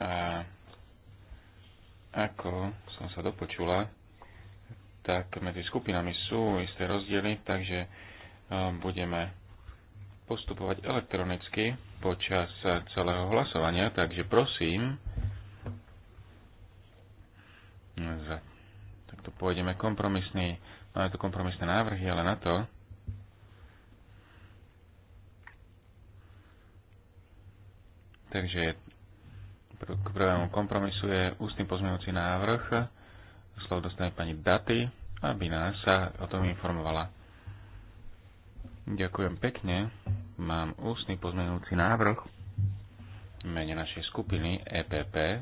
A ako som sa dopočula, tak medzi skupinami sú isté rozdiely, takže Ehm, budeme postupovať elektronicky počas celého hlasovania, takže prosím, takto pôjdeme kompromisný, máme tu kompromisné návrhy, ale na to, Takže k prvému kompromisu je ústny pozmeňujúci návrh. Slovo dostane pani Daty, aby nás sa o tom informovala. Ďakujem pekne. Mám ústny pozmenujúci návrh v mene našej skupiny EPP.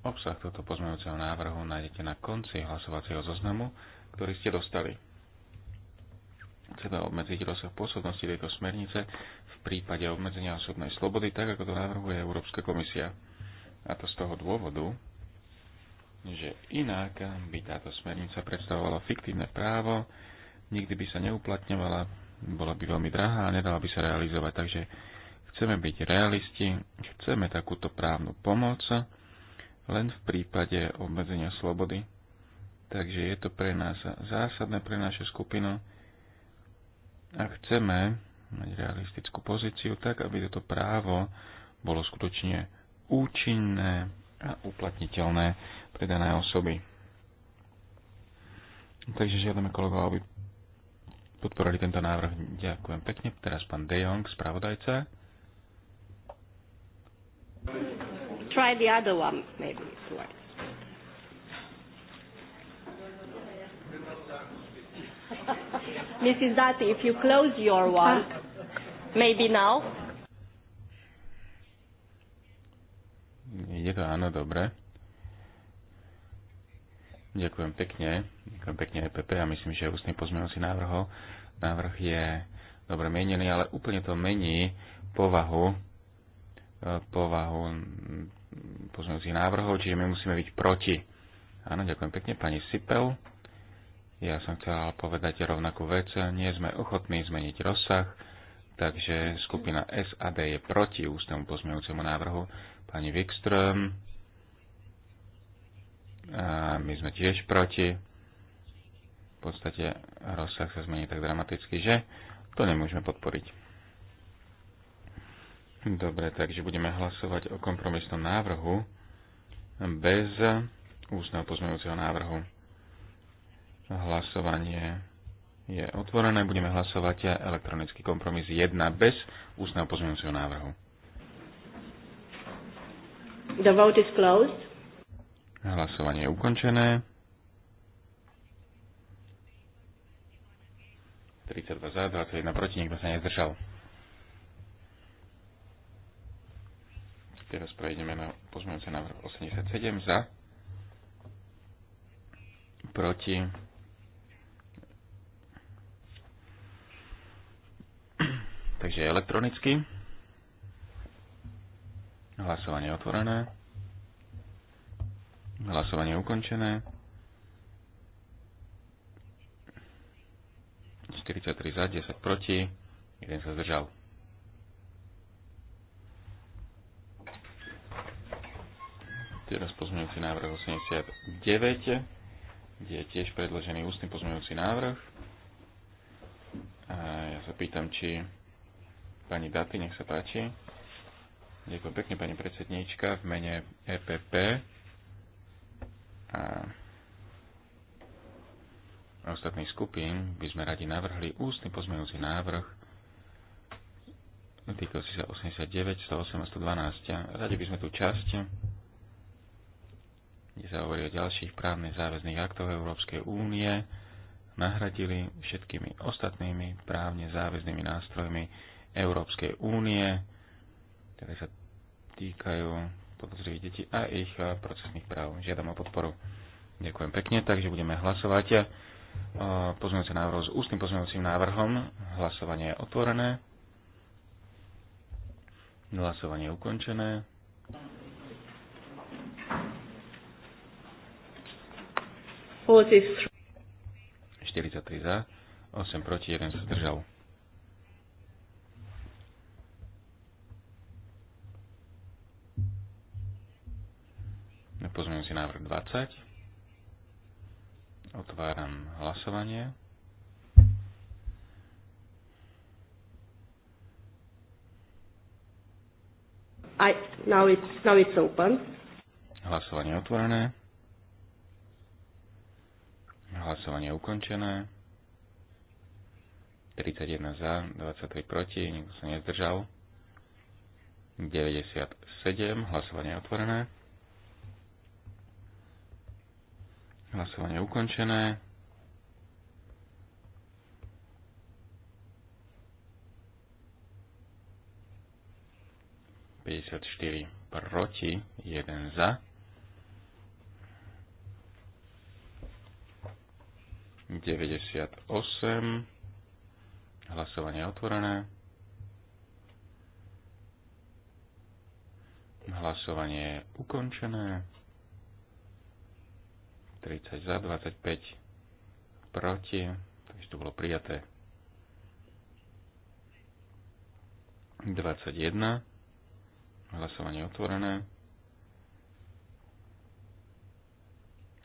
Obsah tohto pozmenujúceho návrhu nájdete na konci hlasovacieho zoznamu, ktorý ste dostali. Chceme obmedziť rozsah pôsobnosti tejto smernice v prípade obmedzenia osobnej slobody, tak ako to navrhuje Európska komisia. A to z toho dôvodu, že inak by táto smernica predstavovala fiktívne právo, nikdy by sa neuplatňovala, bola by veľmi drahá a nedala by sa realizovať. Takže chceme byť realisti, chceme takúto právnu pomoc len v prípade obmedzenia slobody. Takže je to pre nás zásadné, pre našu skupinu a chceme mať realistickú pozíciu tak, aby toto právo bolo skutočne účinné a uplatniteľné pre dané osoby. Takže žiadame kolegov, aby podporili tento návrh. Ďakujem pekne. Teraz pán De Jong, spravodajca. Try the other one, maybe it works. Mrs. Dati, if you close your one, maybe now. Je to áno, dobre. Ďakujem pekne. Ďakujem pekne EPP a myslím, že ústny pozmenujúci návrh, návrh je dobre menený, ale úplne to mení povahu, e, povahu pozmeňovacích návrhov, čiže my musíme byť proti. Áno, ďakujem pekne pani Sipel. Ja som chcela povedať rovnakú vec. Nie sme ochotní zmeniť rozsah, takže skupina SAD je proti ústnemu pozmenujúcemu návrhu pani Wikström. A my sme tiež proti v podstate rozsah sa zmení tak dramaticky, že to nemôžeme podporiť. Dobre, takže budeme hlasovať o kompromisnom návrhu bez ústneho pozmeňujúceho návrhu. Hlasovanie je otvorené. Budeme hlasovať elektronický kompromis 1 bez ústneho pozmeňujúceho návrhu. The vote is closed. Hlasovanie je ukončené. 32 za, 21 proti, nikto sa nezdržal. Teraz prejdeme na pozmeňujúce návrh 87 za, proti, takže elektronicky. Hlasovanie otvorené. Hlasovanie ukončené. 43 za, 10 proti, 1 sa zdržal. Teraz pozmeňujúci návrh 89, kde je tiež predložený ústny pozmeňujúci návrh. A ja sa pýtam, či pani Daty, nech sa páči. Ďakujem pekne, pani predsedníčka, v mene EPP. A ostatných skupín by sme radi navrhli ústny pozmeňujúci návrh týkajúci sa 89, 108 a 112. Radi by sme tú časť, kde sa hovorí o ďalších právne záväzných aktov Európskej únie, nahradili všetkými ostatnými právne záväznými nástrojmi Európskej únie, ktoré sa týkajú podozrivých detí a ich procesných práv. Žiadam o podporu. Ďakujem pekne, takže budeme hlasovať pozmeňujúci návrh s ústnym pozmeňujúcim návrhom. Hlasovanie je otvorené. Hlasovanie je ukončené. Pozis. 43 za, 8 proti, 1 sa zdržal. Pozmeňujem si návrh 20. Otváram hlasovanie. I, now it's, now it's open. Hlasovanie otvorené. Hlasovanie ukončené. 31 za, 23 proti, nikto sa nezdržal. 97, hlasovanie otvorené. Hlasovanie ukončené. proti, jeden za. Deväťdesiat osem. Hlasovanie otvorené. Hlasovanie ukončené. 30 za, 25 proti, takže to bolo prijaté. 21, hlasovanie otvorené,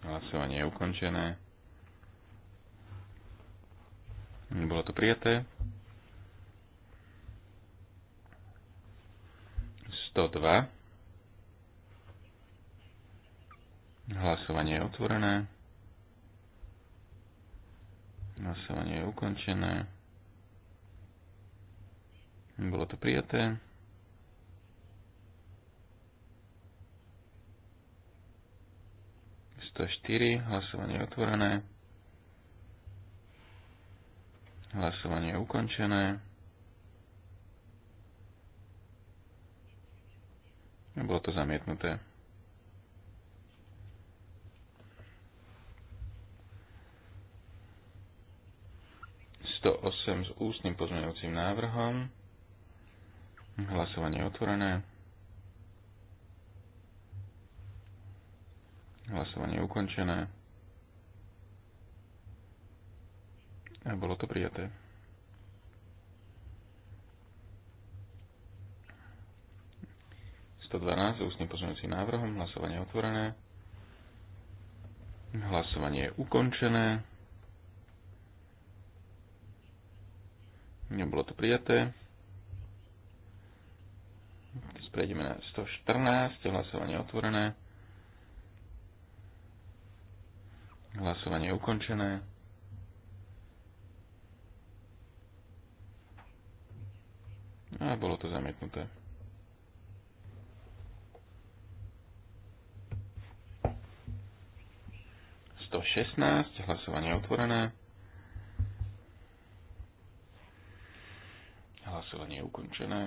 hlasovanie je ukončené, bolo to prijaté. 102 Hlasovanie je otvorené. Hlasovanie je ukončené. Bolo to prijaté. Sto 4, hlasovanie je otvorené. Hlasovanie je ukončené. Bolo to zamietnuté. 108 s ústnym pozmeňujúcim návrhom. Hlasovanie je otvorené. Hlasovanie je ukončené. A bolo to prijaté. s ústnym pozmeňujúcim návrhom. Hlasovanie je otvorené. Hlasovanie je ukončené. Nebolo to prijaté. Keď prejdeme na 114, hlasovanie otvorené. Hlasovanie je ukončené. A bolo to zamietnuté. To 16, hlasovanie otvorené. Hlasovanie je ukončené.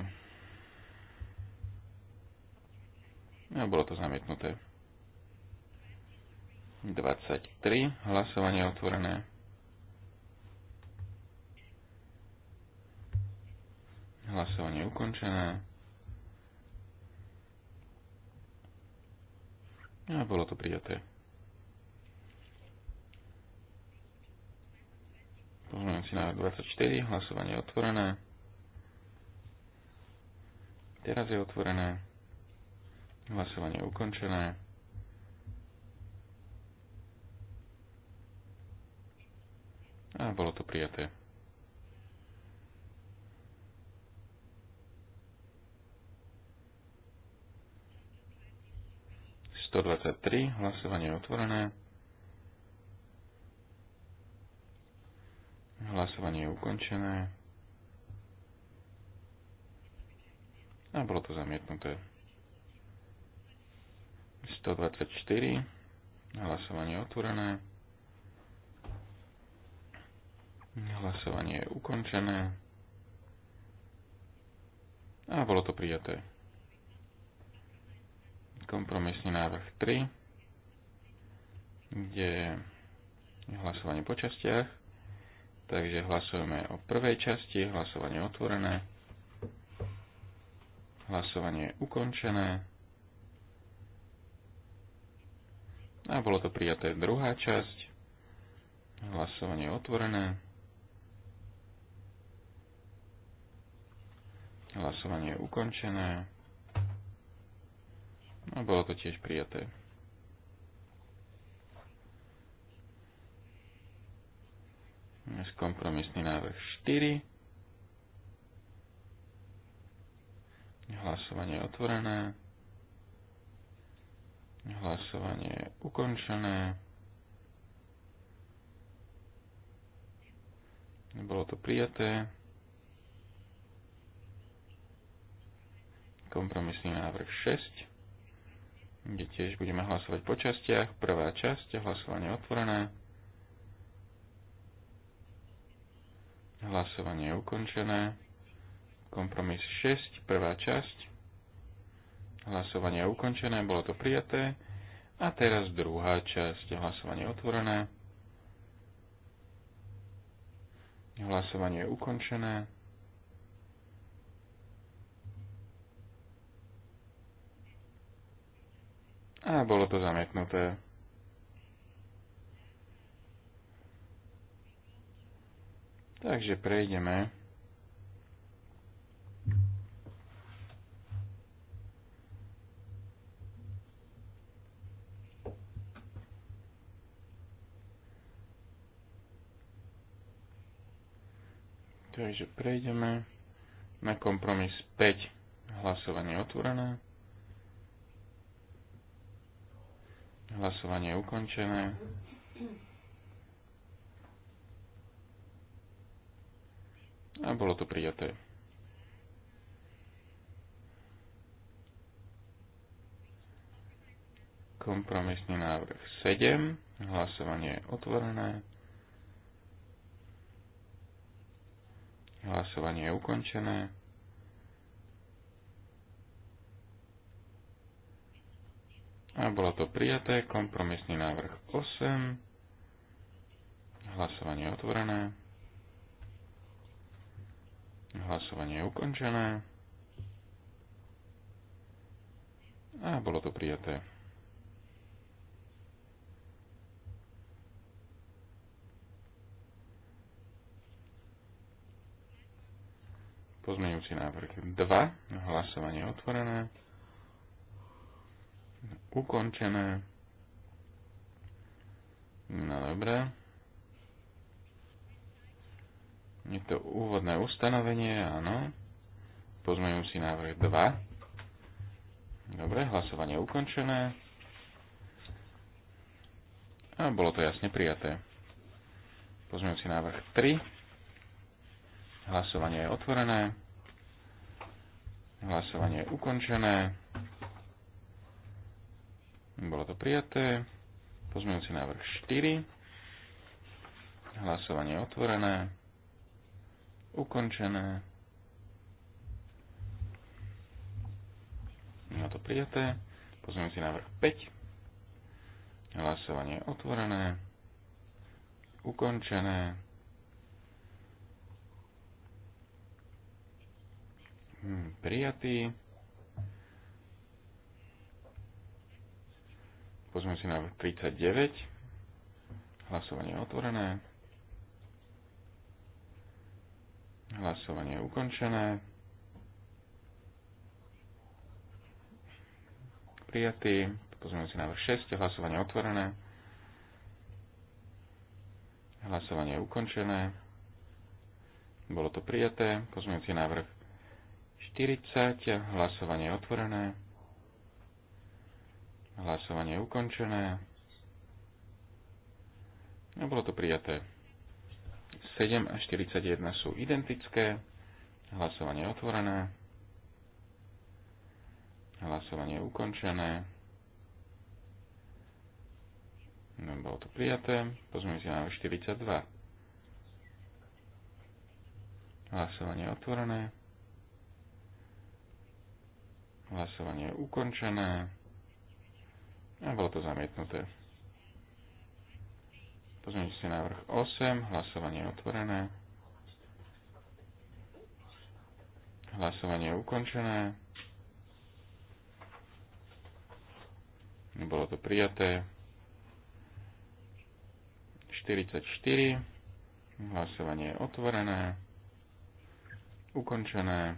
A bolo to zamietnuté. 23. Hlasovanie je otvorené. Hlasovanie je ukončené. A bolo to prijaté. Pozmeňujem si na 24, hlasovanie je otvorené. Teraz je otvorené. Hlasovanie je ukončené. A bolo to prijaté. Hlasovanie je otvorené. Hlasovanie je ukončené. A bolo to zamietnuté. 124. Hlasovanie otvorené. Hlasovanie je ukončené. A bolo to prijaté. Kompromisný návrh 3, kde je hlasovanie po častiach. Takže hlasujeme o prvej časti, hlasovanie otvorené. Hlasovanie je ukončené. A bolo to prijaté druhá časť. Hlasovanie je otvorené. Hlasovanie je ukončené. A bolo to tiež prijaté. Kompromisný návrh 4. Hlasovanie je otvorené. Hlasovanie je ukončené. Nebolo to prijaté. Kompromisný návrh 6, kde tiež budeme hlasovať po častiach. Prvá časť, hlasovanie otvorené. Hlasovanie je ukončené. Kompromis 6, prvá časť. Hlasovanie je ukončené, bolo to prijaté. A teraz druhá časť, hlasovanie je otvorené. Hlasovanie je ukončené. A bolo to zamietnuté. Takže prejdeme Takže prejdeme na kompromis 5. Hlasovanie otvorené. Hlasovanie je ukončené. A bolo to prijaté. Kompromisný návrh 7. Hlasovanie je otvorené. Hlasovanie je ukončené. A bolo to prijaté. Kompromisný návrh 8. Hlasovanie je otvorené. Hlasovanie je ukončené. A bolo to prijaté. Pozmeňujúci návrh 2. Hlasovanie otvorené. Ukončené. No dobré. Je to úvodné ustanovenie, áno. Pozmeňujúci návrh 2. Dobre, hlasovanie ukončené. A bolo to jasne prijaté. Pozmeňujúci návrh 3. Hlasovanie je otvorené. Hlasovanie je ukončené. Bolo to prijaté. Pozmeňujúci návrh 4. Hlasovanie je otvorené. Ukončené. Bolo to prijaté. Pozmeňujúci návrh 5. Hlasovanie je otvorené. Ukončené Hm, prijatý. Pozme si na 39. Hlasovanie je otvorené. Hlasovanie je ukončené. Prijatý. pozme si na 6. Hlasovanie je otvorené. Hlasovanie je ukončené. Bolo to prijaté. Pozmeňujúci návrh 40, hlasovanie otvorené, hlasovanie ukončené. A bolo to prijaté. 7 a 41 sú identické, hlasovanie otvorené, hlasovanie ukončené. No, bolo to prijaté. Pozrieme si na 42. Hlasovanie otvorené. Hlasovanie je ukončené. A bolo to zamietnuté. Pozmeňte si návrh 8. Hlasovanie je otvorené. Hlasovanie je ukončené. Bolo to prijaté. 44. Hlasovanie je otvorené. Ukončené.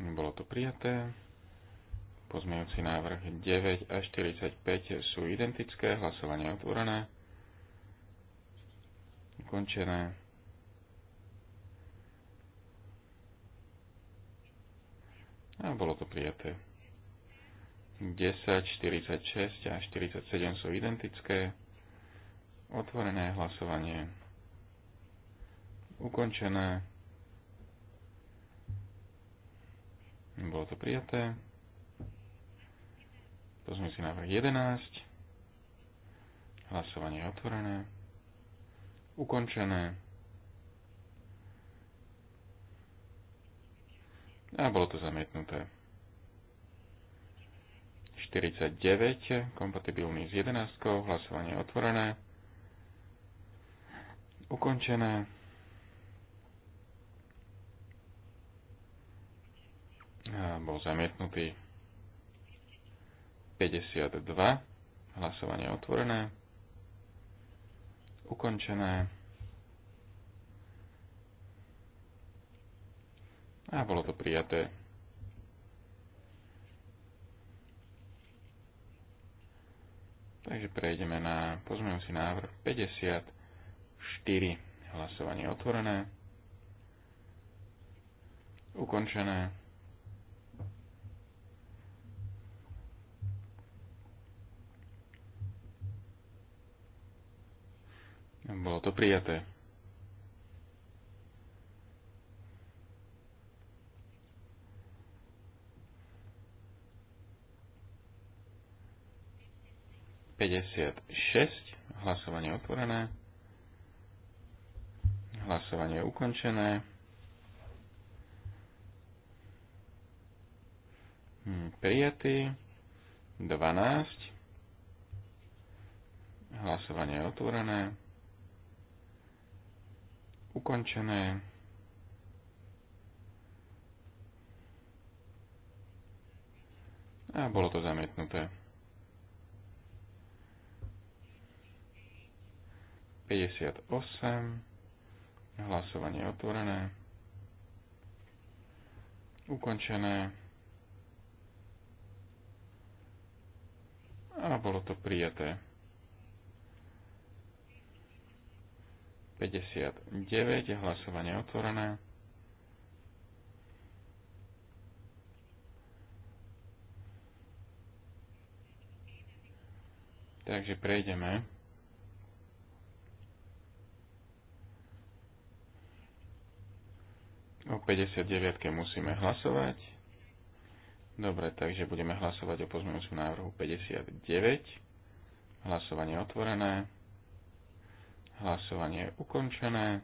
Bolo to prijaté. Pozmejúci návrh 9 a 45 sú identické. Hlasovanie je otvorené. Ukončené. A bolo to prijaté. 10, 46 a 47 sú identické. Otvorené hlasovanie. Ukončené. Bolo to prijaté. si návrh 11. Hlasovanie je otvorené. Ukončené. A bolo to zamietnuté. 49, kompatibilný s 11, hlasovanie otvorené. Ukončené. bol zamietnutý 52, hlasovanie otvorené, ukončené a bolo to prijaté. Takže prejdeme na pozmeňujúci návrh 54, hlasovanie otvorené, ukončené. Bolo to prijaté. Päťdesiat šesť. Hlasovanie otvorené. Hlasovanie ukončené. Prijatý 12. Hlasovanie je otvorené ukončené. A bolo to zamietnuté. 58. Hlasovanie otvorené. Ukončené. A bolo to prijaté. 59. Je hlasovanie otvorené. Takže prejdeme o 59. musíme hlasovať. Dobre, takže budeme hlasovať o pozmeňujúcom návrhu 59. Hlasovanie otvorené. Hlasovanie je ukončené.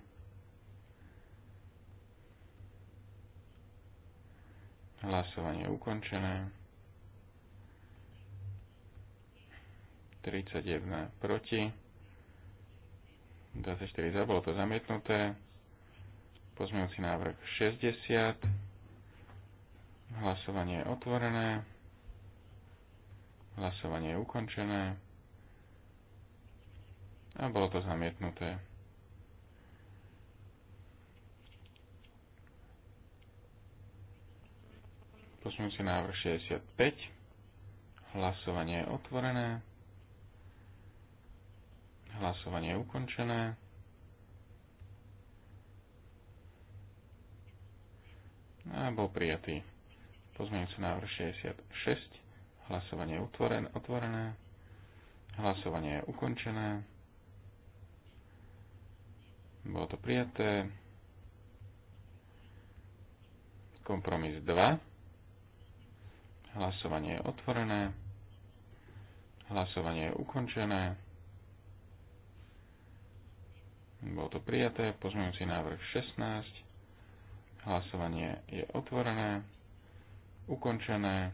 Hlasovanie je ukončené. 31 proti. 24 za, bolo to zamietnuté. Pozmeňujúci návrh 60. Hlasovanie je otvorené. Hlasovanie je ukončené a bolo to zamietnuté. si návrh 65. Hlasovanie je otvorené. Hlasovanie je ukončené. A bol prijatý. sa návrh 66. Hlasovanie je otvorené. Hlasovanie je ukončené. Bolo to prijaté. Kompromis 2. Hlasovanie je otvorené. Hlasovanie je ukončené. Bolo to prijaté. Pozmeňujúci návrh 16. Hlasovanie je otvorené. Ukončené.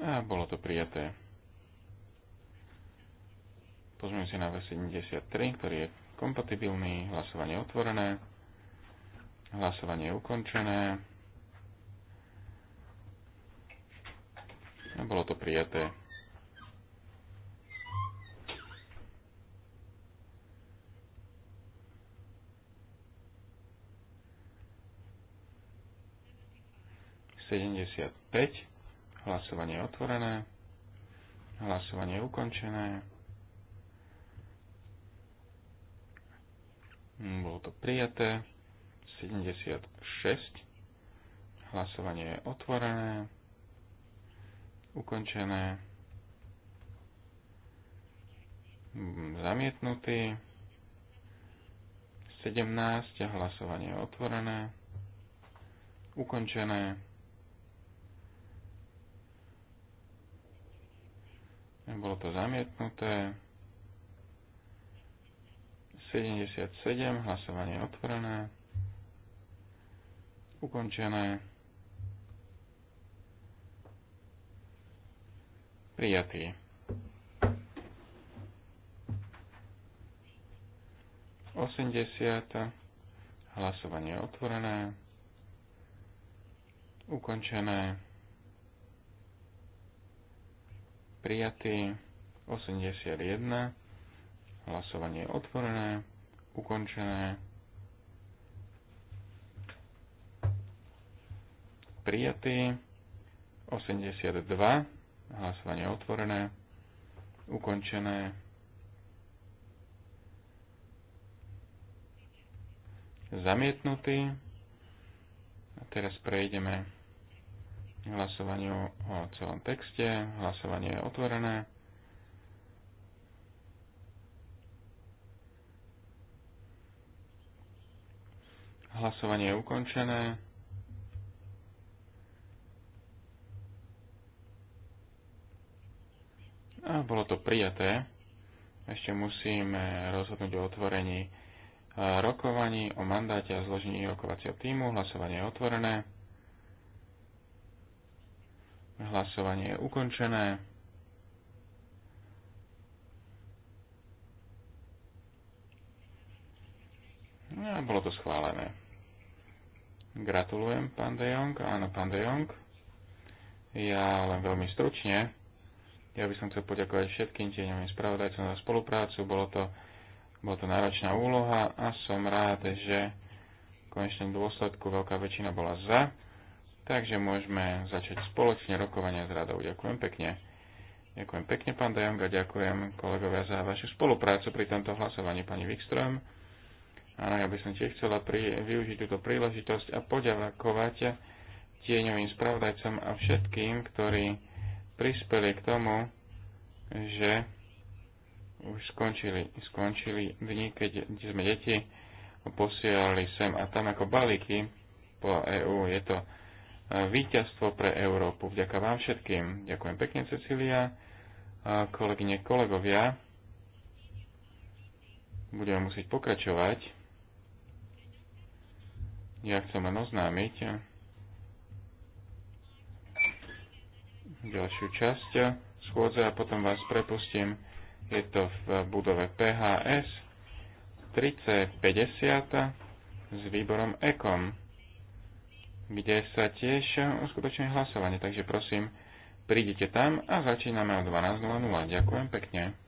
A bolo to prijaté. Pozmeňujúci návrh 73, ktorý je kompatibilný. Hlasovanie je otvorené. Hlasovanie je ukončené. A bolo to prijaté. Sedemdesiat Hlasovanie je otvorené. Hlasovanie je ukončené. Hm, bolo to prijaté. 76. Hlasovanie je otvorené. Ukončené. Hm, zamietnutý. 17. Hlasovanie je otvorené. Ukončené. Bolo to zamietnuté. 77, hlasovanie otvorené, ukončené, prijatý. Osemdesiat, hlasovanie otvorené, ukončené, prijatý, jedna, Hlasovanie je otvorené, ukončené. Prijatý. 82. Hlasovanie je otvorené, ukončené. Zamietnutý. A teraz prejdeme hlasovaniu o celom texte. Hlasovanie je otvorené. Hlasovanie je ukončené. A bolo to prijaté. Ešte musíme rozhodnúť o otvorení e, rokovaní, o mandáte a zložení rokovacieho týmu. Hlasovanie je otvorené. Hlasovanie je ukončené. bolo to schválené. Gratulujem, pán De Jong. Áno, pán De Jong. Ja len veľmi stručne. Ja by som chcel poďakovať všetkým tieňovým spravodajcom za spoluprácu. Bolo to, bolo to náročná úloha a som rád, že v konečnom dôsledku veľká väčšina bola za. Takže môžeme začať spoločne rokovania s radou. Ďakujem pekne. Ďakujem pekne, pán Dajong, a ďakujem kolegovia za vašu spoluprácu pri tomto hlasovaní, pani Wikström. Áno, ja by som tiež chcela pri, využiť túto príležitosť a poďakovať tieňovým spravodajcom a všetkým, ktorí prispeli k tomu, že už skončili, skončili dni, keď sme deti posielali sem a tam ako balíky po EÚ. Je to e, víťazstvo pre Európu. Vďaka vám všetkým. Ďakujem pekne, Cecília, kolegyne, kolegovia. Budeme musieť pokračovať. Ja chcem len oznámiť ďalšiu časť schôdze a potom vás prepustím. Je to v budove PHS 3050 s výborom EKOM, kde sa tiež uskutočne hlasovanie. Takže prosím, prídite tam a začíname o 12.00. Ďakujem pekne.